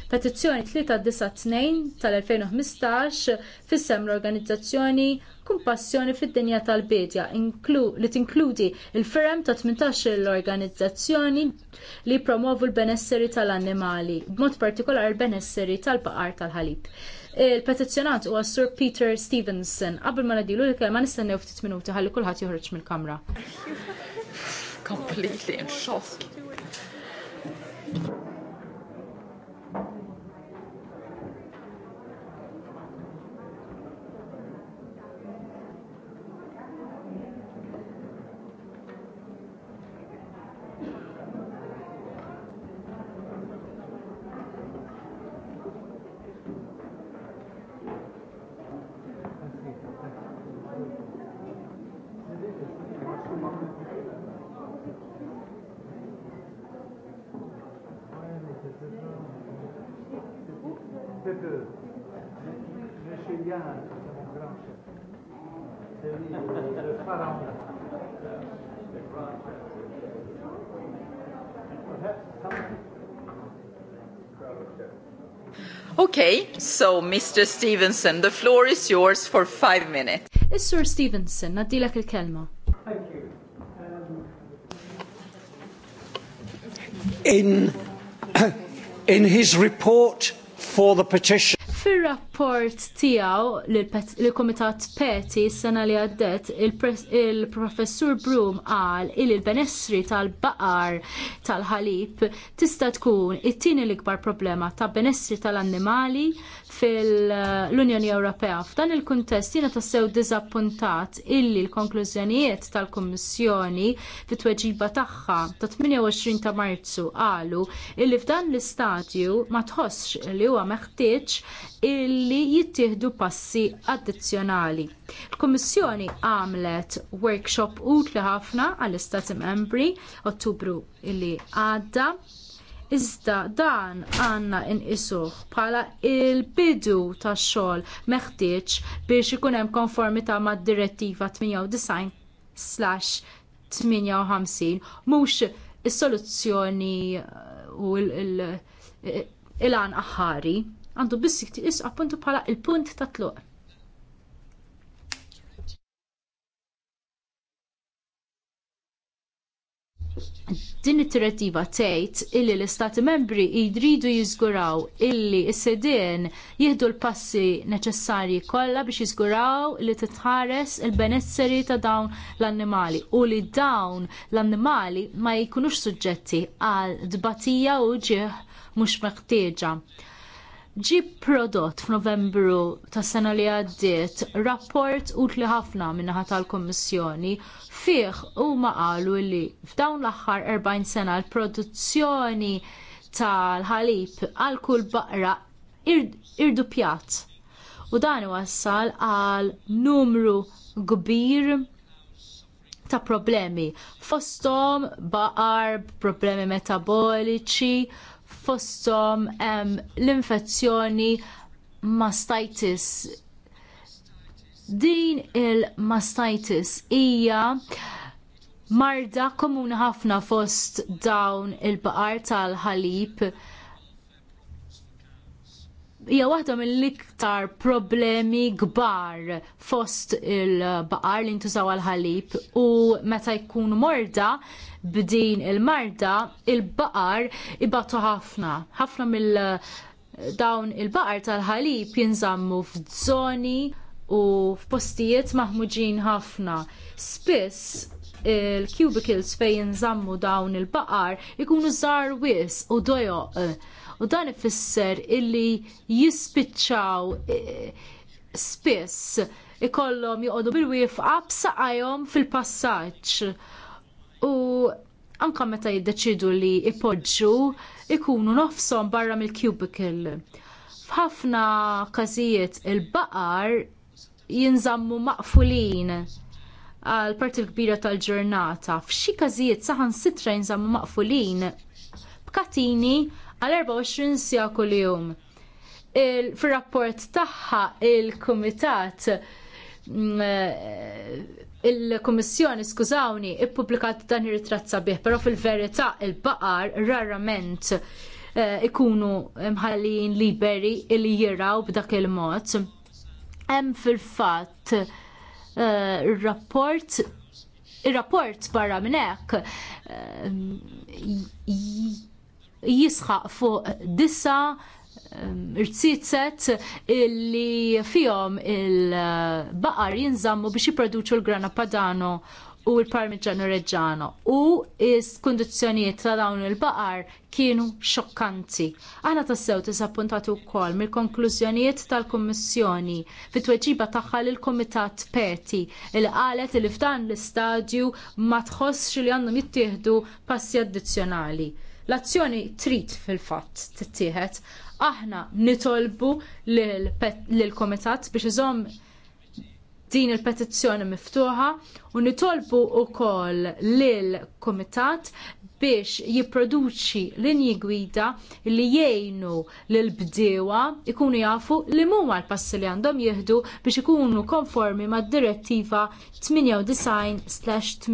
Petizzjoni 3-9 tal-2015 fissem l-organizzazzjoni Kumpassjoni fid-dinja tal-bidja li tinkludi il-ferem ta' 18 l-organizzazzjoni li promovu l-benesseri tal-annimali, b'mod partikolar l benesseri tal-baqar tal-ħalib. Il-petizzjonat huwa għassur Peter Stevenson. Qabel ma nadilu li kelma nistennew ftit minuti ħalli kulħadd joħroġ mill-kamra completely in shock. Okay, so Mr. Stevenson, the floor is yours for five minutes. Is-Sur Stevenson, għaddilek il-kelma. Um, in, in his report for the petition, Fir-rapport tiegħu lill-Kumitat Peti s-sena li għaddet, il-Professur Broom qal li l-benessri tal-baqar tal-ħalib tista' tkun it-tieni l-ikbar problema ta' benessri tal-annimali fil-Unjoni Ewropea. F'dan il-kuntest jiena tassew diżappuntat illi l-konklużjonijiet tal-Kummissjoni fit-tweġiba tagħha ta' 28 ta' Marzu qalu illi f'dan l-istadju ma tħossx li huwa meħtieġ illi jittieħdu passi addizzjonali. Il-Kummissjoni għamlet workshop utli ħafna għall-Istati Membri Ottubru illi għadda Iżda dan għandna inqisuh bħala l bidu tax xogħol meħtieġ biex ikun hemm konformità mad-direttiva 98/58 mhux is-soluzzjoni u l-għan aħħari għandu biss is appuntu bħala il-punt ta' tluq. din it-direttiva tgħid illi l-istati membri jridu jiżguraw illi s-sedin jieħdu l-passi neċessarji kollha biex jiżguraw li titħares il-benesseri ta' dawn l-annimali u li dawn l-annimali ma jkunux suġġetti għal dbatija u ġieħ mhux meħtieġa ġi prodott f'Novembru tas sena li għaddiet rapport utli ħafna min-naħa tal kummissjoni fih huma qalu li f'dawn l-aħħar 40 sena l-produzzjoni tal-ħalib għal kull baqra irdupjat. U dan wassal għal numru kbir ta' problemi. Fosthom baqar, problemi metaboliċi, fosthom l-infezzjoni mastitis. Din il-mastitis hija marda komuni ħafna fost dawn il-baqar tal-ħalib hija waħda mill-iktar problemi kbar fost il-baqar li ntużaw għal ħalib u meta jkunu morda b'din il-marda, il-baqar ibatu ħafna. ħafna mill eh, dawn il-baqar tal-ħalib jinżammu f'żoni u f'postijiet maħmuġin ħafna. Spiss il-cubicles fejn jinżammu dawn il-baqar ikunu żar wis u dojoq. U dan ifisser illi jispiċċaw eh, spiss ikollhom joqogħdu bil-wifqa b'saqajhom fil-passaġġ u anka meta jiddeċidu li ipoġġu ikunu nofsom barra mill-cubicle. F'ħafna każijiet il-baqar jinżammu maqfulin għal parti l-kbira tal-ġurnata. F'xi każijiet saħan sitra jinżammu maqfulin b'katini għal 24 sija kuljum. Fir-rapport tagħha il-kumitat mm, eh, il-Kummissjoni, skużawni, ippubblikat dan ir-ritratt sabiħ, però fil-verità il-baqar rarament eh, ikunu mħallin liberi li jiraw b'dak il-mod. Hemm fil-fatt eh, rapport ir-rapport barra minn hekk eh, jisħaq fuq disa irtsitset illi fihom il-baqar jinżammu biex jipproduċu l-grana padano u l-parmigiano reġġano u is-kondizzjonijiet ta' dawn il-baqar kienu xokkanti. Aħna tassew tisappuntati wkoll mill-konklużjonijiet tal-Kummissjoni fit tweġiba tagħha lill Kumitat Peti li qalet li f'dan l-istadju ma tħossx li għandhom jittieħdu passi addizzjonali. L-azzjoni trid fil-fatt tittieħed Aħna nitolbu lill-Komitat biex iżomm din il-petizzjoni miftuħa u nitolbu wkoll lill-Kumitat biex jipproduċi linji gwida li jgħinu lill bdewa ikunu jafu li muma l-passi li għandhom jieħdu biex ikunu konformi mad direttiva 98-58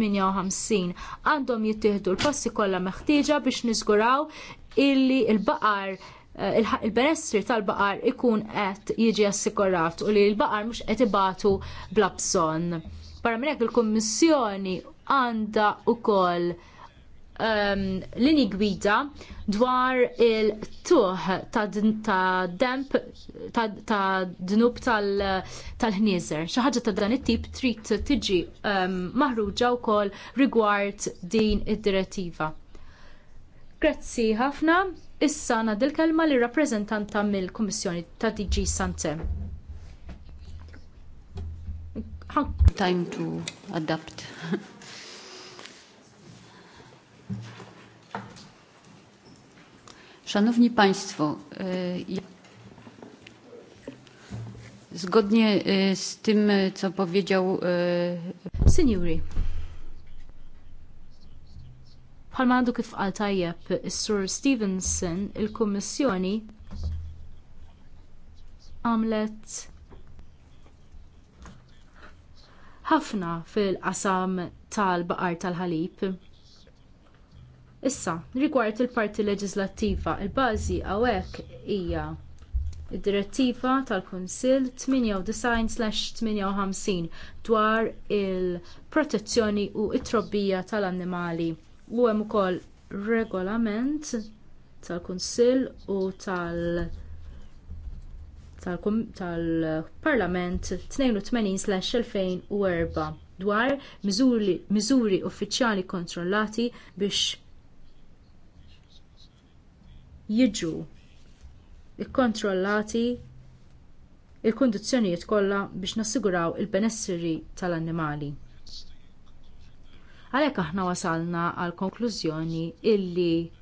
għandhom jittieħdu l-passi kollha meħtieġa biex nizguraw illi l il baqar Eh, il-benessri tal-baqar ikun qed jiġi assikurat u li l-baqar mhux qed ibatu bla bson. Barra minn il-Kummissjoni għandha wkoll um, ehm, lini gwida dwar il-tuħ ta' demp dnub tal-ħnieżer. Xi ħaġa ta' dan it-tip trid tiġi ehm, maħruġa wkoll rigward din id-direttiva. Grazzi ħafna. Issa nad il-kelma li rappresentanta mill-Kummissjoni ta' DG Santem. Time to adapt. Szanowni Państwo, e, zgodnie e, z tym, e, co powiedział... Seniori. Bħal għandu kif qal tajjeb is-Sur Stevenson, il-Kummissjoni għamlet ħafna fil-qasam tal-baqar tal-ħalib. Issa, rigward il-parti leġislattiva, il-bażi hawnhekk hija id-direttiva tal-Kunsill 98/58 dwar il-protezzjoni u t trobbija tal-annimali. U hemm ukoll regolament tal-Kunsill u tal- tal-Parlament 82/2004 dwar miżuri uffiċjali kontrollati biex jiġu ikkontrollati l kundizzjonijiet kollha biex nassiguraw il-benesseri tal-annimali. Għalhekk aħna wasalna għal konklużjoni illi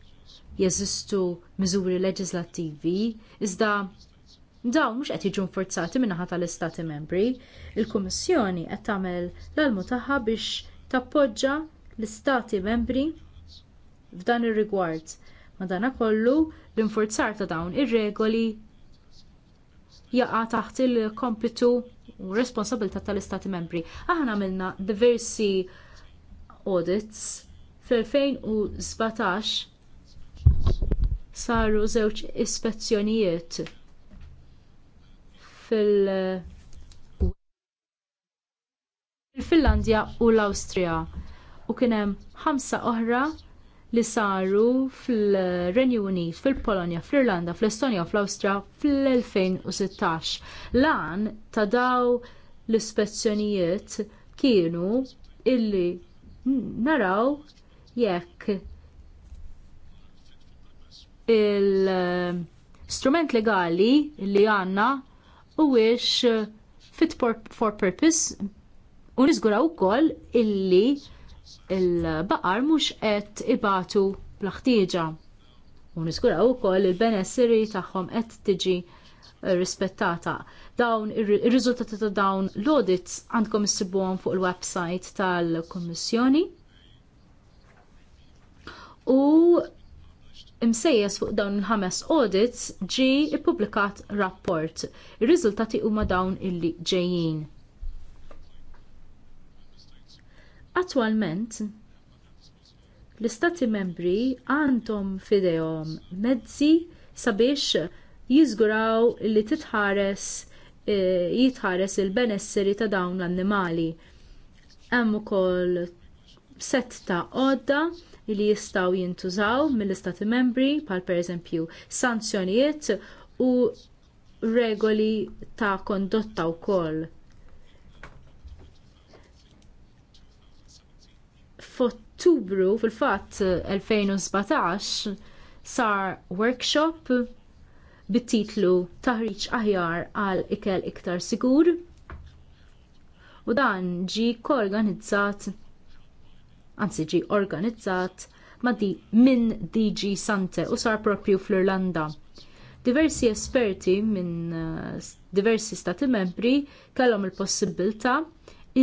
jeżistu miżuri leġislattivi iżda dawn mhux qed jiġu nfurzati min-naħa tal-Istati Membri. Il-Kummissjoni qed tagħmel l almutaħa tagħha biex tappoġġa l-Istati Membri f'dan ir-rigward. Madankollu, l-infurzar ta' dawn ir-regoli jaqa taħt il-kompitu u responsabilità tal-Istati membri. Aħna għamilna diversi audits fl-2017 saru żewġ ispezzjonijiet fil- finlandja u l-Awstrija u kien hemm ħamsa oħra li saru fil-Renju Unit, fil-Polonja, fl-Irlanda, fl-Estonja u fl-Awstrija fl-2016. Lan ta' daw l-ispezzjonijiet kienu illi naraw jekk il-strument legali li għandna huwiex fit for purpose u u koll illi il-baqar mhux qed ibatu bl-ħtieġa. U niżguraw ukoll il-benessiri tagħhom qed tiġi rispettata dawn ir-riżultati ta' dawn l-audits għandkom issibuhom fuq il-website tal-Kummissjoni. U imsejjes fuq dawn il-ħames audits ġi ippubblikat rapport. Ir-riżultati huma dawn illi ġejjin. Attwalment, l-istati membri għandhom fidejhom mezzi sabiex jiżguraw li titħares E, jitħares il-benesseri ta' dawn l-annimali. Hemm ukoll set ta' għodda li jistgħu jintużaw mill-istati membri bħal pereżempju sanzjonijiet u regoli ta' kondotta wkoll. F'Ottubru fil-fatt 2017 sar workshop bit-titlu Taħriġ aħjar għal ikel iktar sigur. U dan ġie korganizzat, anzi ġie organizzat ma di minn DG Sante u sar proprju fl-Irlanda diversi esperti minn eh, diversi stati membri kellhom il-possibilità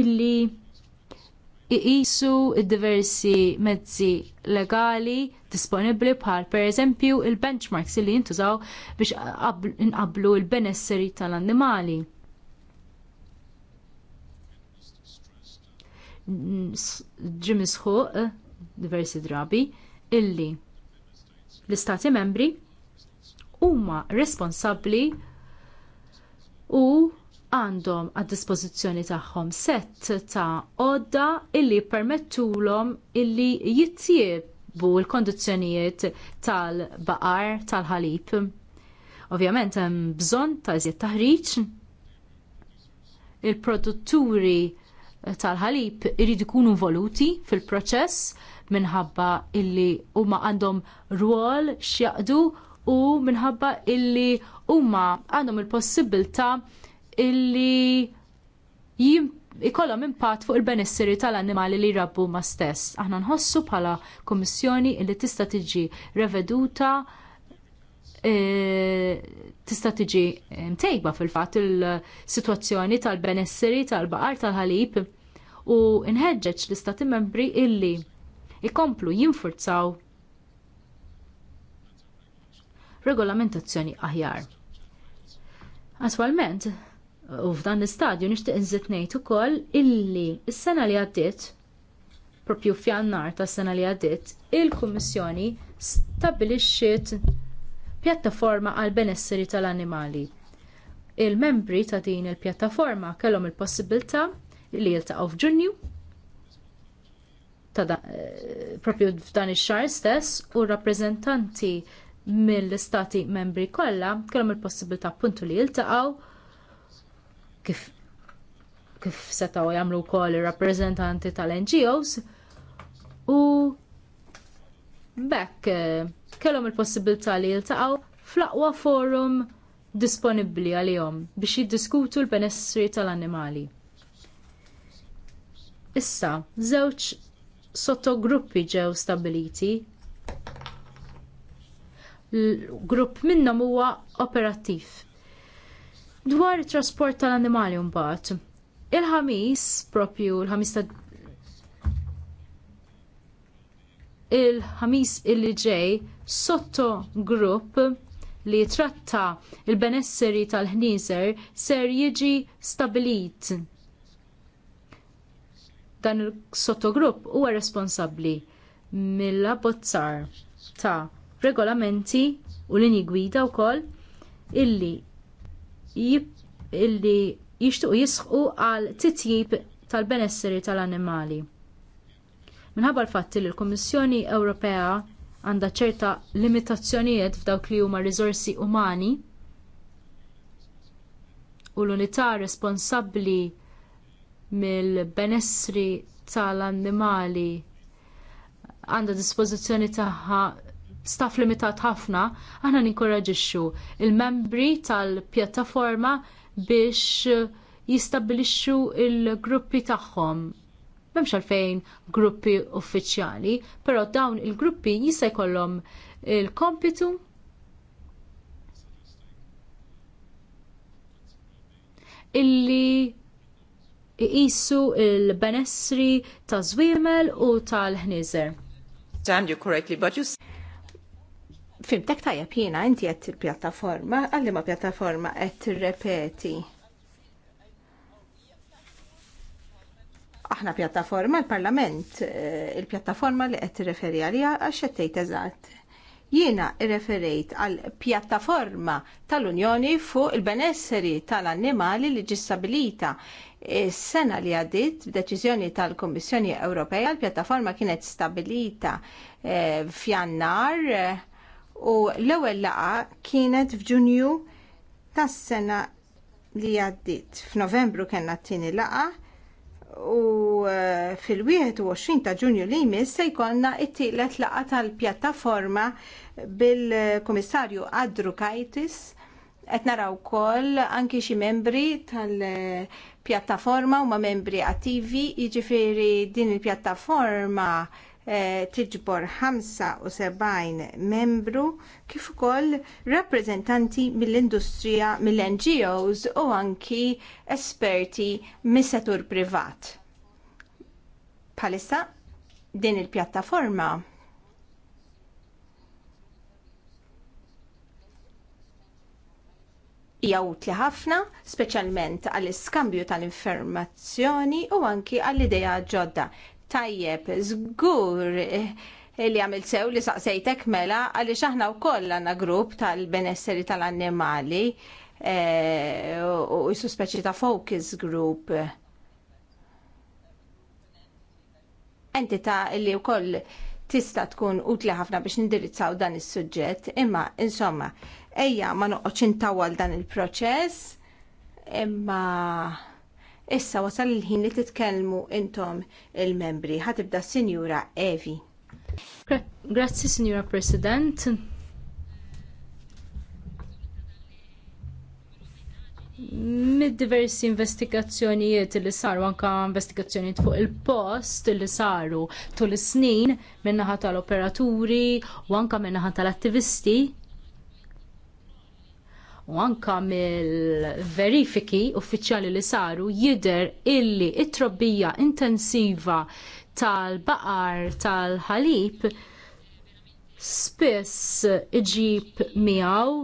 illi iqisu diversi mezzi legali disponibbli bħal pereżempju il benchmarks li jintużaw biex inqabblu l benesseri tal-annimali. Ġim diversi drabi illi l-istati membri huma responsabbli u għandhom għad dispożizzjoni tagħhom set ta' għodda illi permettulhom illi jittiebu l-kondizzjonijiet tal-baqar tal-ħalib. Ovvjament hemm bżonn ta' iżjed taħriġ. Il-produtturi tal-ħalib irid ikunu voluti fil-proċess minħabba illi huma għandhom rwol x'jaqdu u minħabba illi huma għandhom il-possibilta' illi jim ikollhom impatt fuq il-benessiri tal-annimali li jrabbu ma stess. Aħna nħossu bħala kummissjoni li tista' tiġi reveduta e, tista' tiġi mtejba fil-fatt il-sitwazzjoni tal-benessiri tal-baqar tal-ħalib u nħeġġeġ l-istati membri illi ikomplu jinfurzaw regolamentazzjoni aħjar. Aswalment, U f'dan l-istadju nixtieq inżid ngħid ukoll illi s-sena li għaddiet, propju f'jannar tas sena li għaddiet, il-Kummissjoni stabbilixxiet pjattaforma għall benesseri tal-annimali. Il-membri ta' din il-pjattaforma kellhom il-possibilità li jiltaqgħu f'Ġunju ta' propju f'dan ix-xahar stess u rappreżentanti mill-istati membri kollha kellhom il-possibilità appuntu li jiltaqgħu kif kif setgħu jagħmlu wkoll ir-rappreżentanti tal-NGOs u bekk eh, kellhom il-possibilità li jiltaqgħu fl-aqwa forum disponibbli għalihom biex jiddiskutu l-benessri tal-annimali. Issa, żewġ sottogruppi ġew stabbiliti. Grupp minnhom huwa operattiv Dwar it trasport tal-annimali mbagħad. Il-ħamis propju il-ħamis ta' il-ħamis illi ġej sotto grupp li tratta il-benesseri tal-ħnieżer ser jiġi stabilit. Dan il-sottogrupp huwa responsabbli mill-abbozzar ta' regolamenti u linji gwida wkoll illi illi jixtuq jisħu għal titjib tal-benesseri tal-annimali. Minħabba l-fatt li l-Kummissjoni Ewropea għandha ċerta limitazzjonijiet f'dawk li huma riżorsi umani u l-unità responsabbli mill-benessri tal-annimali għandha dispożizzjoni tagħha staff limitat ħafna, aħna ninkoraġixxu il-membri tal-pjattaforma biex jistabbilixxu l gruppi tagħhom. M'hemmx għalfejn gruppi uffiċjali, però dawn il-gruppi jista' jkollhom il-kompitu illi jqisu l benessri ta' żwiemel u tal-ħnieżer. you correctly, but you fimtek tajab jiena inti qed il-pjattaforma, għalli ma pjattaforma qed tirrepeti. Aħna pjattaforma l-Parlament, eh, il-pjattaforma li qed tirreferi għalija għax qed tgħid eżatt. Jiena referejt għal pjattaforma tal-Unjoni fuq il-benesseri tal-annimali li ġistabilita Is-sena li għaddiet deċizjoni tal-Kummissjoni Ewropea l-pjattaforma kienet stabilita eh, f'jannar eh, u l-ewwel laqgħa kienet f'Ġunju tas-sena li għaddiet. F'Novembru kellna t-tieni laqgħa u e, fil-21 ta' Ġunju li jmiss se jkollna t-tielet laqgħa tal-pjattaforma bil-Kummissarju Adru Kajtis qed naraw ukoll anki xi membri tal-pjattaforma huma membri attivi, jiġifieri din il-pjattaforma Eh, tiġbor 75 membru kif ukoll rappreżentanti mill-industrija, mill-NGOs u anki esperti mis-settur privat. Palissa din il-pjattaforma hija utli ħafna, speċjalment għall iskambju tal-informazzjoni u anki għall idea ġodda. Tajjeb, żgur eh, li għamil sew li saqsejtek mela għaliex aħna wkoll għandna grupp tal-benesseri tal-annimali eh, u jissu speċi ta' focus group. Entita li wkoll tista' tkun utli ħafna biex nindirizzaw dan is-suġġett, imma insomma, ejja ma noqgħodx tawal dan il-proċess, imma Issa wasal il-ħin li titkellmu intom il-membri. Ħatibda Sinjura Evi. Grazzi, Sinjura President. mid-diversi investigazzjonijiet li saru, anke investigazzjonijiet fuq il-post li saru tul is-snin min-naħa tal-operaturi u anke min-naħa tal-attivisti, u anka mill-verifiki uffiċjali li saru jidher illi t trobbija intensiva tal-baqar tal-ħalib spiss iġib miegħu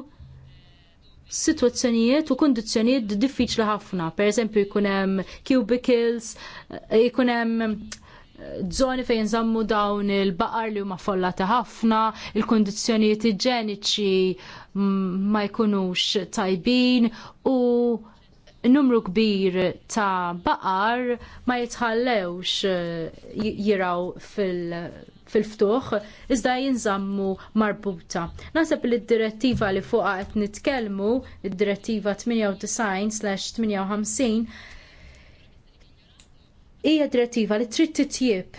situazzjonijiet u kundizzjonijiet diffiċli ħafna. pereżempju jkun hemm cubicles, eh, jkun hemm żoni fejn nżammu dawn il-baqar li huma follati ħafna, il kundizzjonijiet iġeniċi mm, ma jkunux tajbin u numru kbir ta' baqar ma jitħallewx eh, jiraw fil- fil-ftuħ, iżda jinżammu marbuta. Naħseb li d-direttiva li fuqa qed nitkellmu, id direttiva 98-58, hija direttiva li trid titjieb.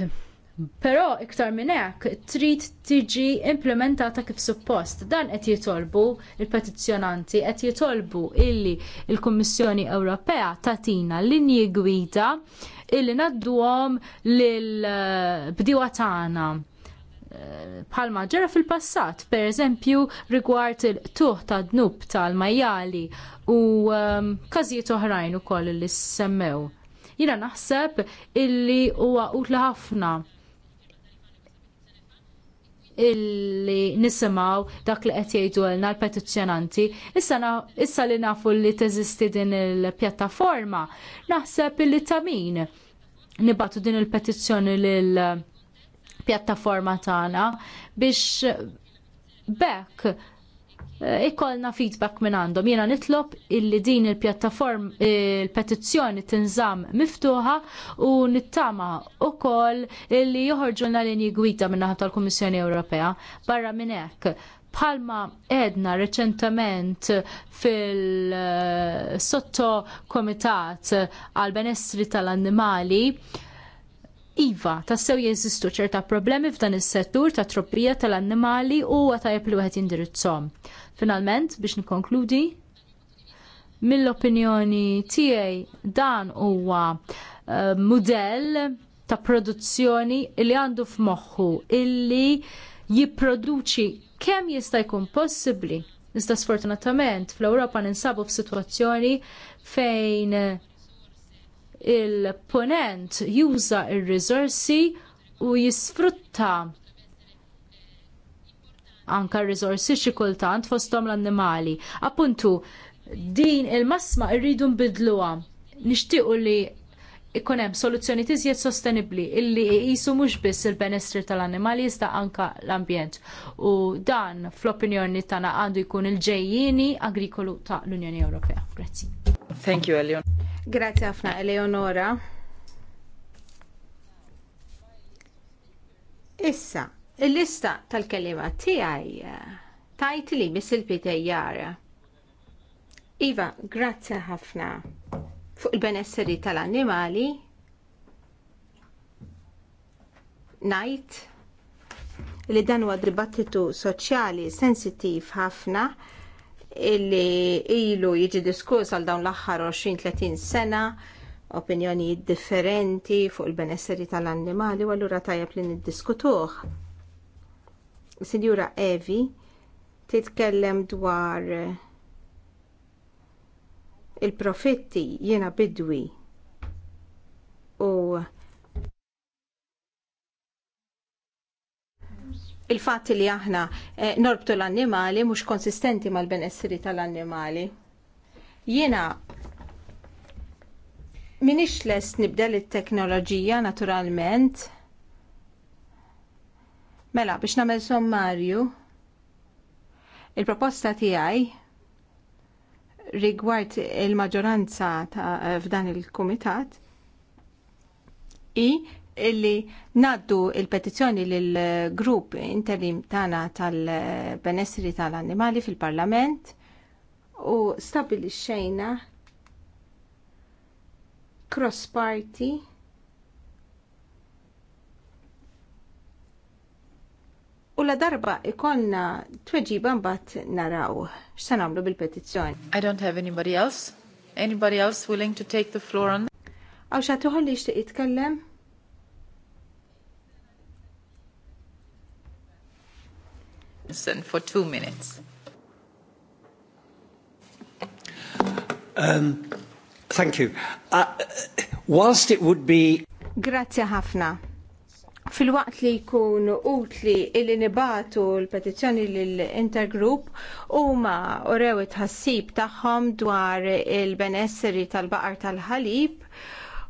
Però iktar minn hekk trid tiġi implementata kif suppost. Dan qed jitolbu il-petizzjonanti qed jitolbu illi l kummissjoni Ewropea tatina linji gwida illi nadduhom lil eh, bdiewa tagħna eh, bħalma ġara fil-passat, per eżempju, rigward il-tuħ ta' dnub tal-majjali u um, ehm, kazijiet oħrajn ukoll li semmew. Jiena naħseb illi huwa utla ħafna illi nisimaw dak li qed jgħidu lna l-petizzjonanti. Issa, na, issa li nafu li teżisti din il-pjattaforma, naħseb illi tamin nibatu din il-petizzjoni lil pjattaforma tagħna biex bekk Eh, ikkolna feedback minn għandhom. Jiena nitlob illi din il-pjattaform il-petizzjoni tinżamm miftuħa u nittama ukoll illi l linji gwida minn naħa tal-Kummissjoni Ewropea barra minn hekk. Bħalma edna reċentament fil-sotto eh, komitat għal benessri tal-annimali, Iva, tassew jeżistu ċerta problemi f'dan is-settur ta' troppija tal-annimali u għata li wieħed jindirizzhom. Finalment, biex nikkonkludi, mill-opinjoni tiegħi dan huwa uh, mudell ta' produzzjoni li għandu f'moħħu illi jipproduċi kemm jista' jkun possibbli. Iżda sfortunatament fl-Ewropa ninsabu f'sitwazzjoni fejn il-ponent juża r il u jisfrutta anka r-riżorsi xi kultant fosthom l-annimali. Appuntu, din il-masma rridu nbiddluha. Nixtiequ li ikun hemm soluzzjoni tiżjed sostenibbli illi jqisu mhux biss il-benessri tal-annimali iżda anka l-ambjent. U dan fl-opinjoni tagħna għandu jkun il-ġejjieni agrikolu ta' l-Unjoni Ewropea. Grazzi. Thank you, Elion. Grazzi ħafna Eleonora. Issa, il-lista tal-kelima tiegħi eh, tajt li miss il-pitejjar. Iva, grazzi ħafna fuq il-benesseri tal-annimali ngħid li dan huwa dibattitu soċjali sensittiv ħafna illi ilu jiġi diskuss għal dawn l-aħħar 20-30 sena opinjonijiet differenti fuq il-benesseri tal-annimali u allura tajjeb li niddiskutuh. Sinjura Evi titkellem dwar il-profitti jiena bidwi u il fatti li aħna eh, norbtu l-annimali mhux konsistenti mal-benessri tal-annimali. Jiena minix lest nibdel it-teknoloġija naturalment. Mela, biex nagħmel sommarju, il-proposta tiegħi rigward il-maġoranza f'dan il-kumitat i illi naddu il-petizzjoni lill-grupp interim tagħna tal-benessri tal-annimali fil-parlament u stabili cross party u la darba ikonna tweġiba mbagħad naraw X'san għamlu bil-petizzjoni. I don't have anybody else. Anybody else willing to take the floor on? Għaw xa tuħalli xtiq jitkellem? Listen for two minutes. Um, thank you. Uh, uh whilst it would be... Grazie Hafna fil-waqt li jkun utli illi nibatu l-petizjoni l-intergrupp huma urew it tħassib tagħhom dwar il-benesseri tal-baqar tal-ħalib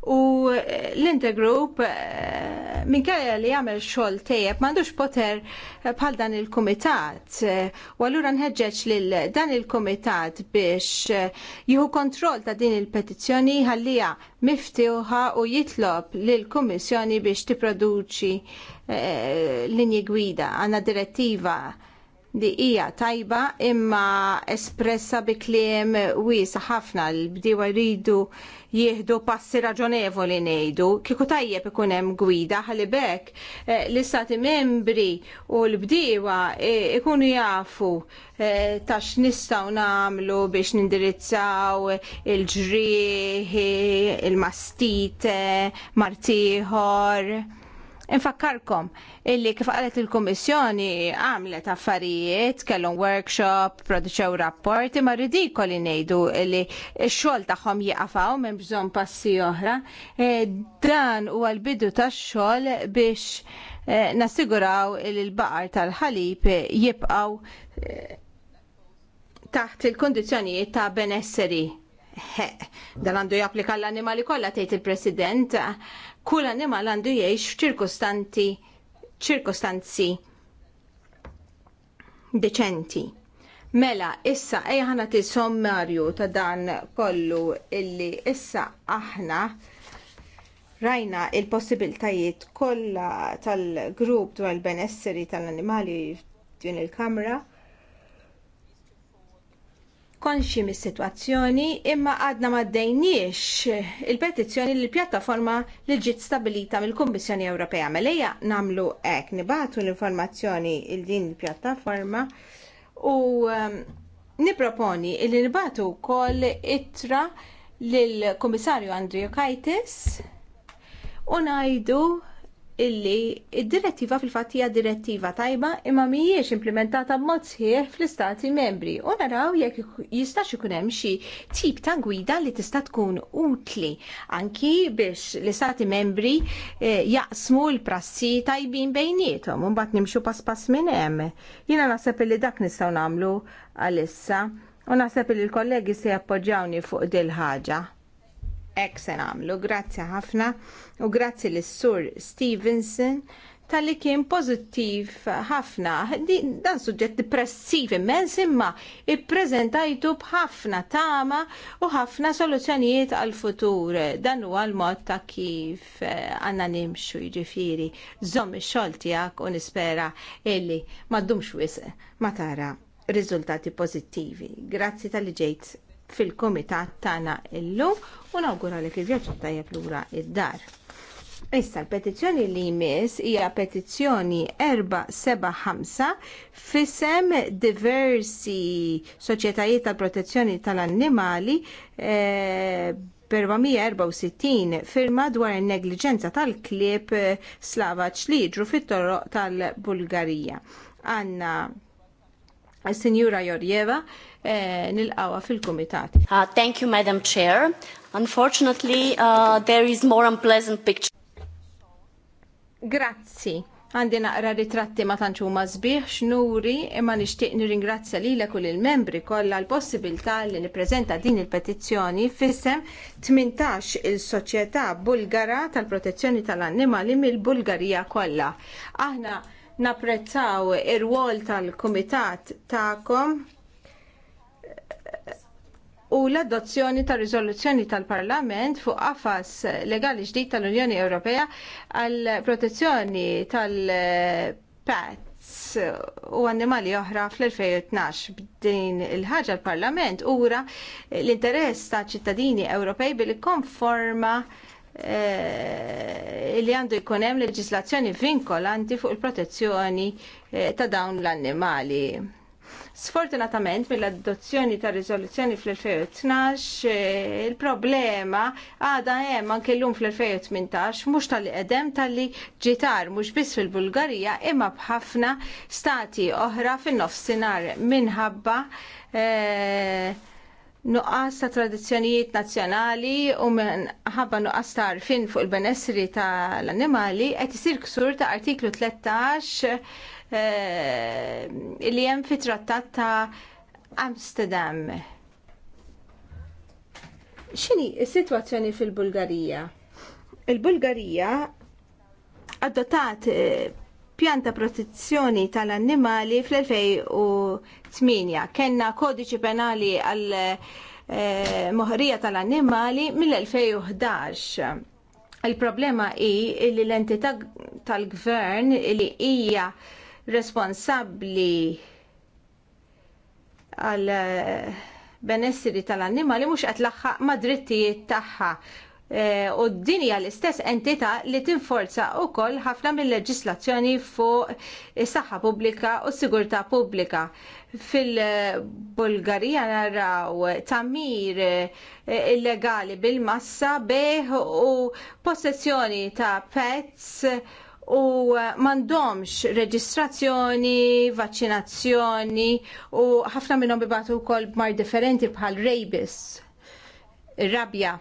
u eh, l-intergroup eh, minkajja li jagħmel xogħol tejjeb m'għandux poter eh, bħal dan il-kumitat. U allura nħeġġeġ lil dan il-kumitat biex jieħu kontroll ta' din il-petizzjoni ħallija miftiħa u jitlob lil kummissjoni biex tipproduċi linji gwida għandna direttiva li hija tajba imma espressa bi kliem wiesa ħafna l-bdiewa jridu jieħdu passi raġonevoli ngħidu, Kiku tajjeb ikun hemm gwida ħalli bekk eh, l-istati membri u l-bdiewa eh, ikunu jafu eh, tax ta' x'nistgħu nagħmlu biex nindirizzaw il-ġrieħi, il mastite martiħor. Infakkarkom illi kif qalet il-Kummissjoni għamlet affarijiet, kellhom workshop, produċew rapporti, ma ridikoli ngħidu illi x-xogħol tagħhom jiqafaw minn bżonn passi oħra. E, dan huwa l-bidu tax-xogħol biex e, nassiguraw li l-baqar tal-ħalib jibqaw e, taħt il-kondizjonijiet ta' benesseri. Dan għandu japplika l-animali kollha tgħid il-President kull animal għandu jgħix f'ċirkostanti ċirkostanzi deċenti. Mela, issa ejħana ti sommarju ta' dan kollu illi issa aħna rajna il-possibiltajiet kollha tal-grupp dwar il-benesseri tal-animali f'din il-kamra konxi mis sitwazzjoni imma għadna ma d-dejniex il-petizzjoni l pjattaforma li ġiet stabilita mill-Kummissjoni Ewropea. Melejja namlu hekk nibatu l-informazzjoni il din il-pjattaforma u um, niproponi li nibatu wkoll ittra lill-Kummissarju Andrew Kaitis u ngħidu illi id-direttiva fil-fatt hija direttiva tajba imma mhijiex implementata b'mod sħiħ fl-istati membri u naraw jekk jistax ikun hemm xi tip ta' gwida li tista' tkun utli anki biex l-istati membri eh, jaqsmu l-prassi tajbin bejniethom u mbagħad nimxu pass pass minn hemm. Jiena naħseb li dak nistgħu nagħmlu għalissa u naħseb li l-kollegi se jappoġġjawni fuq dil ħaġa hekk se nagħmlu. Grazzi ħafna u grazzi lis sur Stevenson tal-li kien pożittiv ħafna. Dan suġġett depressiv immens imma ippreżentajtu b'ħafna tama u ħafna soluzzjonijiet għal futur. Dan huwa l-mod ta' kif eh, għanna nimxu jiġifieri. Żomm ix-xogħol tiegħek u nispera illi d'dumx wisq ma tara riżultati pożittivi. Grazzi tal-li ġejt fil-komitat tagħna illum u li il-vjaġġ tajjeb lura id-dar. Issa l-petizzjoni li jmiss hija petizzjoni 475 fisem diversi soċjetajiet tal-protezzjoni tal-annimali per eh, 464 firma dwar il-negliġenza tal-klieb eh, slavaċ li fit-torroq tal-Bulgarija. Għanna Signora Jorjeva, eh, nilqawa fil-Kumitat. Uh, thank you, Madam Chair. Unfortunately, uh, there is more unpleasant picture. Grazzi. Għandi naqra ritratti ma tantx huma sbieħ x'nuri imma nixtieq nirringrazzja lilek u il membri kollha l-possibilità li nippreżenta din il-petizzjoni fissem 18 il-Soċjetà Bulgara tal-Protezzjoni tal-Annimali mill-Bulgarija kollha. Aħna napprezzaw ir-wol tal-Kumitat Takom u l-adozzjoni ta' riżoluzzjoni tal-Parlament fuq qafas legali ġdid tal-Unjoni Ewropea għal protezzjoni tal-pets u annimali oħra fl-2012. B'din il-ħaġa l-Parlament ura l-interess ta' ċittadini Ewropej bil konforma Eh, li għandu jkun hemm leġislazzjoni vinkolanti fuq il-protezzjoni eh, ta' dawn l-annimali. Sfortunatament mill-adozzjoni ta' riżoluzzjoni fl-2012 eh, il-problema għada hemm anke lum fl-2018 mhux tal edem tal-li ġitar mhux biss fil-Bulgarija imma b'ħafna stati oħra fin-nofsinhar minħabba eh, nuqqas ta' tradizzjonijiet nazzjonali u minħabba nuqqas ta' arfin fuq il-benessri tal annimali qed isir ksur ta' artiklu 13 eh, li hemm fit trattat ta' Amsterdam. X'inhi s-sitwazzjoni fil-Bulgarija? Il-Bulgarija adottat eh, pjanta protezzjoni tal-annimali fl-2008. Kenna kodiċi penali għal eh, moħrija tal-annimali mill-2011. Il-problema hi li l-entità tal-gvern li hija responsabbli għal eh, benessiri tal-annimali mhux qed laħħaq ma' drittijiet tagħha Eh, u din hija l-istess entità li tinforza wkoll ħafna mill-leġislazzjoni fuq is-saħħa pubblika u s-sigurtà pubblika. Fil-Bulgarija naraw tamir eh, illegali bil-massa beħ u possessjoni ta' pets u mandomx reġistrazzjoni, vaccinazzjoni u ħafna minnhom bibatu wkoll b'mar differenti bħal rabies, rabja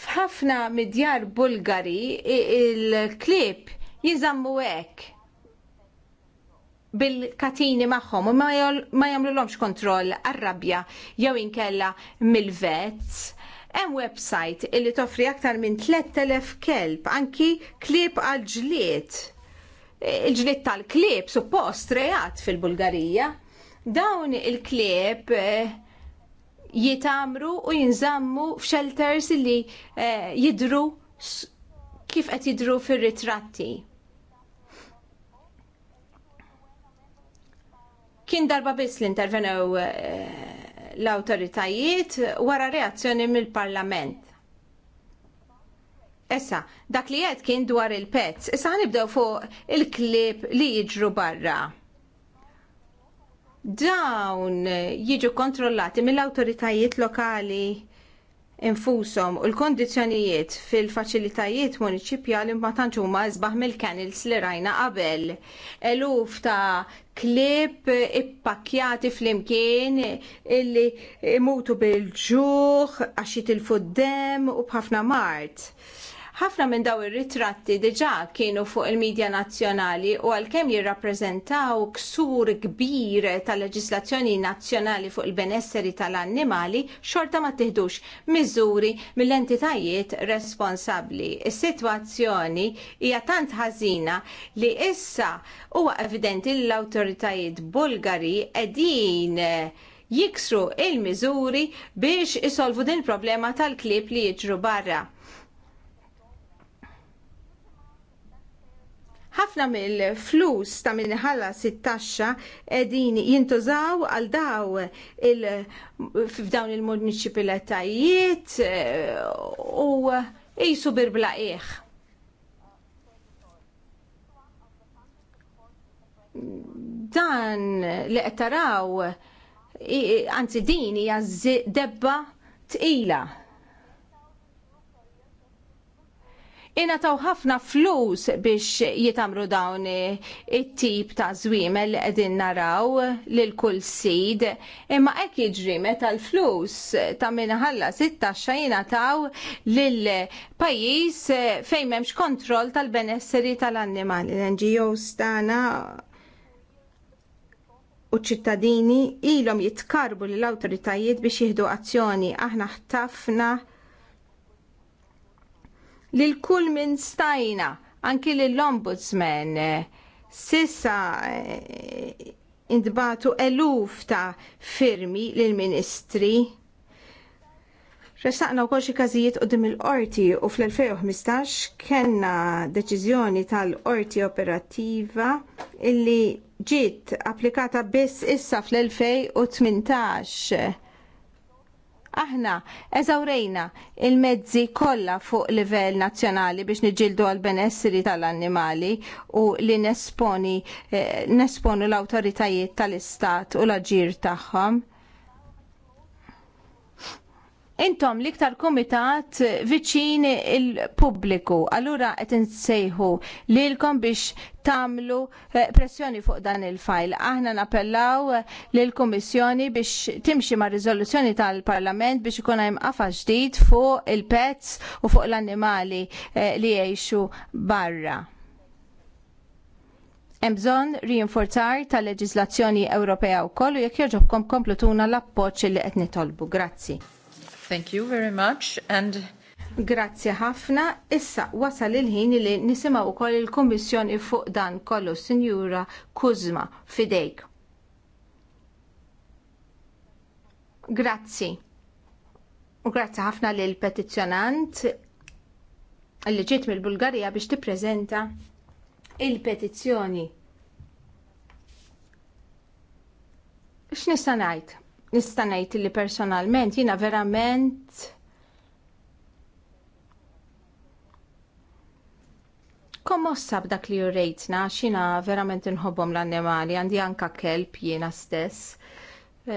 F'ħafna midjar Bulgari il klieb jizammu hekk bil-katini magħhom u ma jagħmlulhomx kontroll għar-rabja jew inkella mill-vezz. Hemm website illi toffri aktar minn 3000 kelb, anki klieb għal ġlied. Il-ġlied tal-klieb suppost rejat fil-Bulgarija. Dawn il-klieb eh, jitamru u jinżammu f'shelters li jidhru eh, jidru kif qed jidru fir-ritratti. Kien darba biss li intervenew eh, l awtoritajiet wara reazzjoni mill-Parlament. Issa, dak li qed kien dwar il pezz issa ħanibdew fuq il-klib li jiġru barra dawn jiġu kontrollati mill-awtoritajiet lokali infushom u l kundizzjonijiet fil-faċilitajiet municipjali ma tantx huma isbaħ mill-kennels li rajna qabel. Eluf ta' klib ippakjati flimkien illi imutu bil-ġuħ għax jitilfu d u bħafna mart. Ħafna minn daw ir-ritratti diġà kienu fuq il-medja nazzjonali u għalkemm jirrappreżentaw ksur kbir tal-leġislazzjoni nazzjonali fuq il-benesseri tal-annimali, xorta ma tiħdux miżuri mill-entitajiet responsabbli. Is-sitwazzjoni hija tant ħażina li issa huwa evidenti l awtoritajiet Bulgari qegħdin jiksru il-miżuri biex isolvu din il-problema tal-klib li jiġru barra. ħafna mill-flus ta' minn sit-taxxa edin jintużaw għal daw il f'dawn il-municipalitajiet eh, u jisu birbla eħ. Dan li qed taraw anzi din hija debba tqila taw ħafna flus biex jitamru dawn it-tip ta' żwiemel li qegħdin naraw lil kull sid, imma hekk jiġri meta l-flus ta' minħalla ħallas it-taxxa lil pajjiż fejn m'hemmx kontroll tal-benesseri tal-annimali. L-NGOs tagħna u ċittadini ilhom jitkarbu lill awtoritajiet biex jieħdu azzjoni. Aħna ħtafna lil kull minn stajna, anki lill-ombudsman. Sissa eh, indbatu eluf ta' firmi lill ministri Ressaqna wkoll xi każijiet dim il-qorti u fl-2015 kellna deċiżjoni tal-qorti operattiva illi ġiet applikata biss issa fl-2018 Aħna eżawrejna il-mezzi kollha fuq livell nazzjonali biex niġildu għal benessri tal-annimali u li nesponi, eh, nesponu l-awtoritajiet tal-istat u l-aġir tagħhom. Intom liktar kumitat viċin il-pubbliku, allura qed insejħu lilkom biex tamlu eh, pressjoni fuq dan il-fajl. Aħna napellaw eh, lill-Kummissjoni biex timxi ma' riżoluzzjoni tal-Parlament biex ikun hemm qafa ġdid fuq il-pets u fuq l-annimali eh, li jgħixu barra. Hemm bżonn rinforzar tal leġislazzjoni Ewropea wkoll u jekk jogħġobkom komplutuna l-appoġġ li qed nitolbu. Grazzi. Thank you very much and Grazzi ħafna. Issa wasal il-ħin li nisimgħu wkoll il-Kummissjoni fuq dan kollu, Sinjura Kuzma, fidejk. Grazzi. U grazzi ħafna lil petizzjonant li ġiet mill-Bulgarija biex tippreżenta il-petizzjoni. X'nista' ngħid? nista' ngħid li personalment jiena verament kommossa b'dak li jurejtna, x'ina verament inħobbhom l-annimali għandi anka kelp jiena stess. E,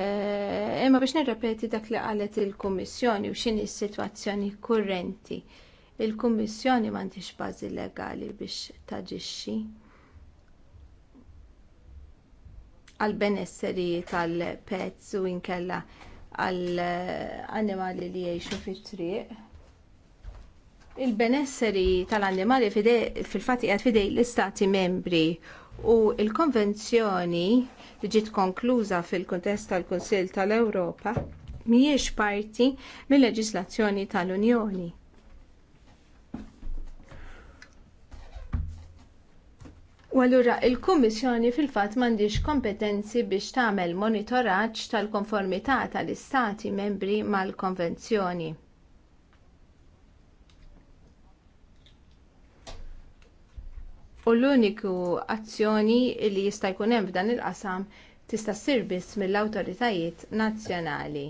imma biex nirrepeti dak li qalet il-Kummissjoni u x'inhi s-sitwazzjoni kurrenti. Il-Kummissjoni m'għandix bażi legali biex taġixxi. għall benesseri tal-pets u inkella għall annimali li jgħixu fit-triq. Il-benesseri tal-annimali fil-fatt qiegħed fidej l-istati membri u l konvenzjoni li ġiet konkluża fil-kuntest tal-Kunsill tal-Ewropa mhijiex parti mill-leġislazzjoni tal-Unjoni. U allura il-Kummissjoni fil-fatt m'għandix kompetenzi biex tagħmel monitoraġġ tal-konformità tal-Istati membri mal-Konvenzjoni. U l-uniku azzjoni li jista' jkun hemm f'dan il-qasam tista' ssir biss mill-awtoritajiet nazzjonali.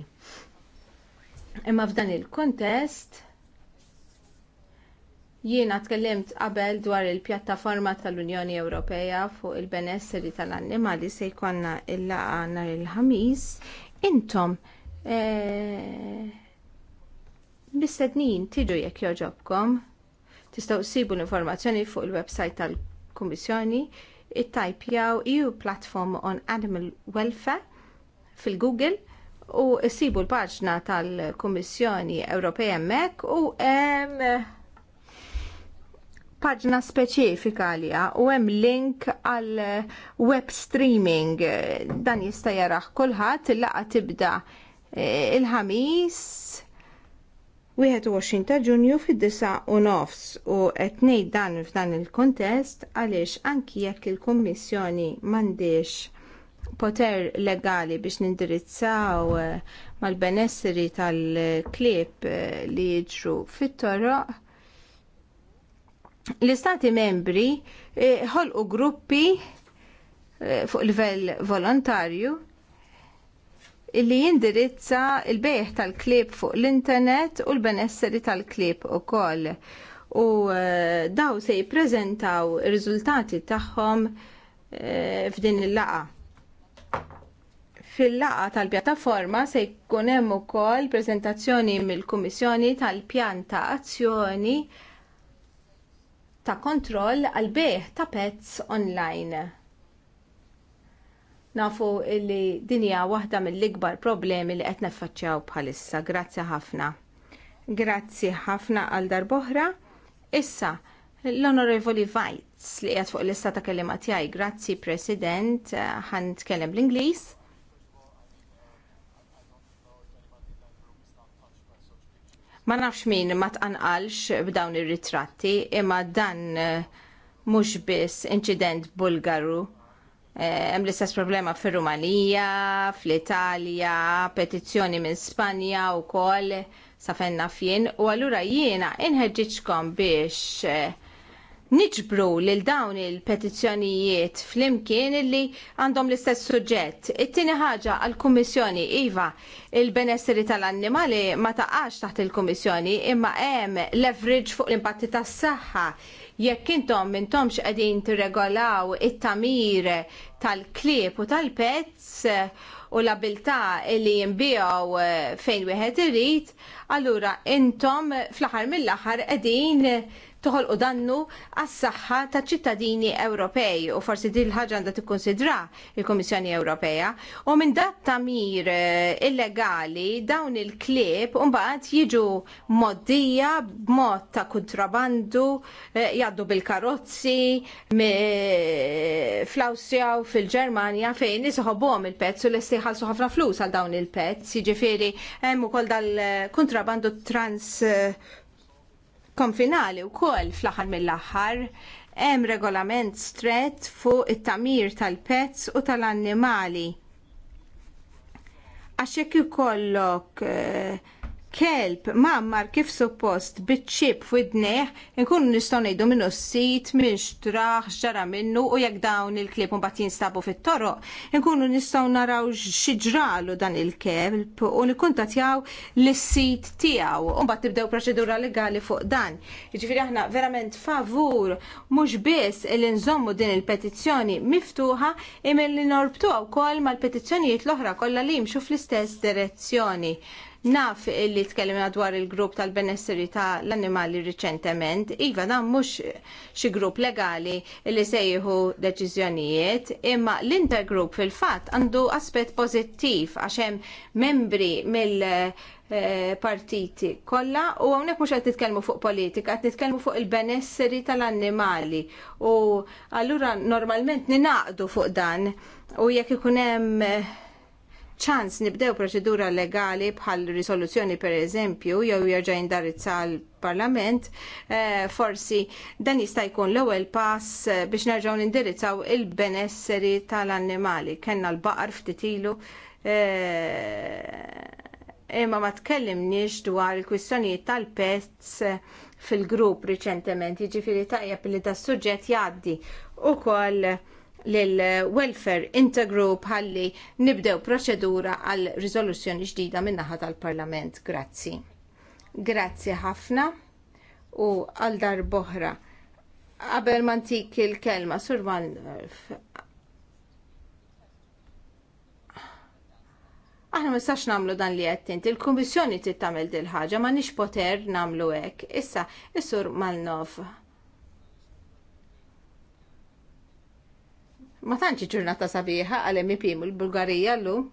Imma f'dan il-kontest Jiena tkellimt qabel dwar il-pjattaforma tal-Unjoni Ewropea fuq il-benesseri tal-annimali se jkollna il laqgħa nhar il-ħamis. Intom mistednin eh, tiġu jekk jogħġobkom. Tistgħu ssibu l-informazzjoni fuq il-website tal-Kummissjoni ittajpjaw EU Platform on Animal Welfare fil-Google u ssibu l-paġna tal-Kummissjoni Ewropea hemmhekk u hemm paġna speċifika għalija u hemm link għal web streaming dan jista' jaraħ kulħadd il-laqa tibda e, il-ħamis 21 ta' Ġunju fid-9 u nofs u qed ngħid dan f'dan il kontest għaliex anki jekk il-Kummissjoni m'għandix poter legali biex nindirizzaw e, mal-benesseri tal klip e, li jiġru fit-toroq l-istati membri eh, ħolqu gruppi eh, fuq livell volontarju li jindirizza il-bejħ tal-klib fuq l-internet u l-benesseri tal-klib u koll. U eh, daw se jiprezentaw riżultati tagħhom f'din il-laqa. Fil-laqa tal-pjattaforma se jkun hemm ukoll prezentazzjoni mill-Kummissjoni tal-pjan ta' azzjoni ta' kontroll għal beħ ta' pets online. Nafu li dinja waħda mill-ikbar problemi li qed naffaċċjaw bħalissa. Grazzi ħafna. Grazzi ħafna għal darboħra. Issa, l-Onorevoli Vajts li qed fuq l-lista ta' kelliema tiegħi. Grazzi President, ħan tkellem l-Ingliż. Ma nafx min ma tqanqalx b'dawn ir-ritratti imma dan eh, mhux biss inċident Bulgaru eh, hemm l-istess problema fir-Rumanija, fl-Italja, petizzjoni minn Spanja wkoll sa fenna jien. u allura jiena inħeġġitkom biex eh, niġbru lil dawn il-petizzjonijiet flimkien illi għandhom l-istess suġġett. It-tieni ħaġa għall-Kummissjoni iva il-benesseri tal-annimali ma taqax taħt il-Kummissjoni imma hemm leverage fuq l-impatti tas-saħħa jekk intom mintomx qegħdin tirregolaw it-tamir tal-klieb u tal-pezz u l abilta li jimbijaw fejn wieħed irid, allura intom fl-aħħar mill-aħħar qegħdin toħolqu dannu għas-saħħa ta' ċittadini Ewropej u forsi din ħaġa għandha konsidra il-Kummissjoni Ewropea u minn dat tamir eh, illegali dawn il klib mbagħad jiġu moddija b'mod ta' kontrabandu eh, jgħaddu bil-karozzi eh, fl-Awstrija u fil-Ġermanja fejn nisħobhom il-pezz u lesti ħalsu ħafna flus għal dawn il-pezz, jiġifieri hemm ukoll dal-kontrabandu trans konfinali wkoll fl-aħħar mill-aħħar hemm regolament strett fuq it-tamir tal pezz u tal-annimali. Għax ikollok uh, kelb mammar kif suppost bitċib f'idneħ nkunu nistgħu ngħidu minnu sit minn xtraħ xġara minnu u jekk dawn il-klieb mbagħad jinstabu fit-toroq inkunu nistgħu naraw ġralu dan il-kelb u nikkuntatjaw lis-sit tiegħu u mbagħad tibdew proċedura legali fuq dan. Jiġifieri aħna verament favur mhux biss li nżommu din il-petizzjoni miftuħa imma li norbtuha wkoll mal-petizzjonijiet l-oħra kollha li jimxu fl-istess direzzjoni. Naf li tkellimna dwar il-grupp tal-benesseri tal annimali riċentement, iva dan mhux xi grupp legali li se jieħu deċiżjonijiet, imma l-intergrupp fil-fatt għandu aspett pożittiv għax hemm membri mill- partiti kollha u hawnhekk mhux qed titkellmu fuq politika, qed titkellmu fuq il-benesseri tal-annimali. U allura normalment ninaqdu fuq dan u jekk ikun hemm ċans nibdew proċedura legali bħal risoluzzjoni per eżempju, jew jerġa' jindarizza l-Parlament, eh, forsi dan jista' jkun l-ewwel pass eh, biex nerġgħu nindirizzaw il-benesseri tal-annimali. Kenna l-baqar ftit ilu eh, imma ma tkellimniex dwar il-kwistjonijiet tal-pets fil-grupp riċentement, jiġifieri tajjeb li da' suġġett jgħaddi ukoll lill welfare Intergroup ħalli nibdew proċedura għal riżoluzzjoni ġdida min-naħa tal-Parlament. Grazzi. Grazzi ħafna u għal dar boħra. Qabel ma ntik il-kelma, Sur Malnerf. Aħna ma nistax nagħmlu dan li qed inti, il-Kummissjoni trid tagħmel dil ħaġa ma nix poter nagħmlu hekk. Issa, is-Sur Malnov. Ma tantx ġurnata sabiħa għal MP u l-Bulgarija llum.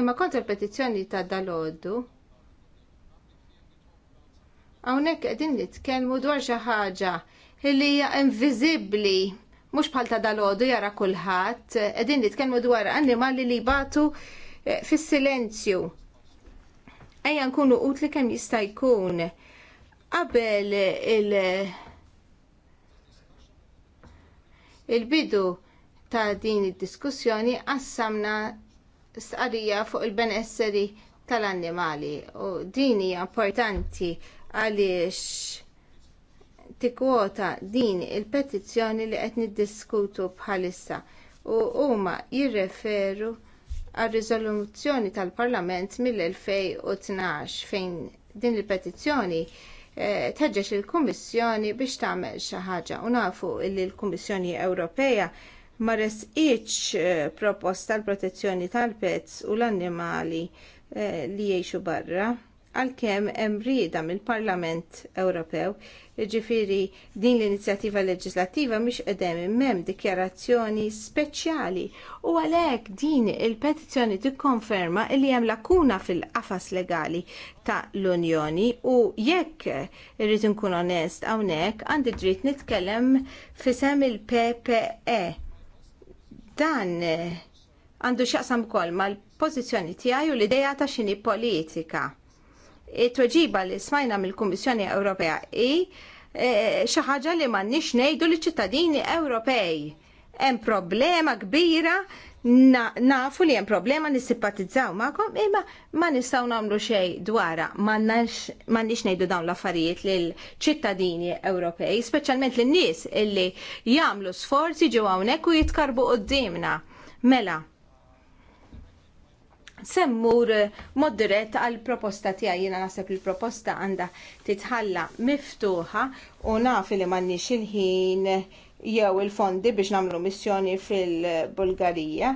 Imma kontra l-petizzjoni ta' dal Hawnhekk qegħdin nitkellmu dwar xi ħaġa li hija inviżibbli mhux bħal ta' dal jara kulħadd, qegħdin nitkellmu dwar annimali li jbatu eh, fis-silenzju. Ejja nkunu utli kemm jista' jkun qabel il- Il-bidu ta' din id-diskussjoni qassamna stqarrija fuq il-benesseri tal-annimali u din hija importanti għaliex tikkwota din il-petizzjoni li qed niddiskutu bħalissa u huma jirreferu għal riżoluzzjoni tal-Parlament mill-2012 fejn din il-petizzjoni Eh, tħeġġeġ il-Kummissjoni biex tagħmel xi ħaġa u nafu li l-Kummissjoni Ewropea ma resqitx eh, proposta għall protezzjoni tal-pets u l-annimali eh, li jgħixu barra għalkemm hemm rieda mill-Parlament Ewropew, jiġifieri din l-inizjattiva leġislattiva mhix qedem m'hemm dikjarazzjoni speċjali u għalhekk din il-petizzjoni tikkonferma li hemm lakuna fil-qafas legali ta' l-Unjoni u jekk irrid inkun onest hawnhekk għandi dritt nitkellem fisem il-PPE. Dan għandu x'jaqsam ukoll mal-pożizzjoni tiegħi u l-idea ta' xini politika it-tweġiba li smajna mill-Kummissjoni Ewropea i e, xi ħaġa li m'għandniex ngħidu liċ ċittadini Ewropej. Hemm problema kbira nafu li hemm problema nissimpatizzaw magħkom imma ma nistgħu nagħmlu xejn dwarha m'għandniex ngħidu dawn l-affarijiet lil ċittadini Ewropej, speċjalment lin-nies illi jagħmlu sforzi ġew hawnhekk u jitkarbu quddiemna. Mela, semmur mod għal proposta tija jiena naħseb il proposta għandha titħalla miftuħa u naf li m'għandniex il-ħin jew il-fondi biex nagħmlu missjoni fil-Bulgarija.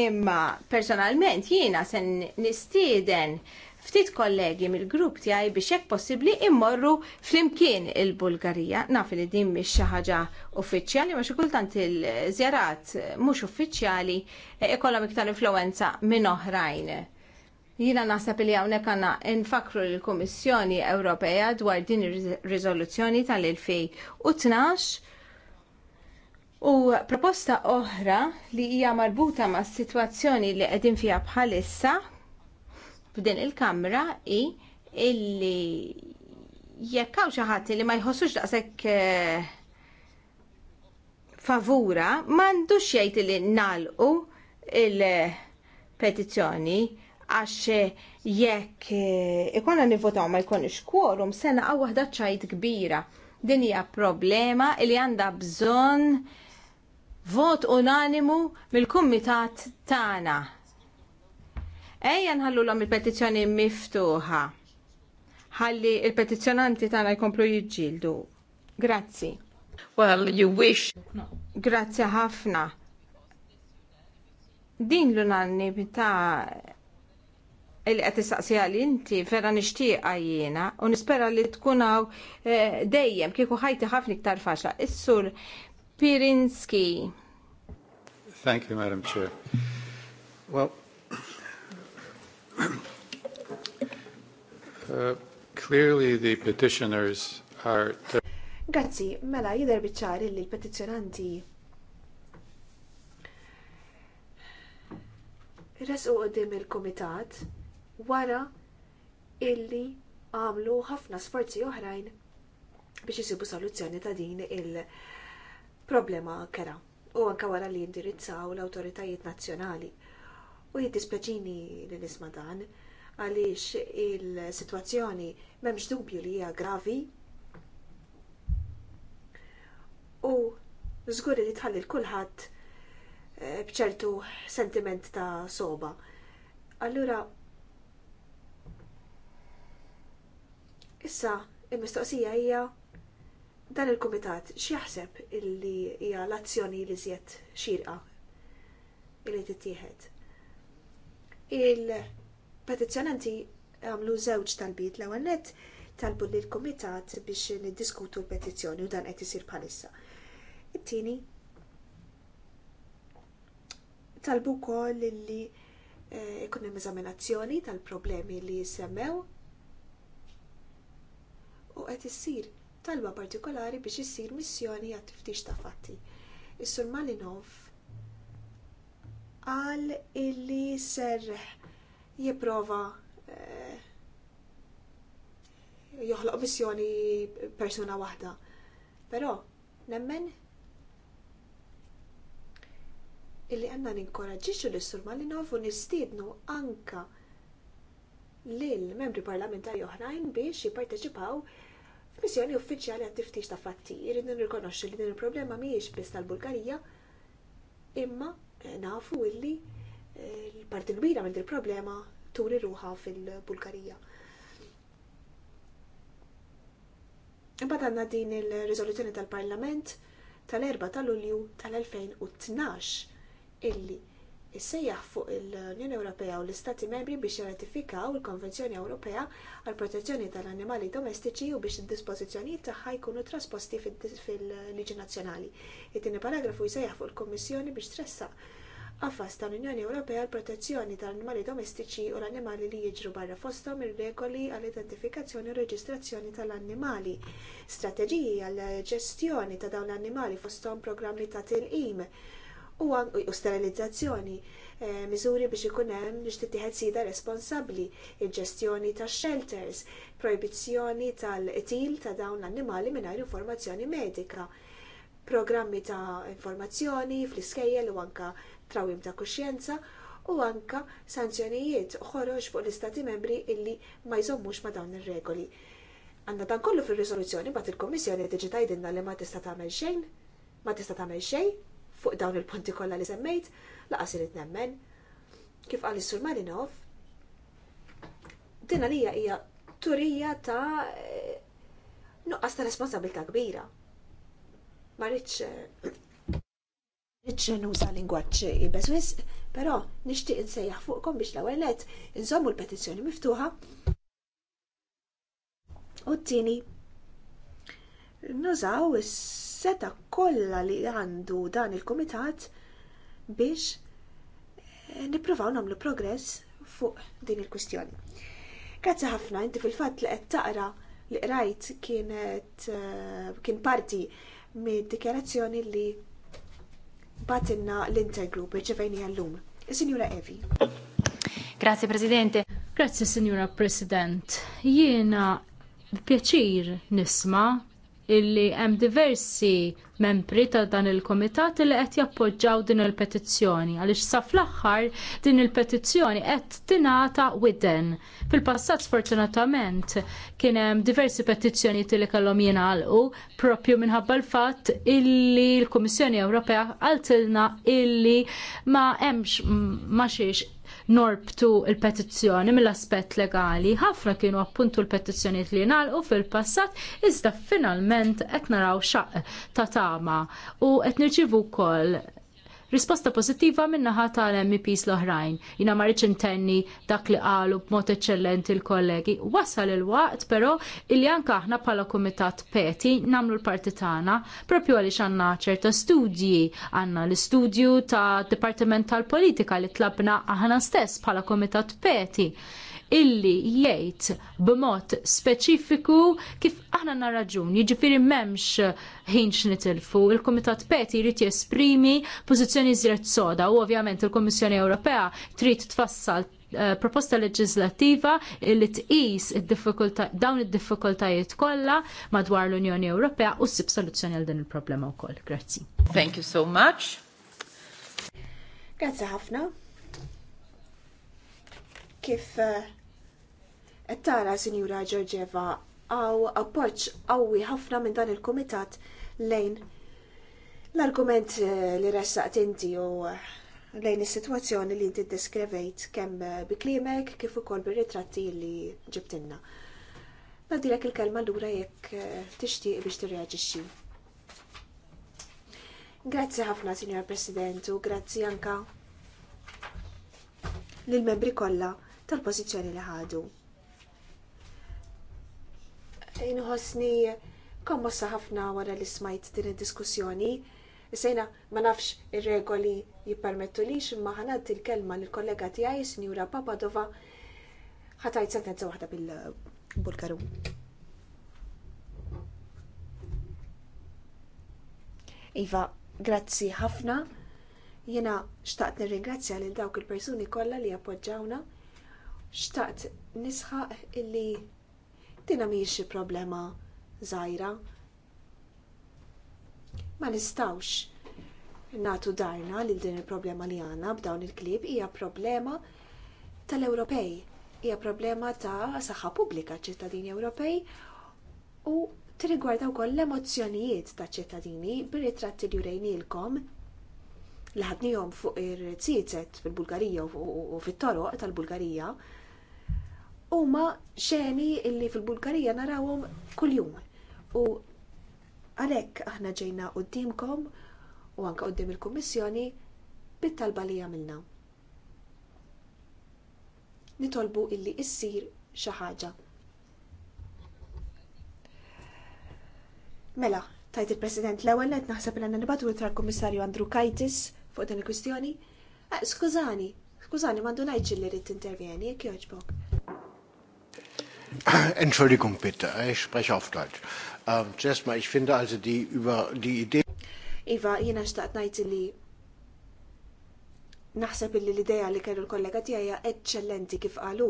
Imma personalment jiena se nistieden ftit kollegi mill-grupp tiegħi biex hekk possibbli immorru flimkien il-Bulgarija. Naf li din mhix xi ħaġa uffiċjali ma xi kultant il-żjarat mhux uffiċjali e, ikollhom iktar influwenza minn oħrajn. Jina naħseb li hawnhekk għandna infakru l-Kummissjoni Ewropea dwar din ir-riżoluzzjoni tal-2012 u proposta oħra li hija marbuta mas sitwazzjoni li qegħdin fiha bħalissa f'din il-kamra i illi jekk hawn xi li ma jħossux daqshekk eh, favura m'għandux jgħid li nalqu il-petizzjoni għax jekk eh, ikonna nivvotaw ma jkunx kworum sena għaw waħda ċajt kbira. Din hija problema li għandha bżonn vot unanimu mill-kumitat tagħna. Ejja nħallu l-om il-petizjoni miftuħa. Ħalli il-petizjonanti tagħna jkomplu jiġġieldu. Grazzi. Well, you wish. Grazzi ħafna. Din l-unanimità li qed tistaqsija li inti vera nixtieqa jiena u nispera li tkun hawn eh, dejjem kieku ħajti ħafna iktar faċla. Is-sur Pirinski. Thank you, Madam Chair. Well, Uh, clearly the petitioners are... Grazzi, mela jider biċċari li l-petizjonanti resqu qdim il-komitat wara illi għamlu ħafna sforzi oħrajn biex isibu soluzzjoni ta' din il-problema kera u anka wara li indirizzaw l-autoritajiet nazzjonali. U jittispeċini li nisma dan għaliex il-sitwazzjoni m'hemmx dubju li hija gravi u zguri li tħalli l-kulħadd eh, bċertu sentiment ta' soba. Allura, issa il-mistoqsija hija dan il-kumitat x'jaħseb illi hija l-azzjoni li zjed xirqa illi tittieħed. Il-petizzjonanti għamlu żewġ talbiet l-ewwel talbu lil kumitat biex niddiskutu l-petizzjoni u dan qed isir bħalissa. It-tieni talbu wkoll li eh, ikun hemm eżaminazzjoni tal-problemi li semmew u qed issir talba partikolari biex issir missjoni għat tiftix ta' fatti. Is-Sur Malinov qal illi serreħ jipprova eh, joħloq missjoni persuna waħda. Però nemmen illi għanna ninkoraġiċu l-surma li nofu nistiednu anka lil membri parlamentari oħrajn biex jipparteċipaw f'missjoni uffiċjali għat tiftix ta' fatti. Irridu nirkonoxxu li din il-problema mhijiex biss tal-Bulgarija imma nafu illi eh, l-parti kbira minn il-problema turi ruħa fil-Bulgarija. Imbagħad għandna din il-riżoluzzjoni tal-Parlament tal-4 ta' Lulju tal-2012 illi issejjaħ fuq l-Unjoni Ewropea u l-Istati Membri biex jirratifikaw il-Konvenzjoni Ewropea għal protezzjoni tal-annimali domestiċi u biex id-dispożizzjonijiet tagħha jkunu trasposti fil-liġi nazzjonali. It-tieni paragrafu jsejjaħ fuq il-Kommissjoni biex tressaq Affas tal-Unjoni Ewropea għal protezzjoni tal-annimali domestiċi u l-annimali li jiġru barra fosthom ir-regoli għall identifikazzjoni u reġistrazzjoni tal-annimali, strateġiji għall ġestjoni ta' dawn l-annimali fosthom programmi ta' tilqim u sterilizzazzjoni eh, miżuri biex ikun hemm biex tittieħed sida responsabbli, il-ġestjoni tax shelters, proibizzjoni tal-qtil ta' dawn l-annimali mingħajr informazzjoni medika, programmi ta' informazzjoni fl-iskejjel u anke trawim ta' kuxjenza u anke sanzjonijiet ħoroġ fuq l-istati membri illi ma jżommux ma' dawn ir-regoli. Għandna dan kollu fir-riżoluzzjoni bat il komissjoni diġi tgħidilna li ma tista' tagħmel xejn, ma tista' tagħmel xejn fuq dawn il-punti kollha li semmejt, laqas irid nemmen. Kif qal is-Sur Marinov, din għalija hija turija ta' eh, nuqqas ta' responsabilità kbira. Ma rridx eh, ridx nuża lingwaġġ ibeżwis, però nixtieq insejjaħ fuqkom biex l-ewwel nett inżommu l-petizzjoni miftuħa u t-tieni nużaw is-seta kollha li għandu dan il-kumitat biex eh, nippruvaw nagħmlu progress fuq din il-kwistjoni. Grazzi ħafna, inti fil-fatt li qed taqra li qrajt kienet eh, kien parti mid-dikjarazzjoni li batinna l-intergroup irċevejni għallum. Signora Evi. Grazie Presidente. Grazie Signora President. Jiena b'pjaċir nisma' illi hemm diversi membri ta' dan il kumitat li qed jappoġġjaw din il-petizzjoni għaliex sa fl-aħħar din il-petizzjoni qed tingħata widen. Fil-passat sfortunatament kien hemm diversi petizzjonijiet li kellhom jingħalqu proprju minħabba l-fatt illi l-Kummissjoni Ewropea għaltilna illi ma hemmx ma xiex norbtu il-petizzjoni mill-aspett legali. Ħafna kienu appuntu l-petizzjoniet li u fil-passat iżda finalment qed naraw xaq ta' tama u qed nirċivu wkoll risposta pożittiva min-naħa tal-MPs l-oħrajn. Jiena ma rridx intenni dak li qalu b'mod eċċellenti l-kollegi. Wasal il-waqt pero il anke aħna bħala kumitat peti nagħmlu l-parti tagħna propju għaliex għandna ċerta studji, għandna l-istudju ta' Dipartiment tal-Politika li tlabna aħna stess bħala kumitat peti illi jgħid b'mod speċifiku kif aħna narraġun, jiġifieri m'hemmx ħin xnitilfu, il-Kumitat Peti jrid jesprimi pożizzjoni żiet soda u ovvjament il-Kummissjoni Ewropea trid tfassal eh, proposta leġislattiva li tqis dawn id-diffikultajiet kollha madwar l-Unjoni Ewropea u ssib soluzzjoni għal din il-problema wkoll. Grazzi. Thank you so much. Grazzi ħafna. Kif eh, tara Sinjura Georgieva għaw appoġġ qawwi ħafna minn dan il-kumitat lejn l-argument eh, li ressaqt inti u eh, lejn is-sitwazzjoni li inti deskrivejt kemm eh, biklimek kif ukoll bir-ritratti li ġibtinna. Nadilek il-kelma lura jekk tixtieq biex tirreġixxi. Grazzi ħafna, Signor President, u grazzi anka lill membri kollha tal-pożizzjoni li ħadu. Inħossni kommossa ħafna wara li smajt din id-diskussjoni. Sejna ma nafx ir-regoli jippermettu li imma ħanad il-kelma lill-kollega tiegħi Sinjura Papadova ħatajt sentenza waħda bil-Bulgaru. Iva, grazzi ħafna. Jena xtaqt nirringrazzja lil dawk il-persuni kollha li appoġġawna. Xtaqt nisħaq illi Dina mhijiex problema żgħira. Ma nistawx natu darna lil din il-problema li għandna b'dawn il-klib hija problema tal-Ewropej, hija problema ta' saħħa pubblika ċittadini Ewropej u tirrigwarda wkoll l-emozzjonijiet ta' ċittadini bir-ritratti li jurejnilkom li ħadnihom fuq ir-tsietet fil-Bulgarija u fit-toroq tal-Bulgarija huma xeni illi fil-Bulgarija narawhom kuljum. U għalhekk aħna ġejna qudiemkom u anke qudiem il-Kummissjoni bit-talba li għamilna. Nitolbu illi issir xi ħaġa. Mela, tajt il-President l-ewwel qed naħseb li għandna nibatu l kummissarju Andrew Kajtis fuq din il-kwistjoni. Eh, skużani, skużani, mandu najġi li rrid intervjeni, jek joġbok. Entschuldigung bitte, ich spreche auf Deutsch. Ähm, zuerst mal, ich finde also die, über die Idee... Iva, jena xtaqt najt li naħseb li l-ideja li kellu l-kollega tiegħi hija eċċellenti kif qalu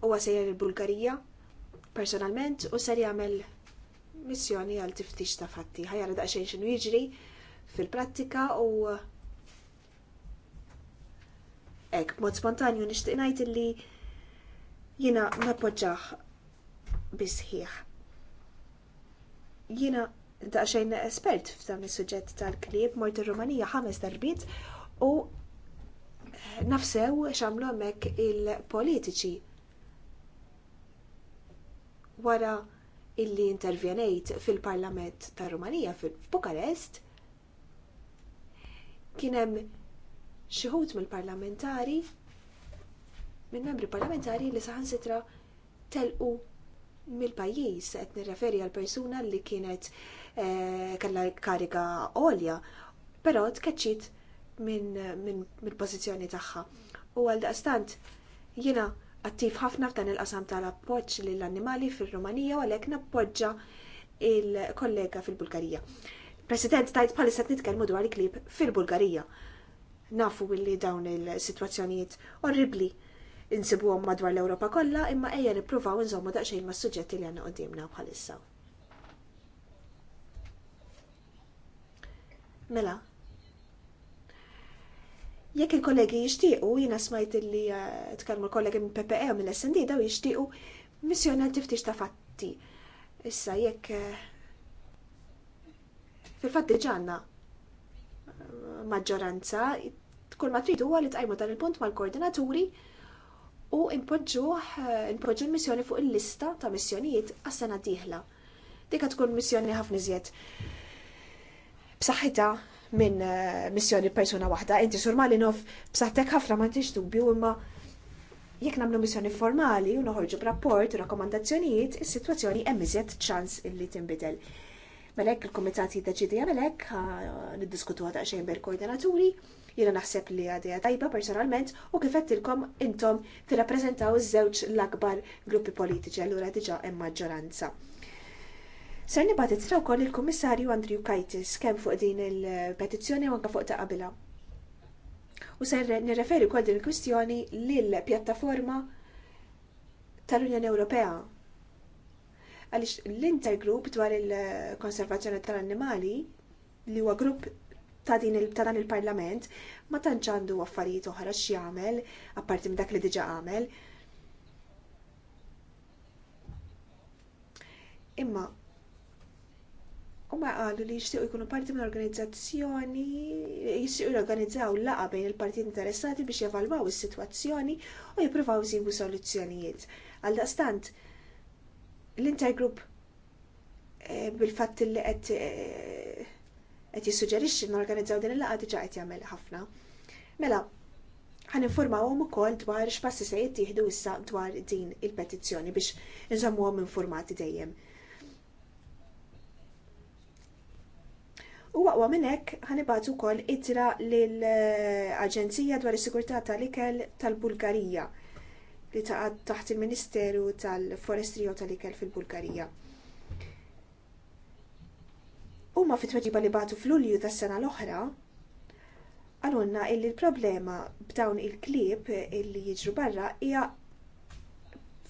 huwa sejjer il-Bulgarija personalment u ser jagħmel missjoni għal tiftix ta' fatti. Ħajara daqsxejn x'inhu jiġri fil-prattika u eh, hekk b'mod spontanju nixtieq ngħid li jina napoġġaħ bisħiħ. Jina daqxajn espert f'dan is-suġġett tal-klib, mort ir-Rumanija ħames darbit u nafsew xamlu hemmhekk il-politiċi. Wara illi intervjenejt fil-Parlament tar Rumanija f'Bukarest, kien hemm xi ħud mill-parlamentari minn membri parlamentari li saħansitra telqu mill-pajjiż qed nirreferi għal persuna li kienet eh, kellha kariga għolja, però tkeċċit minn pożizzjoni tagħha. U għaldaqstant jiena attiv ħafna f'dan il-qasam tal-appoġġ lill-annimali fir-Rumanija u għalhekk nappoġġa il-kollega fil-Bulgarija. President tajt palissa nitkellmu dwar il-klib fil-Bulgarija. Nafu billi dawn il-situazzjonijiet orribli insibuhom madwar l-Ewropa kollha imma ejja nippruvaw nżommu daqsxejn mas-suġġetti li għandna qudiemna bħalissa. Mela, jekk il-kollegi jixtiequ, jiena smajt li eh, tkellmu l-kollegi minn PPE u mill-SND daw jixtiequ missjoni għal tiftix ta' fatti. Issa jekk eh, fil-fatti ġanna eh, maġġoranza, kulma ma tridu għal tqajmu dan il-punt mal-koordinaturi u impoġġuh eh, impoġġu l-missjoni fuq il-lista ta' missjonijiet għas-sena d-dieħla. Dik tkun missjoni ħafna iżjed b'saħħitha minn eh, missjoni persuna waħda. Inti sur nof, b'saħħtek ħafna ma tix dubju imma jekk nagħmlu missjoni formali u noħorġu b'rapport u rakkomandazzjonijiet, is-sitwazzjoni hemm iżjed ċans illi tinbidel. Melek il-komitat jiddeċidi għamelek, niddiskutu għada xejn bil-koordinaturi, jina naħseb li għadija tajba personalment u kifettilkom intom tirrappreżentaw iż-żewġ l-akbar gruppi politiċi allura diġa hemm maġġoranza. Ser it-traw wkoll il-Kummissarju Andrew Kajtis kemm fuq din il-petizzjoni u anke fuq ta' qabilha. U ser nirreferi wkoll din il-kwistjoni lill-pjattaforma tal-Unjoni Ewropea għaliex l-intergrupp dwar il-konservazzjoni tal-annimali li huwa grupp ta' din dan il-parlament ma tantx għandu affarijiet oħra x'jagħmel apparti minn dak li diġà għamel. Imma huma qalu li jixtiequ jkunu parti minn organizzazzjoni, jixtiequ jorganizzaw laqgħa bejn il-partit interessati biex jevalwaw is-sitwazzjoni u jippruvaw jsibu soluzzjonijiet. stant. L-intergroup eh, bil-fatt li eh, qed jissuġġerixxi norganizzaw din il-laqgħa diġà qed jagħmel ħafna. Mela, ħan informawhom ukoll dwar x'passi se jittieħdu issa dwar din il-petizzjoni biex inżommuhom informati dejjem. U waqwa minn hekk ħanibatu wkoll ittra lill-Aġenzija dwar is-Sigurtà tal-Ikel tal-Bulgarija li taqgħod taħt il-Ministeru tal-Forestri u tal-Ikel fil-Bulgarija. Huma fit-tweġiba li bagħtu f'Lulju tas-sena l-oħra għalunna illi l-problema b'dawn il-klieb illi jiġru barra hija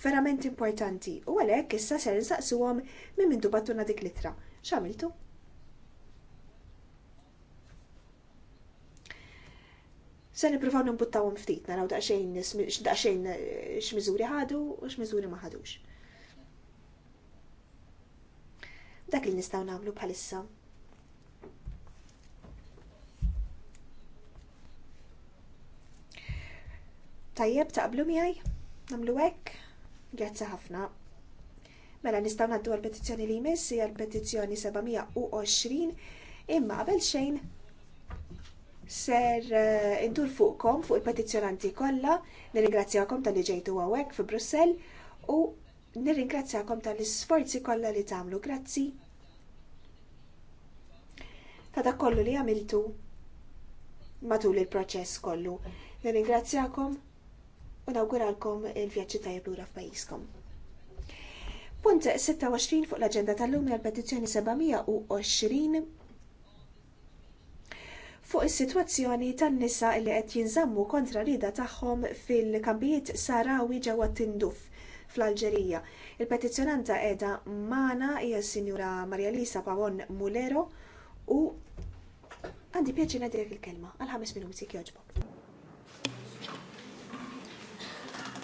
verament importanti u għalhekk issa ser insaqsuhom minn mintu battuna dik litra. X'għamiltu? Se nippruvaw nimbuttawhom ftit naraw daqsxejn daqsxejn eh, x'miżuri ħadu u x'miżuri ma ħadux. Dak li nistgħu nagħmlu bħalissa. Tajjeb taqblu miegħi? Nagħmlu hekk? Grazzi ħafna. Mela nistgħu ngħaddu għall-petizzjoni li jmiss hija l-petizzjoni 720 imma qabel xejn ser eh, intur fuqkom fuq il-petizjonanti kollha, nirringrazzjakom tal-li ġejtu hawnhekk fi Brussell u nirringrazzjakom tal-isforzi kollha li tagħmlu. Grazzi. Ta' dak kollu li għamiltu matul il-proċess kollu. Nirringrazzjakom u nawguralkom il-vjaġġi tajjeb lura f'pajjiżkom. Punt 26 fuq l-aġenda tal-lum hija petizjoni 720 fuq is-sitwazzjoni tan-nisa li qed jinżammu kontra rida tagħhom fil-kambijiet sarawi ġewwa Tinduf fl-Alġerija. Il-petizzjonanta qiegħda Mana hija s-Sinjura Marja Lisa Pavon Mulero u għandi pjaċi nadirek il-kelma għal ħames minuti jogħġbok.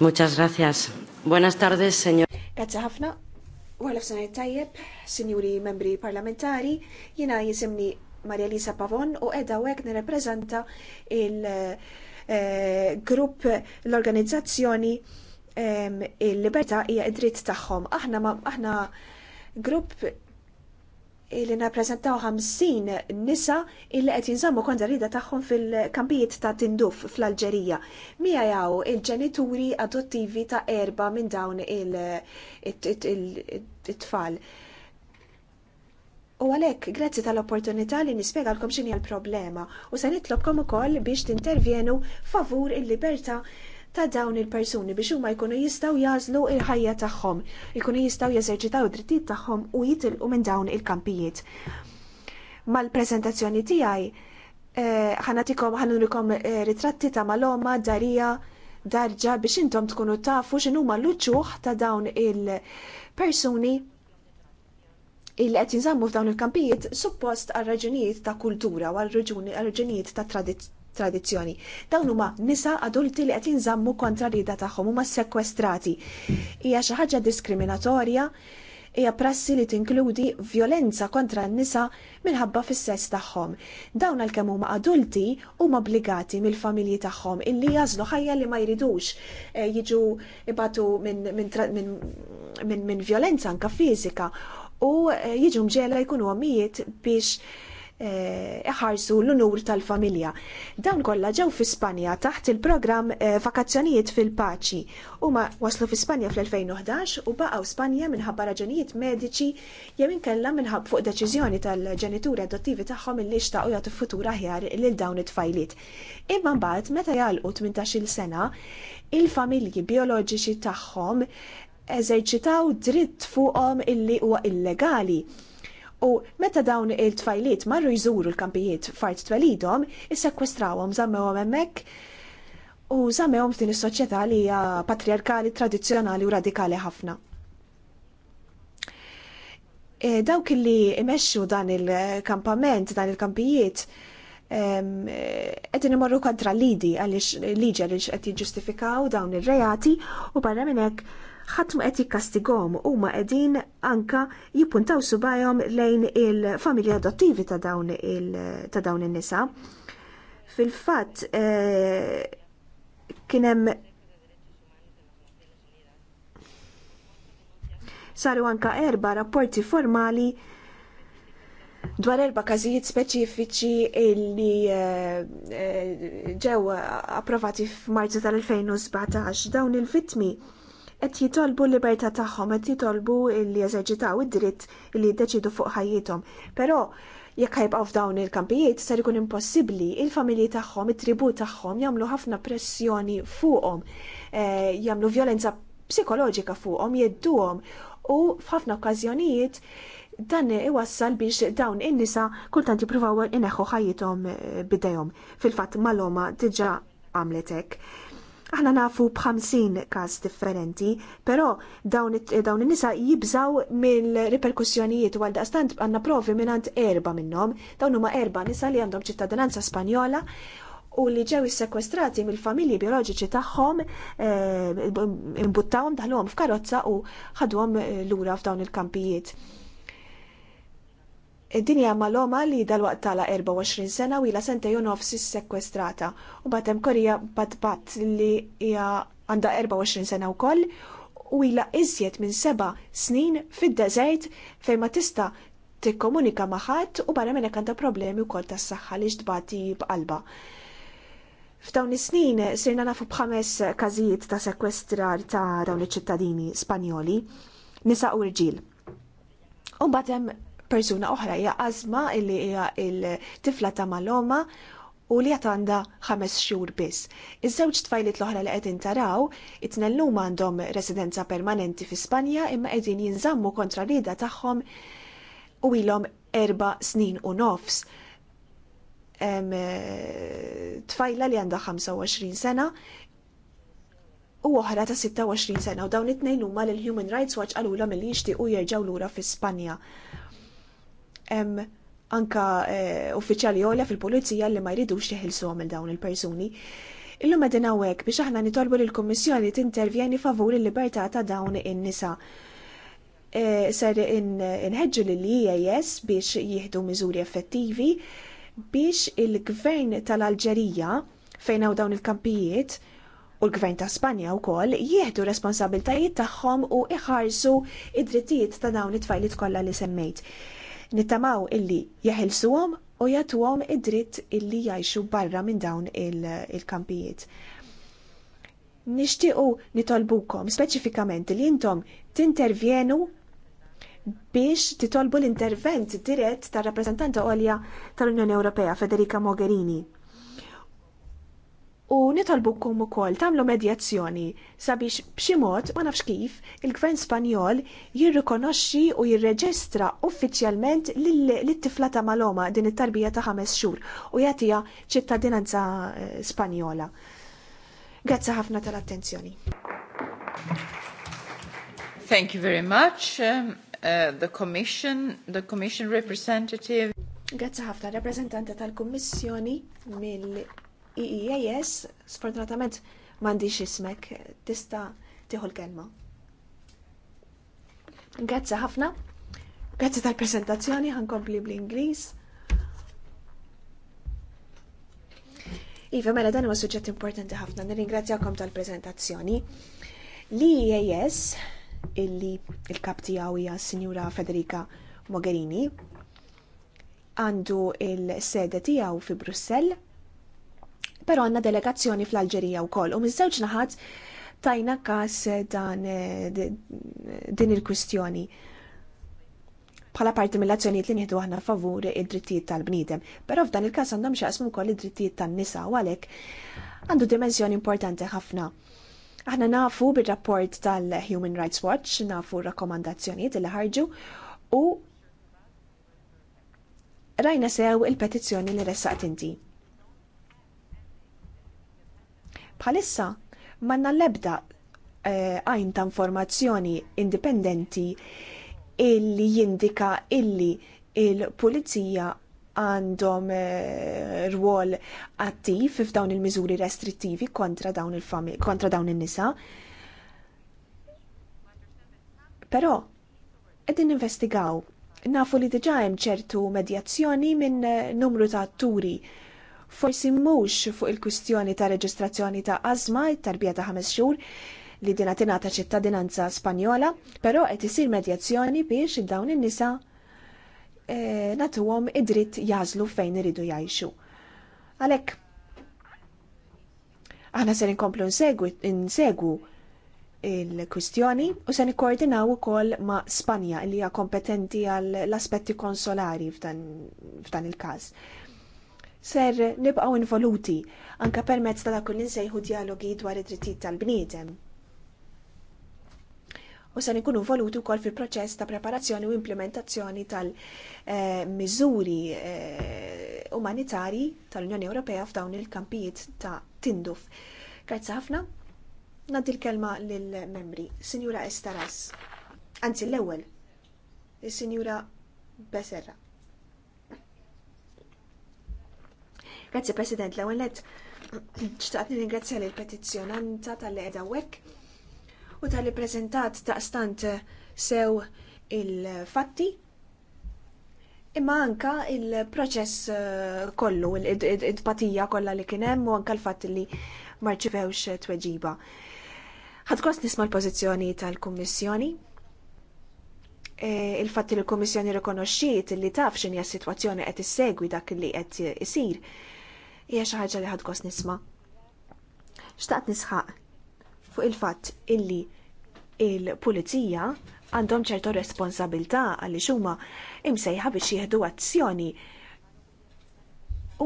Muchas gracias. Buenas tardes, señor. Grazie ħafna. Wara f'sanajt tajjeb, sinjuri membri parlamentari, jina jisimni Maria Lisa Pavon u edha u nirrepreżenta il-grupp eh, l-organizzazzjoni ehm, il-libertà hija id-dritt tagħhom. Aħna aħna grupp li nappreżentaw 50 nisa illi qed jinżammu kontra rida tagħhom fil-kampijiet ta' Tinduf fl-Alġerija. Mija jaw il-ġenituri adottivi ta' erba minn dawn il-tfal. U għalek, grazzi tal-opportunità li l-kom xini għal-problema u se nitlobkom ukoll biex t-intervjenu favur il-libertà ta' dawn il-persuni biex huma jkunu jistgħu jażlu il-ħajja tagħhom, jkunu jistgħu jeżerċitaw drittijiet tagħhom u jitilqu minn dawn il-kampijiet. Mal-preżentazzjoni tiegħi eh, ħanatikom ħanurikom eh, ritratti ta' maloma, darija, darġa biex intom tkunu tafu x'inhuma l-uċċuħ ta' dawn il-persuni il qed jinżammu f'dawn il-kampijiet suppost għal raġunijiet ta' kultura u għal raġunijiet ta' tradizzjoni. Dawn huma nisa adulti li qed jinżammu kontra rida tagħhom huma sekwestrati. Hija xi ħaġa diskriminatorja hija prassi li tinkludi violenza kontra n-nisa minħabba fis-sess tagħhom. Dawn għalkemm huma adulti huma obbligati mill-familji tagħhom illi jażlu ħajja li ma jridux eh, jiġu ibatu minn min, min, min, violenza anka fiżika u eh, jiġu mġela jkunu għamijiet biex eh, iħarsu l-unur tal-familja. Dawn kollha ġew fi Spanja taħt il-programm eh, Vakazzjonijiet fil-Paċi u ma waslu fi Spanja fl-2011 u baqgħu Spanja minħabba raġunijiet mediċi jew inkella minħabba fuq deċiżjoni tal-ġenituri adottivi tagħhom li xtaqgħu jagħtu futur aħjar lil dawn it-tfajliet. Imma mbagħad meta jgħalqu 18-il sena, il-familji bioloġiċi tagħhom eżerċitaw dritt fuqhom illi huwa illegali. U meta dawn il-tfajliet marru jżuru l-kampijiet fart twelidhom, issekwestrawhom żammewhom hemmhekk u żammewhom f'din is-soċjetà li hija patriarkali, tradizzjonali u radikali ħafna. E, dawk li imexxu dan il-kampament, dan il-kampijiet, qegħdin imorru kontra lidi għaliex liġi għaliex qed jiġġustifikaw dawn ir-reati u barra minn hekk ħadd ma qed jikkastigom huma qegħdin anka jippuntaw subajhom lejn il-familja adottivi ta' dawn ta' dawn in-nisa. Fil-fatt eh, kien hemm saru anka erba rapporti formali dwar erba każijiet speċifiċi li eh, eh, ġew approvati f'Marzu tal-2017 dawn il-vitmi qed jitolbu l-libertà tagħhom, qed jitolbu li jeżerċitaw id-dritt li jiddeċidu fuq ħajjithom. Però jekk ħajbqgħu f'dawn il-kampijiet ser ikun impossibbli il-familji tagħhom, it tribut tagħhom jagħmlu ħafna pressjoni fuqhom, eh, jagħmlu violenza psikoloġika fuqhom, jedduhom u f'ħafna okkażjonijiet dan iwassal biex dawn in-nisa kultant jippruvaw ineħħu ħajjithom eh, bidejhom. Fil-fatt maloma diġà għamlet hekk. Aħna nafu b'50 każ differenti, però dawn in-nisa jibżaw mill-reperkussjonijiet u għaldaqstant għandna provi mingħand erba minnhom, dawn huma erba nisa li għandhom ċittadinanza Spanjola u li ġew sekwestrati mill-familji bioloġiċi tagħhom eh, imbuttawhom daħluhom f'karozza u ħadhom eh, lura f'dawn il-kampijiet. Id-dinja maloma li dal-waqt tala 24 sena u ila sentej u nofsi sekwestrata u batem korija bat li hija għanda 24 sena u koll u ila iżjed minn seba snin fid-deżert fejn ma tista' tikkomunika ma' ħadd u barra minn għandha problemi wkoll tas-saħħa li ġdbati b'qalba. F'dawn is-snin sirna nafu b'ħames każijiet ta' sekwestrar ta' dawn iċ-ċittadini Spanjoli, nisa u rġil. U batem hemm persuna oħra hija azma illi hija il-tifla ta' maloma u li għatanda ħames xhur biss. Iż-żewġ tfajlit l-oħra li qegħdin taraw, it-tnellum għandhom residenza permanenti fi Spanja imma qegħdin jinżammu kontra rida tagħhom u ilhom erba' snin u nofs. Eh, tfajla li għandha 25 sena u oħra ta' 26 sena u dawn it-tnejn huma l Human Rights Watch qalulhom li jixtiequ jerġgħu lura fi Spanja hemm anka eh, uffiċjali għolja fil-pulizija li ma jridux jeħilsu għamil dawn il-persuni. Illum għedin għawek biex aħna nitolbu l-Kommissjoni t-intervjeni favur il-libertà ta' dawn in-nisa. E, ser inħedġu l-IAS biex jieħdu miżuri effettivi biex il-gvern tal-Alġerija fejn hawn dawn il-kampijiet u l-gvern ta' Spanja u kol jieħdu responsabiltajiet tagħhom u iħarsu id-drittijiet ta' dawn it-tfajlit kollha li semmejt nittamaw illi jeħilsuhom u jagħtuhom id-dritt illi jgħixu barra minn dawn il-kampijiet. Nishtiqu Nixtiequ nitolbukom speċifikament li intom tintervjenu biex titolbu l-intervent dirett tar rappreżentanta għolja tal-Unjoni Ewropea Federica Mogherini U nitalbukom ukoll tagħmlu medjazzjoni sabiex b'xi mod ma nafx kif il-Gvern Spanjol jirrikonoxxi u jirreġistra uffiċjalment l tifla ta' Maloma din it-tarbija ta' ħames xhur u jagħtiha ċittadinanza eh, Spanjola. Grazzi ħafna tal-attenzjoni. Thank you very much. Um, uh, the Commission, the Commission representative. Grazzi ħafna rappresentanti tal-Kummissjoni mill IEAS, sfortunatament m'għandix ismek, tista' tieħu l-kelma. Grazzi ħafna. Grazzi tal-presentazzjoni, ħankompli bl-Ingliż. Iva, mela dan huwa suġġett importanti ħafna, nirringrazzjakom tal-prezentazzjoni. l ieas illi il-kap tiegħu hija Sinjura Federica Mogherini, għandu il-sede tiegħu fi Brussell Pero għanna delegazzjoni fl-Alġerija u koll. U mizzewċ naħat tajna kas eh, dan eh, din il-kwistjoni bħala parti mill-azzjonijiet li nieħdu aħna favur id-drittijiet tal-bniedem. Però f'dan il-każ għandhom xaqsmu wkoll id-drittijiet tan-nisa u għalhekk għandu dimensjoni importanti ħafna. Aħna nafu bir-rapport tal-Human Rights Watch, nafu r-rakkomandazzjonijiet li ħarġu u rajna sew il-petizzjoni li ressaqt inti. Bħalissa manna l-ebda eh, għajn ta' informazzjoni indipendenti illi jindika illi il-pulizija għandhom eh, rwol attiv f'dawn il-miżuri restrittivi kontra dawn il-familja, kontra dawn in-nisa. Però qegħdin investigaw nafu li diġà hemm ċertu medjazzjoni minn eh, numru ta' atturi forsi mhux fuq il-kwistjoni ta' reġistrazzjoni ta' azma it-tarbija ta' ħames xhur li dina tingħata ċittadinanza Spanjola, però qed isir medjazzjoni biex dawn in-nisa e, eh, natuhom id-dritt jażlu fejn iridu jgħixu. Għalhekk aħna se inkomplu insegwu il-kwistjoni u se nikkoordinaw ukoll ma' Spanja li hija kompetenti għall aspetti konsolari f'dan il-każ ser nibqgħu involuti anke permezz ta' dak li nsejħu dialogi dwar id-drittijiet tal-bniedem. U se nkunu involuti wkoll fil-proċess ta' preparazzjoni u implementazzjoni tal-miżuri eh, eh, umanitarji tal-Unjoni Ewropea f'dawn il-kampijiet ta' tinduf. Grazzi ħafna. Nadi l-kelma lill-membri. Sinjura Estaras. Anzi, l-ewwel. Is-Sinjura Beserra. Grazzi President, l ewwel nett nirringrazzja lill petizzjonanta tal-li qiegħda u tal-li preżentat daqstant sew il-fatti imma anka il-proċess eh, kollu, il patija kollha li kien hemm u anka l-fatt li marċivewx tweġiba. Ħadkost nisma l-pożizzjoni tal-Kummissjoni e, il-fatt li l kummissjoni rikonoxxiet li taf x'inhi s-sitwazzjoni qed issegwi dak li qed isir hija xi ħaġa li ħadkos nisma. Xtaqt nisħaq fuq il-fatt illi il-pulizija għandhom ċertu responsabilità għaliex huma imsejħa biex jieħdu azzjoni.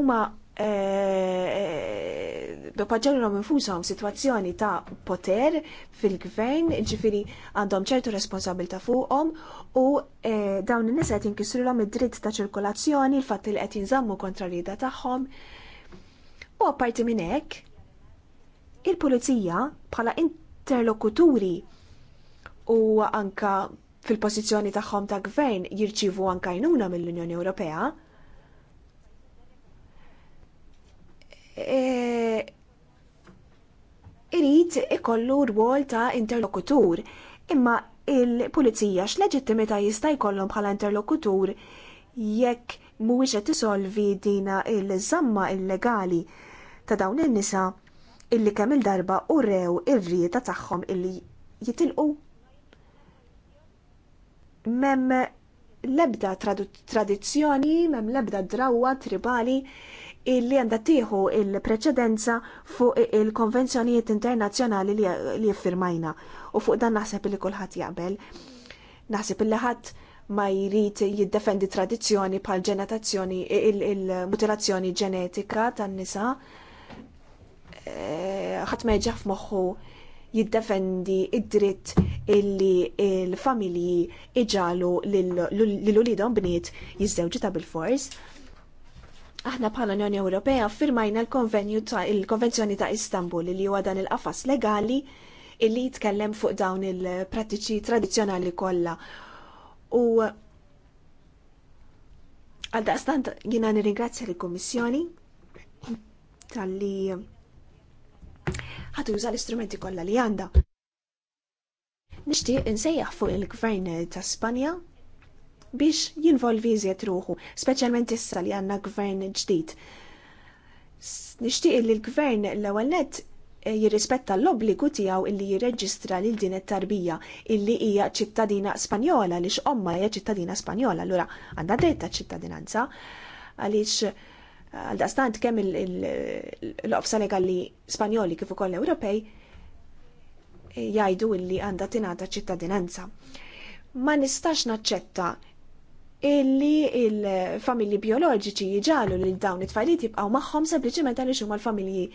Huma eh, eh, dopaġġawlhom infushom sitwazzjoni ta' poter fil-gvern, ġifiri għandhom ċertu responsabilità fuqhom u eh, dawn in-nies qed jinkisrulhom id-dritt ta' ċirkolazzjoni, il-fatt li qed jinżammu kontra rieda tagħhom, U apparti minn hekk, il-pulizija bħala interlokuturi u anka fil-pożizzjoni tagħhom ta' gvern jirċivu anka jnuna mill-Unjoni Ewropea. Eh, irid ikollu rwol ta' interlokutur, imma il-pulizija x'leġittimità jista' jkollhom bħala interlokutur jekk mhuwiex qed isolvi dina il-żamma illegali ta' dawn in-nisa illi kemm il-darba u rew ir-rieda tagħhom illi jitilqu mem lebda tradizzjoni, mem lebda drawwa tribali illi għanda tieħu il-preċedenza fuq il-konvenzjonijiet internazzjonali li jiffirmajna u fuq dan naħseb li kulħadd jaqbel. Naħseb li ħadd ma jrid jiddefendi tradizzjoni bħal ġenerazzjoni il-mutilazzjoni ġenetika tan-nisa Eh, ħadd ma moħħu jiddefendi id-dritt illi l-familji iġalu l ulidom bniet jiżżewġu ta' bil-fors. Aħna bħala Unjoni Ewropea firmajna l-Konvenzjoni ta' Istanbul li huwa dan il-qafas legali illi jitkellem fuq dawn il-prattiċi tradizzjonali kollha. U għal daqstant jiena nirringrazzja l-Kummissjoni tal-li juża l-istrumenti kollha li għandha. Nixtieq insejjaħ fuq il-Gvern ta' Spanja biex jinvolvi iżjed ruħu, speċjalment issa li għandna gvern ġdid. Nixtieq li l-gvern l-ewwel nett eh, jirrispetta l-obbligu tiegħu illi jirreġistra lil din it-tarbija illi hija ċittadina Spanjola li x'omma hija ċittadina Spanjola, allura għandha dritt ta' ċittadinanza għaliex Għaldaqstant kemm l-ofsa legali Spanjoli kif ukoll Ewropej eh, jgħidu li għandha tingħata ċittadinanza. Ma nistax naċċetta illi il-familji bioloġiċi jiġalu li dawn it-tfajliet jibqgħu magħhom sempliċiment għaliex huma l-familji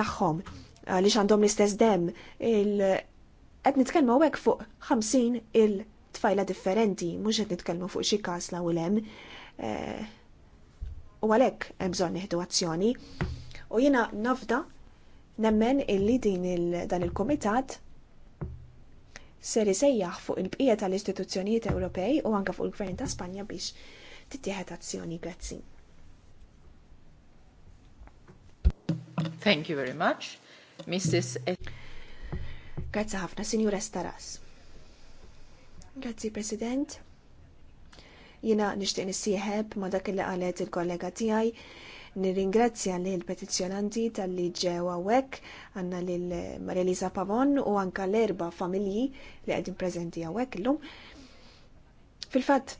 tagħhom għaliex għandhom l-istess dem qed nitkellmu hekk fuq 50 il-tfajla differenti, mhux qed nitkellmu fuq xi każ l hemm eh, u għalhekk hemm bżonn nieħdu azzjoni. U jiena nafda nemmen illi din il dan il-kumitat ser isejjaħ fuq il-bqija tal-istituzzjonijiet Ewropej u anke fuq il-Gvern ta' Spanja biex tittieħed azzjoni. Grazzi. Thank you very much. Mrs. E- Grazzi ħafna, Signora Staras. Grazzi, President. Jina nishtiq nisieħeb ma dak li qalet il-kollega tiegħi. Nirringrazzja li l-petizjonanti tal-li ġew hawnhekk għandna l Marjelisa Pavon u anka l-erba' familji li prezenti għawek l illum. Fil-fatt,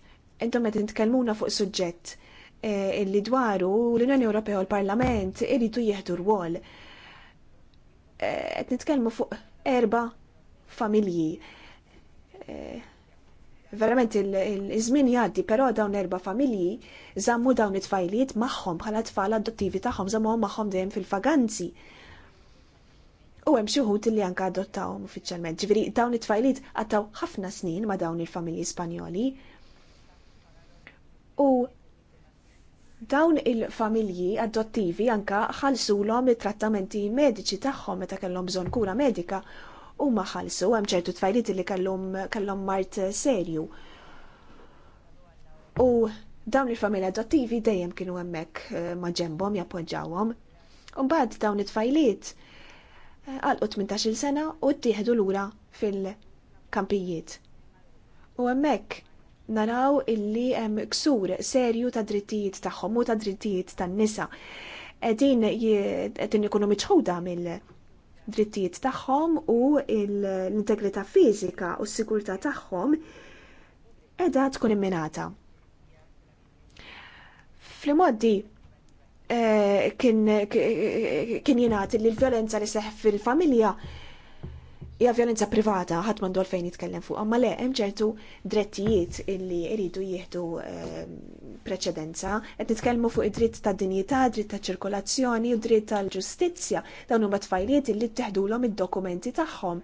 intom qed nitkellmuna fuq suġġett eh, illi dwaru l-Unjoni Ewropea u l-Parlament iridu jieħdu rwol. Eh, qed nitkellmu fuq erba' familji. Eh, verament il-żmien jgħaddi, però dawn erba' familji żammu dawn it-tfajliet magħhom bħala tfal adottivi tagħhom żammuhom magħhom dejjem fil-vaganzi. U hemm xi wħud li anke adottawhom uffiċjalment. Ġifieri dawn it-tfajliet għattaw ħafna snin ma' dawn il-familji Spanjoli. U dawn il-familji adottivi anka ħalsulhom it-trattamenti mediċi tagħhom meta kellhom bżonn kura medika u maħalsu hemm ċertu tfajliet li kellhom mart serju. U dawn il-familja adottivi dejjem kienu hemmhekk eh, ma' ġembhom jappoġġawhom. U mbagħad dawn it-tfajliet eh, għalqu 18-il sena u ttieħdu lura fil-kampijiet. U hemmhekk naraw illi hemm ksur serju ta' drittijiet tagħhom u ta' drittijiet tan-nisa. Qegħdin qegħdin ikunu miċħuda mill- drittijiet tagħhom u l-integrità fiżika u s-sigurtà tagħhom qiegħda tkun imminata. Fl-modi eh, kien jingħati li l-violenza li seħħ fil-familja hija violenza privata ħadd mandu għalfejn jitkellem fuq, Ma le hemm ċertu drittijiet illi jridu jieħdu ehm, preċedenza, qed nitkellmu fuq id-dritt tad-dinjità, dritt taċ-ċirkolazzjoni u dritt tal-ġustizzja, dawn huma tfajliet illi ttieħdulhom id-dokumenti tagħhom.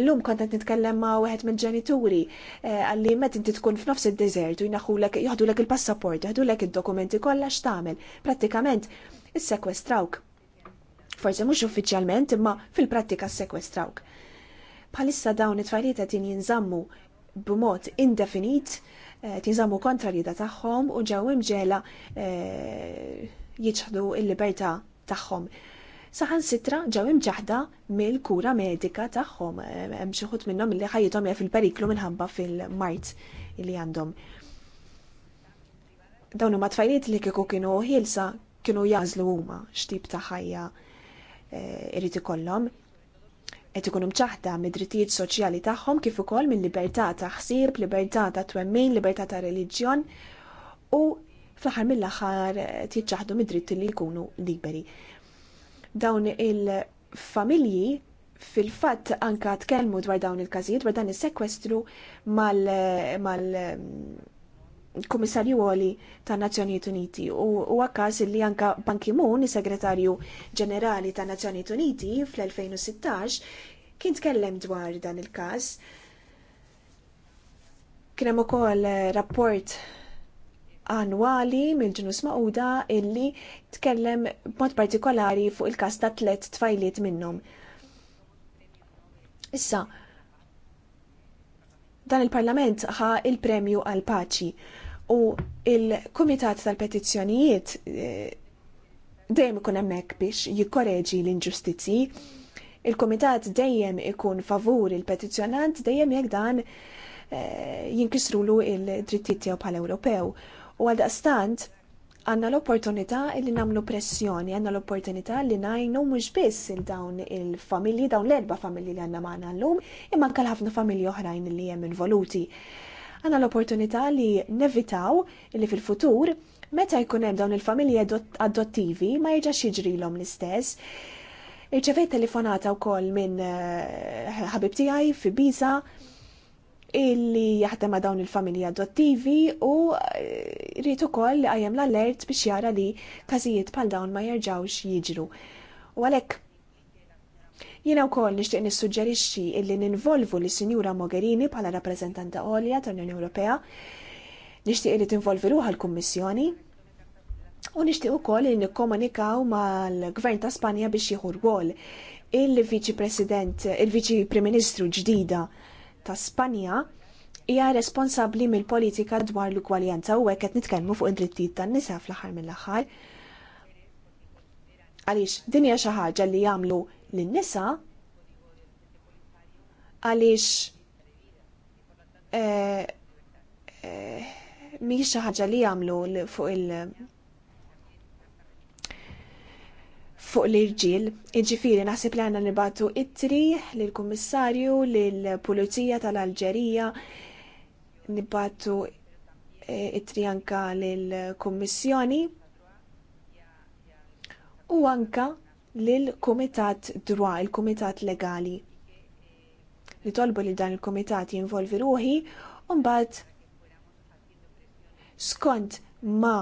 Illum kont qed nitkellem ma' wieħed mill-ġenituri eh, għalli met inti tkun f'nofs id-deżert u jnaħulek jaħdulek il-passaport, jaħdulek id-dokumenti kollha x'tagħmel. Prattikament is-sekwestrawk Forse mhux uffiċjalment imma fil-prattika s-sekwestrawk. Bħalissa dawn it-tfajliet qed jinżammu b'mod indefinit, tinżammu eh, kontra rida tagħhom u ġew imġela eh, jiċħdu l-libertà tagħhom. Saħan sitra ġew imġaħda mill-kura medika tagħhom. Eh, hemm xi ħud minnhom li ħajjithom hija fil-periklu minħabba fil-mart li għandhom. Dawn huma tfajliet li kieku kienu ħielsa kienu jażlu huma x'tip ta' ħajja irid ikollhom qed ikunu mċaħda mid-drittijiet soċjali tagħhom kif ukoll mill-libertà ta' ħsieb, libertà ta' twemmin, libertà ta' reliġjon u fl-aħħar mill-aħħar tiċċaħdu mid-dritt li jkunu liberi. Dawn il-familji fil-fatt anka tkellmu dwar dawn il-każijiet dwar dan is-sekwestru mal-, mal komissarju għoli ta' Nazzjonijiet Uniti u huwa każ li anka Ban Ki-moon, segretarju ġenerali ta' Nazzjonijiet Uniti fl-2016, kien tkellem dwar dan il-każ. Kien hemm ukoll rapport annwali mill-ġnus maquda illi tkellem mod partikolari fuq il-każ ta' tliet tfajliet minnhom. Issa, dan il-Parlament ħa il-premju għal paċi u il-Kumitat tal-Petizzjonijiet eh, dejjem ikun hemmhekk biex jikkoreġi l-inġustizzi. Il-Kumitat dejjem ikun favur il-petizzjonant dejjem jekk dan eh, jinkisrulu il-drittijiet tiegħu bħala Ewropew. U għal daqstant għandna l-opportunità li nagħmlu pressjoni, għandna l-opportunità li ngħinu mhux biss il dawn il-familji, dawn l-erba' familji li għandna magħna llum, imma anke ħafna familji oħrajn li hemm involuti għanna l-opportunità li nevitaw li fil-futur meta jkun hemm dawn il-familji adottivi ma jiġax jiġrilhom l-istess. Irċevejt telefonata wkoll minn eh, ħabib tiegħi fi Biza illi jaħdem ma' dawn il-familji adottivi u eh, rrit ukoll li qajjem l-allert biex jara li każijiet bħal dawn ma jerġgħux jiġru. U għalhekk u koll nixtieq nissuġġerixxi illi ninvolvu li Sinjura Mogherini bħala rappreżentanta għolja tal-Unjoni Ewropea nixtieq li tinvolvi ruħa l-Kummissjoni u nixtieq ukoll li nikkomunikaw mal-Gvern ta' Spanja biex jieħu rwol il-Viċi President, il-Viċi Prim Ministru ġdida ta' Spanja hija responsabbli mill-politika dwar l-ugwaljanza u hekk qed nitkellmu fuq id-drittijiet tan-nisa fl-aħħar mill-aħħar. Għaliex din hija xi ħaġa li jagħmlu lin-nisa għaliex eh, eh, mhix xi ħaġa li jagħmlu fuq il- fuq l-irġiel, iġifiri naħseb li għanna nibatu ittri l-Kummissarju, l-Pulizija tal-Alġerija, nibatu eh, ittri anka l kummissjoni u anka lill-Kumitat Dwa, il-Kumitat Legali. Li tolbu li dan il-Kumitat jinvolvi ruħi, mbagħad skont ma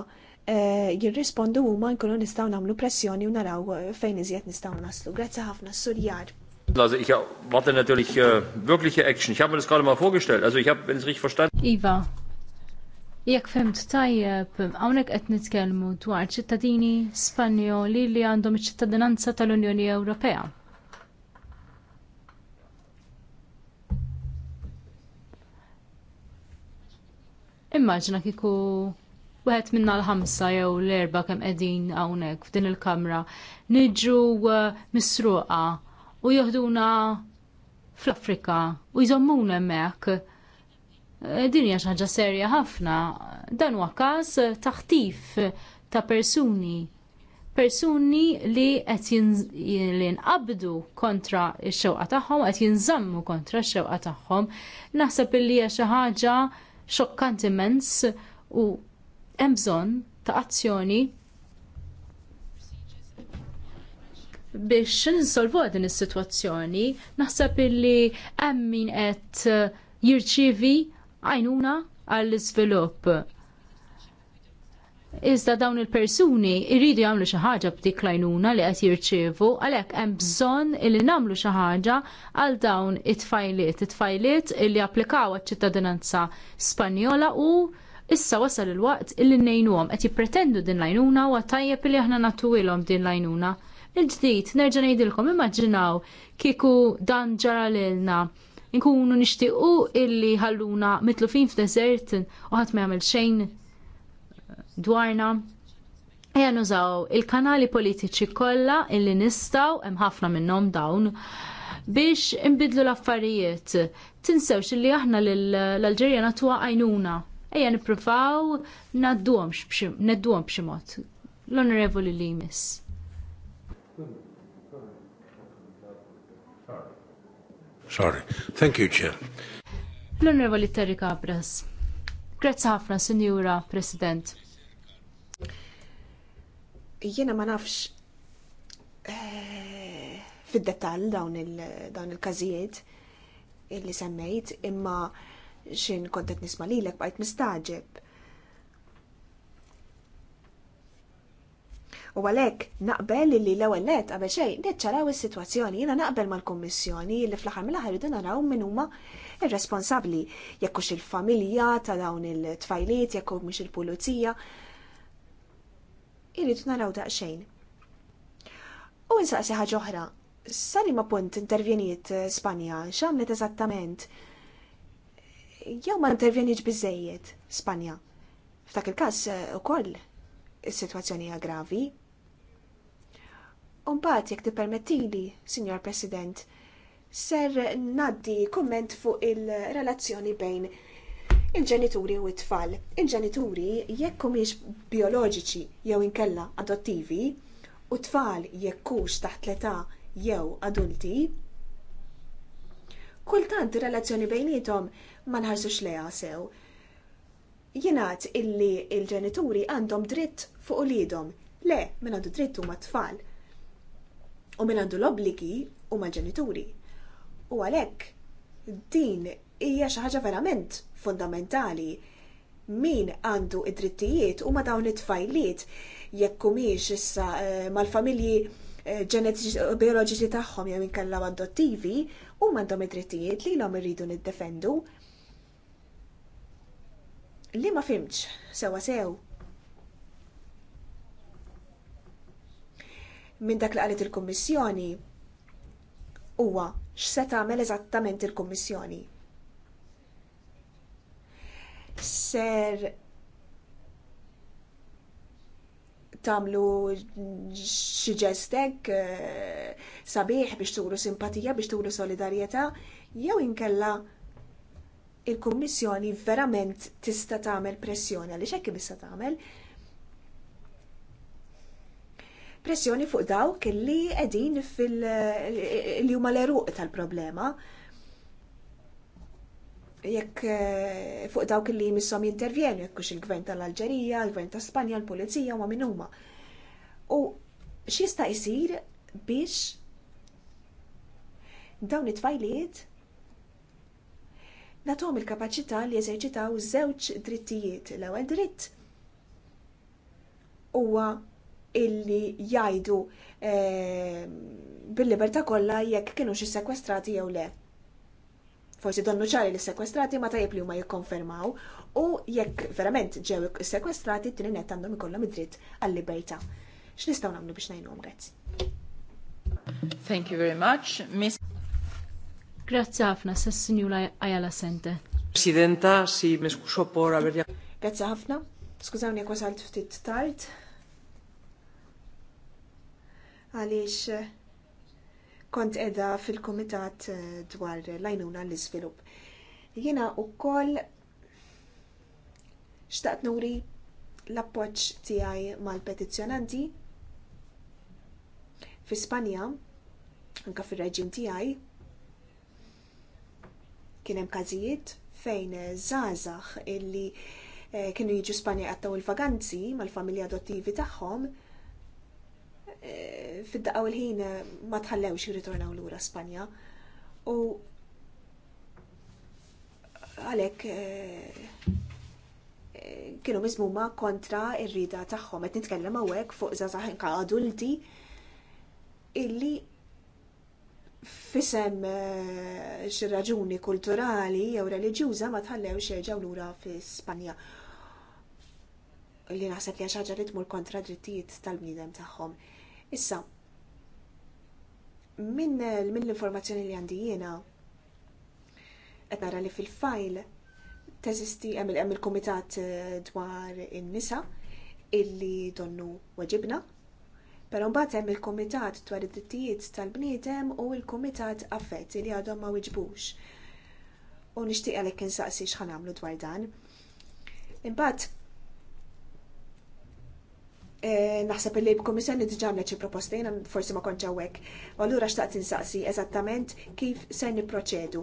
e, jirrispondu ma nkunu nistaw namlu pressjoni u naraw eh, fejn iżjed nistaw naslu. Grazie ħafna Surjar. Also ich warte natürlich äh, wirkliche Action. Ich habe mir das gerade mal vorgestellt. Also ich habe, wenn ich es richtig verstanden. Iva, Jekk fimt tajjeb, hawnhekk qed nitkellmu dwar ċittadini Spanjoli li għandhom iċ ċittadinanza tal-Unjoni Ewropea. Immaġna kieku wieħed minna l-ħamsa jew l-erba kemm qegħdin hawnhekk f'din il-kamra nidġu uh, misruqa u joħduna fl-Afrika u jżommuna hemmhekk Eh, din hija xi ħaġa serja ħafna. Dan huwa każ ta' ħtif ta' persuni persuni li qed jinqabdu kontra x-xewqa tagħhom, qed jinżammu kontra x-xewqa tagħhom. Naħseb illi hija xi ħaġa xokkanti immens u hemm bżonn ta' azzjoni biex ninsolvu din is-sitwazzjoni, naħseb illi hemm min qed jirċievi għajnuna għall-iżvilupp. Iżda dawn il-persuni jridu jagħmlu xi ħaġa b'dik l-għajnuna li qed jirċievu, għalhekk hemm bżonn li nagħmlu xi ħaġa għal dawn it-tfajliet, it-tfajliet li applikaw għaċ-ċittadinanza Spanjola u issa wasal il-waqt illi ngħinuhom qed jippretendu din l-għajnuna u tajjeb li aħna nagħtuhilhom din l-għajnuna. Il-ġdid, nerġa' ngħidilkom immaġinaw kieku dan ġara lilna nkunu nixtiequ illi ħalluna mitlufin f'desert u ħadd ma jagħmel xejn dwarna. Eja nużaw il-kanali politiċi kollha illi nistgħu hemm ħafna minnhom dawn biex imbidlu l-affarijiet. Tinsewx illi aħna l alġerija natuwa għajnuna. Eja nippruvaw nadduhom b'xi mod. L-Onorevoli Limis. Sorry. Thank you, Chair. L-Onorevoli Terry Cabras. Grazzi ħafna, Sinjura President. Jiena ma nafx eh, fid-dettall dawn il-każijiet illi semmejt, imma xin kontet nisma lilek bajt mistaġeb U għalhekk naqbel li l-ewwel let, qabel xejn niċċaraw is-sitwazzjoni jiena naqbel mal-Kummissjoni li fl-aħħar mill-aħħar irridu naraw minn huma il-responsabli, jekk hux il-familja ta' dawn il-tfajliet jekk mux il-pulizija. Irridu naraw daqsxejn. U insaqsi ħaġa oħra, sali ma punt intervjeniet eh, Spanja, x'għamlet eżattament? Jew ma intervjeniet bizzejiet Spanja. F'dak il-każ eh, ukoll is-sitwazzjoni hija gravi. Umbat, jek tipermettili, Signor President, ser naddi komment fuq il-relazzjoni bejn il-ġenituri u t-tfal. Il-ġenituri jekk mhix bioloġiċi jew inkella adottivi u tfal jekkux taħt l-età jew adulti, kultant ir-relazzjoni bejnietom ma nħarsux leha sew. Jingħad illi il-ġenituri għandhom dritt fuq lidom. Le, minn għandu dritt huma tfal u min għandu l-obbligi huma ma ġenituri U għalhekk din hija xi ħaġa verament fundamentali min għandu id-drittijiet huma dawn it-tfajliet jekk kumiex issa eh, mal-familji ġenetiċi eh, bioloġiċi tagħhom jew inkella adottivi huma għandhom id-drittijiet li lhom irridu niddefendu. Li ma fimx sewa sew minn dak li qalet il-Kummissjoni huwa x'se tagħmel eżattament il-Kummissjoni. Ser tagħmlu xi ġestek eh, sabiħ biex turu simpatija, biex turu solidarjetà, jew inkella il-Kummissjoni verament tista' tagħmel pressjoni għaliex hekk issa tagħmel pressjoni fuq dawk li qegħdin fil- li huma l-eruq tal-problema. Jekk eh, fuq dawk li jimissom jintervjenu, jekk il-gvern tal-Alġerija, il-gvern ta' Spanja, l-Pulizija huma minn huma. U x'jista' jisir biex dawn it-tfajliet natom il-kapacità li jeżerċitaw żewġ drittijiet. L-ewwel dritt huwa illi jgħidu eh, bil-libertà kollha jekk kienu xie sekwestrati jew le. Forsi donnu ċari li sekwestrati ma tajjeb li huma jikkonfermaw u jekk verament ġew sekwestrati t-tini net għandhom ikollhom id-dritt għall-libertà. X'nistgħu nagħmlu biex ngħinhom. grazzi. Thank you very much. Miss Grazzi ħafna, sas-Sinjura Ajala Sente. Presidenta, si miskuxo por aver Grazzi ħafna. Skużawni jekk wasalt ftit tard għaliex eh, kont edha fil-komitat eh, dwar lajnuna l-izvilup. Jena u koll xtaqt nuri l-appoċ tijaj mal-petizjonanti fi Spanja, anka fil-reġin tijaj, kienem kazijiet fejn zazax eh, illi kienu jiġu Spanja għattaw il-vaganzi mal-familja adottivi tagħhom Eh, fid-daqqa u l-ħin eh, ma tħallewx jirritornaw lura Spanja. U għalek eh, kienu mizmuma kontra ir-rida tagħhom qed nitkellem hawnhekk fuq żgħażagħ inka adulti illi fisem xi raġuni kulturali jew reliġjuża ma tħallewx jerġgħu lura fi Spanja li naħseb li ħaġa li tmur kontra drittijiet tal-bniedem tagħhom. Issa, minn min l-informazzjoni li għandi jiena, qed nara li fil-fajl teżisti hemm il-kumitat eh, dwar in-nisa illi donnu waġibna, però mbagħad hemm il-kumitat dwar id-drittijiet tal-bniedem u l-kumitat affett li għadhom ma wiġbux. U nixtieq għalhekk insaqsi x'ħan nagħmlu dwar dan. Imbagħad Eh, naħseb il-lejb komissjoni diġamlet xi proposta jiena forsi ma kontx hawnhekk. U allura xtaqt insaqsi eżattament kif ser nipproċedu,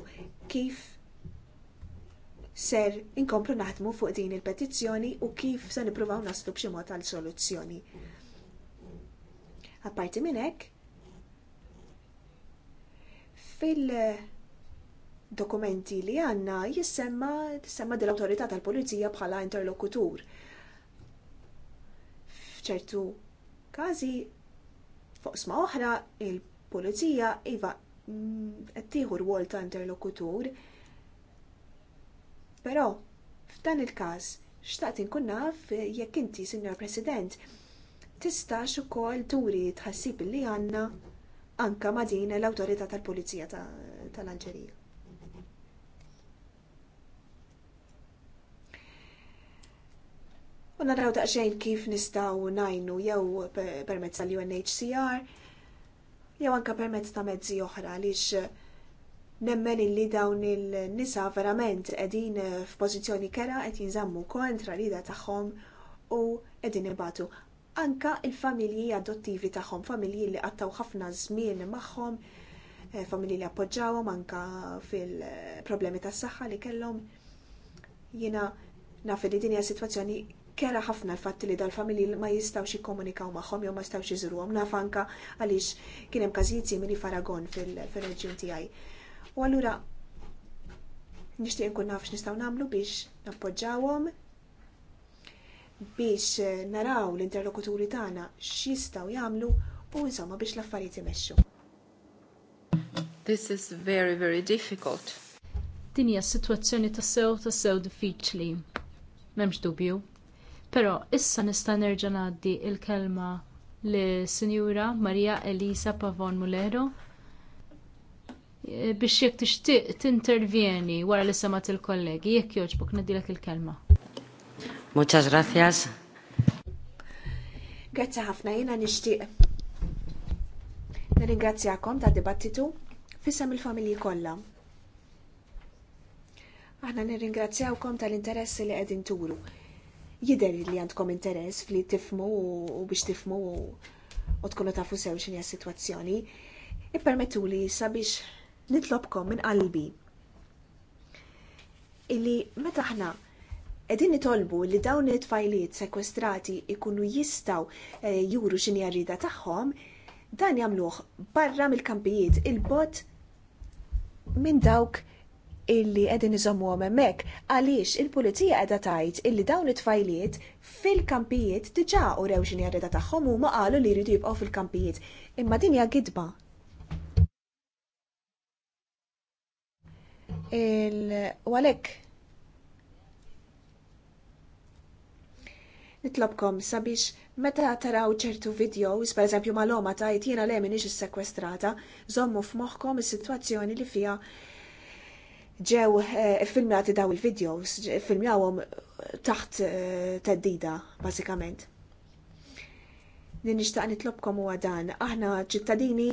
kif ser inkomplu naħdmu fuq din il-petizzjoni u kif se nippruvaw naslu b'xi mod għal soluzzjoni. Apparti minn hekk, fil-dokumenti li għandna jissemma tissemma dil-awtorità tal-Pulizija bħala interlokutur f'ċertu każi fuq sma oħra il-pulizija iva mm, qed tieħu rwol ta' interlokutur. Però f'dan il-każ xtaqt inkun naf jekk inti, Sinjor President, tistax ukoll turi tħassib li għandna anka ma' din l-awtorità tal-Pulizija tal-Alġerija. u naraw daqsxejn kif nistgħu najnu jew permezz tal-UNHCR jew anke permezz ta' mezzi oħra lix nemmen illi dawn il-nisa verament qegħdin f'pożizzjoni kera qed jinżammu kontra ida tagħhom u qegħdin ibatu. Anka il-familji adottivi tagħhom, familji li qattaw ħafna żmien magħhom, eh, familji li appoġġawhom anka fil-problemi tas-saħħa li kellhom. Jiena naf li din hija sitwazzjoni kera ħafna l-fatt li dal-familji ma xie jikkomunikaw magħhom jew ma jistaw xie naf anka għaliex kien hemm każijiet simili faragon fil-reġjun tijaj. U għallura, nixtieq nkun naf nistaw nagħmlu biex nappoġġawhom biex eh, naraw l-interlokuturi tagħna x'jistgħu jagħmlu u insomma biex l-affarijiet imexxu. This is very, very difficult. Din hija s-sitwazzjoni tassew tassew diffiċli. M'hemmx dubju Però issa nista' nerġa' ngħaddi l kelma li Sinjura Maria Elisa Pavon Mulero eh, biex jekk tixtieq tintervjeni wara li semat il-kollegi, jekk jogħġbok nadilek il-kelma. Muchas gracias. Grazie ħafna jiena nixtieq. Nirringrazzjakom ta' dibattitu fissam il-familji kollha. Aħna nirringrazzjawkom tal-interess li qegħdin turu jider li għandkom interess fli tifmu u biex tifmu u tkunu tafu sew xinja situazzjoni. Ippermettu li sabiex nitlobkom minn qalbi illi meta ħna qegħdin nitolbu li dawn it-tfajliet sekwestrati ikunu jistgħu eh, juru xini rrida tagħhom, dan jamluħ barra mill-kampijiet il-bot minn dawk illi qegħdin iżommu hemmhekk għaliex il-pulizija qiegħda tgħid illi dawn it-tfajliet fil-kampijiet diġà u rewġin x'inhi għarreda tagħhom huma qalu li jridu jibqgħu fil-kampijiet. Imma din hija gidba. il għalhekk nitlobkom sabiex meta taraw ċertu videos, per eżempju ma l tajt jena jtina le minix sekwestrata, zommu f'moħħkom is-sitwazzjoni li fija ġew eh, filmjati daw il-videos, filmjawom eh, taħt eh, teddida, bażikament. Ninixtaq nitlobkom huwa dan, aħna ċittadini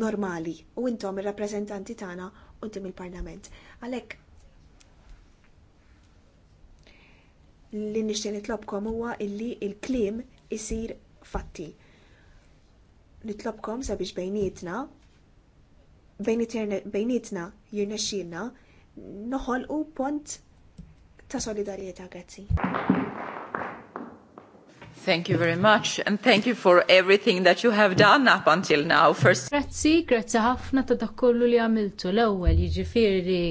normali u intom ir-rappreżentanti tagħna qudiem il-Parlament. Għalhekk li nixtieq nitlobkom huwa illi il-kliem isir fatti. Nitlobkom sabiex bejnietna bejnietna jirnexxielna noħolqu pont ta' solidarjetà grazzi. Thank you very much and thank you for everything that you have done up until now. First Grazzi, grazzi ħafna ta' dak kollu li għamiltu l-ewwel jiġifieri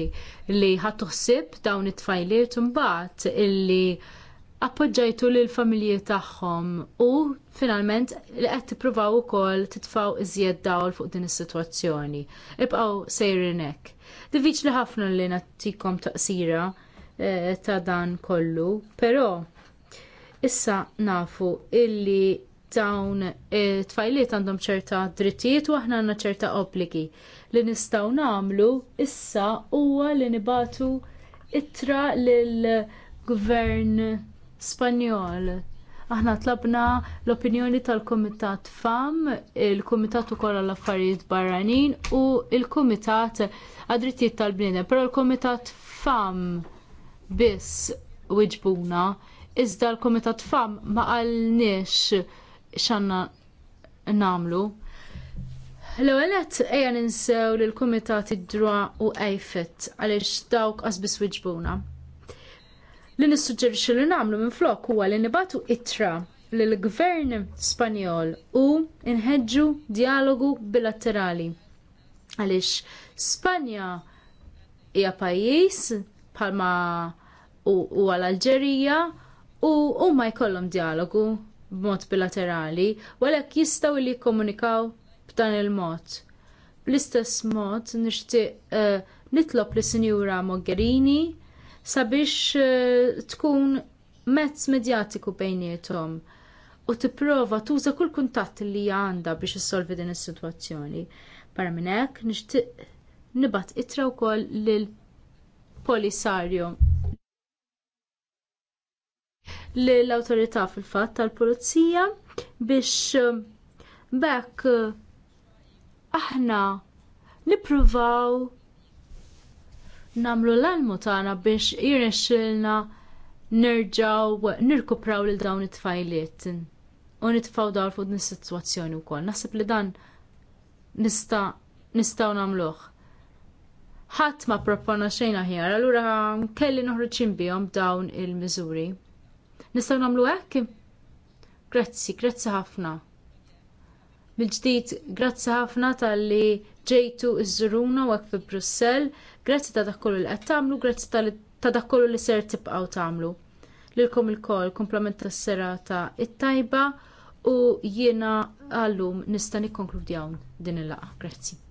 li ħadd ħsieb dawn it-tfajliet imbagħad illi appoġġajtu lil familji tagħhom u finalment li qed tippruvaw ukoll titfgħu iżjed dawl fuq din is-sitwazzjoni. Ibqgħu sejrin hekk li ħafna li nattikom taqsira eh, ta' dan kollu, però issa nafu illi dawn eh, tfajliet għandhom ċerta drittijiet u aħna għandna ċerta obbligi. Li nistgħu nagħmlu issa huwa li nibatu ittra lill gvern Spanjol Aħna tlabna l-opinjoni tal-Kumitat FAM, il-Kumitat ukoll l affarijiet Barranin u il-Kumitat għad tal bnidem però l-Kumitat FAM biss wiġbuna, iżda l-Kumitat FAM ma qalniex x'għandna nagħmlu. L-ewwel eja ninsew ninsew lill id dra u Ejfet għaliex dawk għasbis wiġbuna li nissuġġerixxi li nagħmlu minflok huwa li nibatu ittra lill gvern Spanjol u nħeġġu dialogu bilaterali. Għaliex Spanja hija pajjiż bħalma u għal-Alġerija u huma jkollhom dialogu b'mod bilaterali, għalhekk jistgħu li jikkomunikaw b'dan il-mod. Bl-istess mod nixtieq uh, nitlob lis Sinjura Mogherini sabiex eh, tkun mezz medjatiku bejniethom u tipprova tuża kull kuntatt li għandha biex issolvi din is-sitwazzjoni. Barra minn hekk nixtieq nibgħat ittra wkoll lil Polisario l-autorità fil-fatt tal-pulizija biex eh, bekk eh, aħna nippruvaw nagħmlu l-almu tagħna biex jirnexxilna nerġgħu nirkupraw lil dawn it-tfajliet u nitfgħu dawl fuq din is-sitwazzjoni wkoll. Naħseb li dan nista' nistgħu nagħmluh. Ħadd ma proponna xejn aħjar, allura kelli noħroġ bihom dawn il-miżuri. Nistgħu nagħmlu hekk? Grazzi, grazzi ħafna. Mill-ġdid, grazzi ħafna tal-li ġejtu iż-żuruna u fi Brussell, grazzi ta' dakollu li qed tagħmlu, grazzi ta' dakollu li ser tibqgħu tagħmlu. Lilkom ilkoll kumplament tas-serata it-tajba u jiena għallum nista' nikkonkludjaw din il laqgħa Grazzi.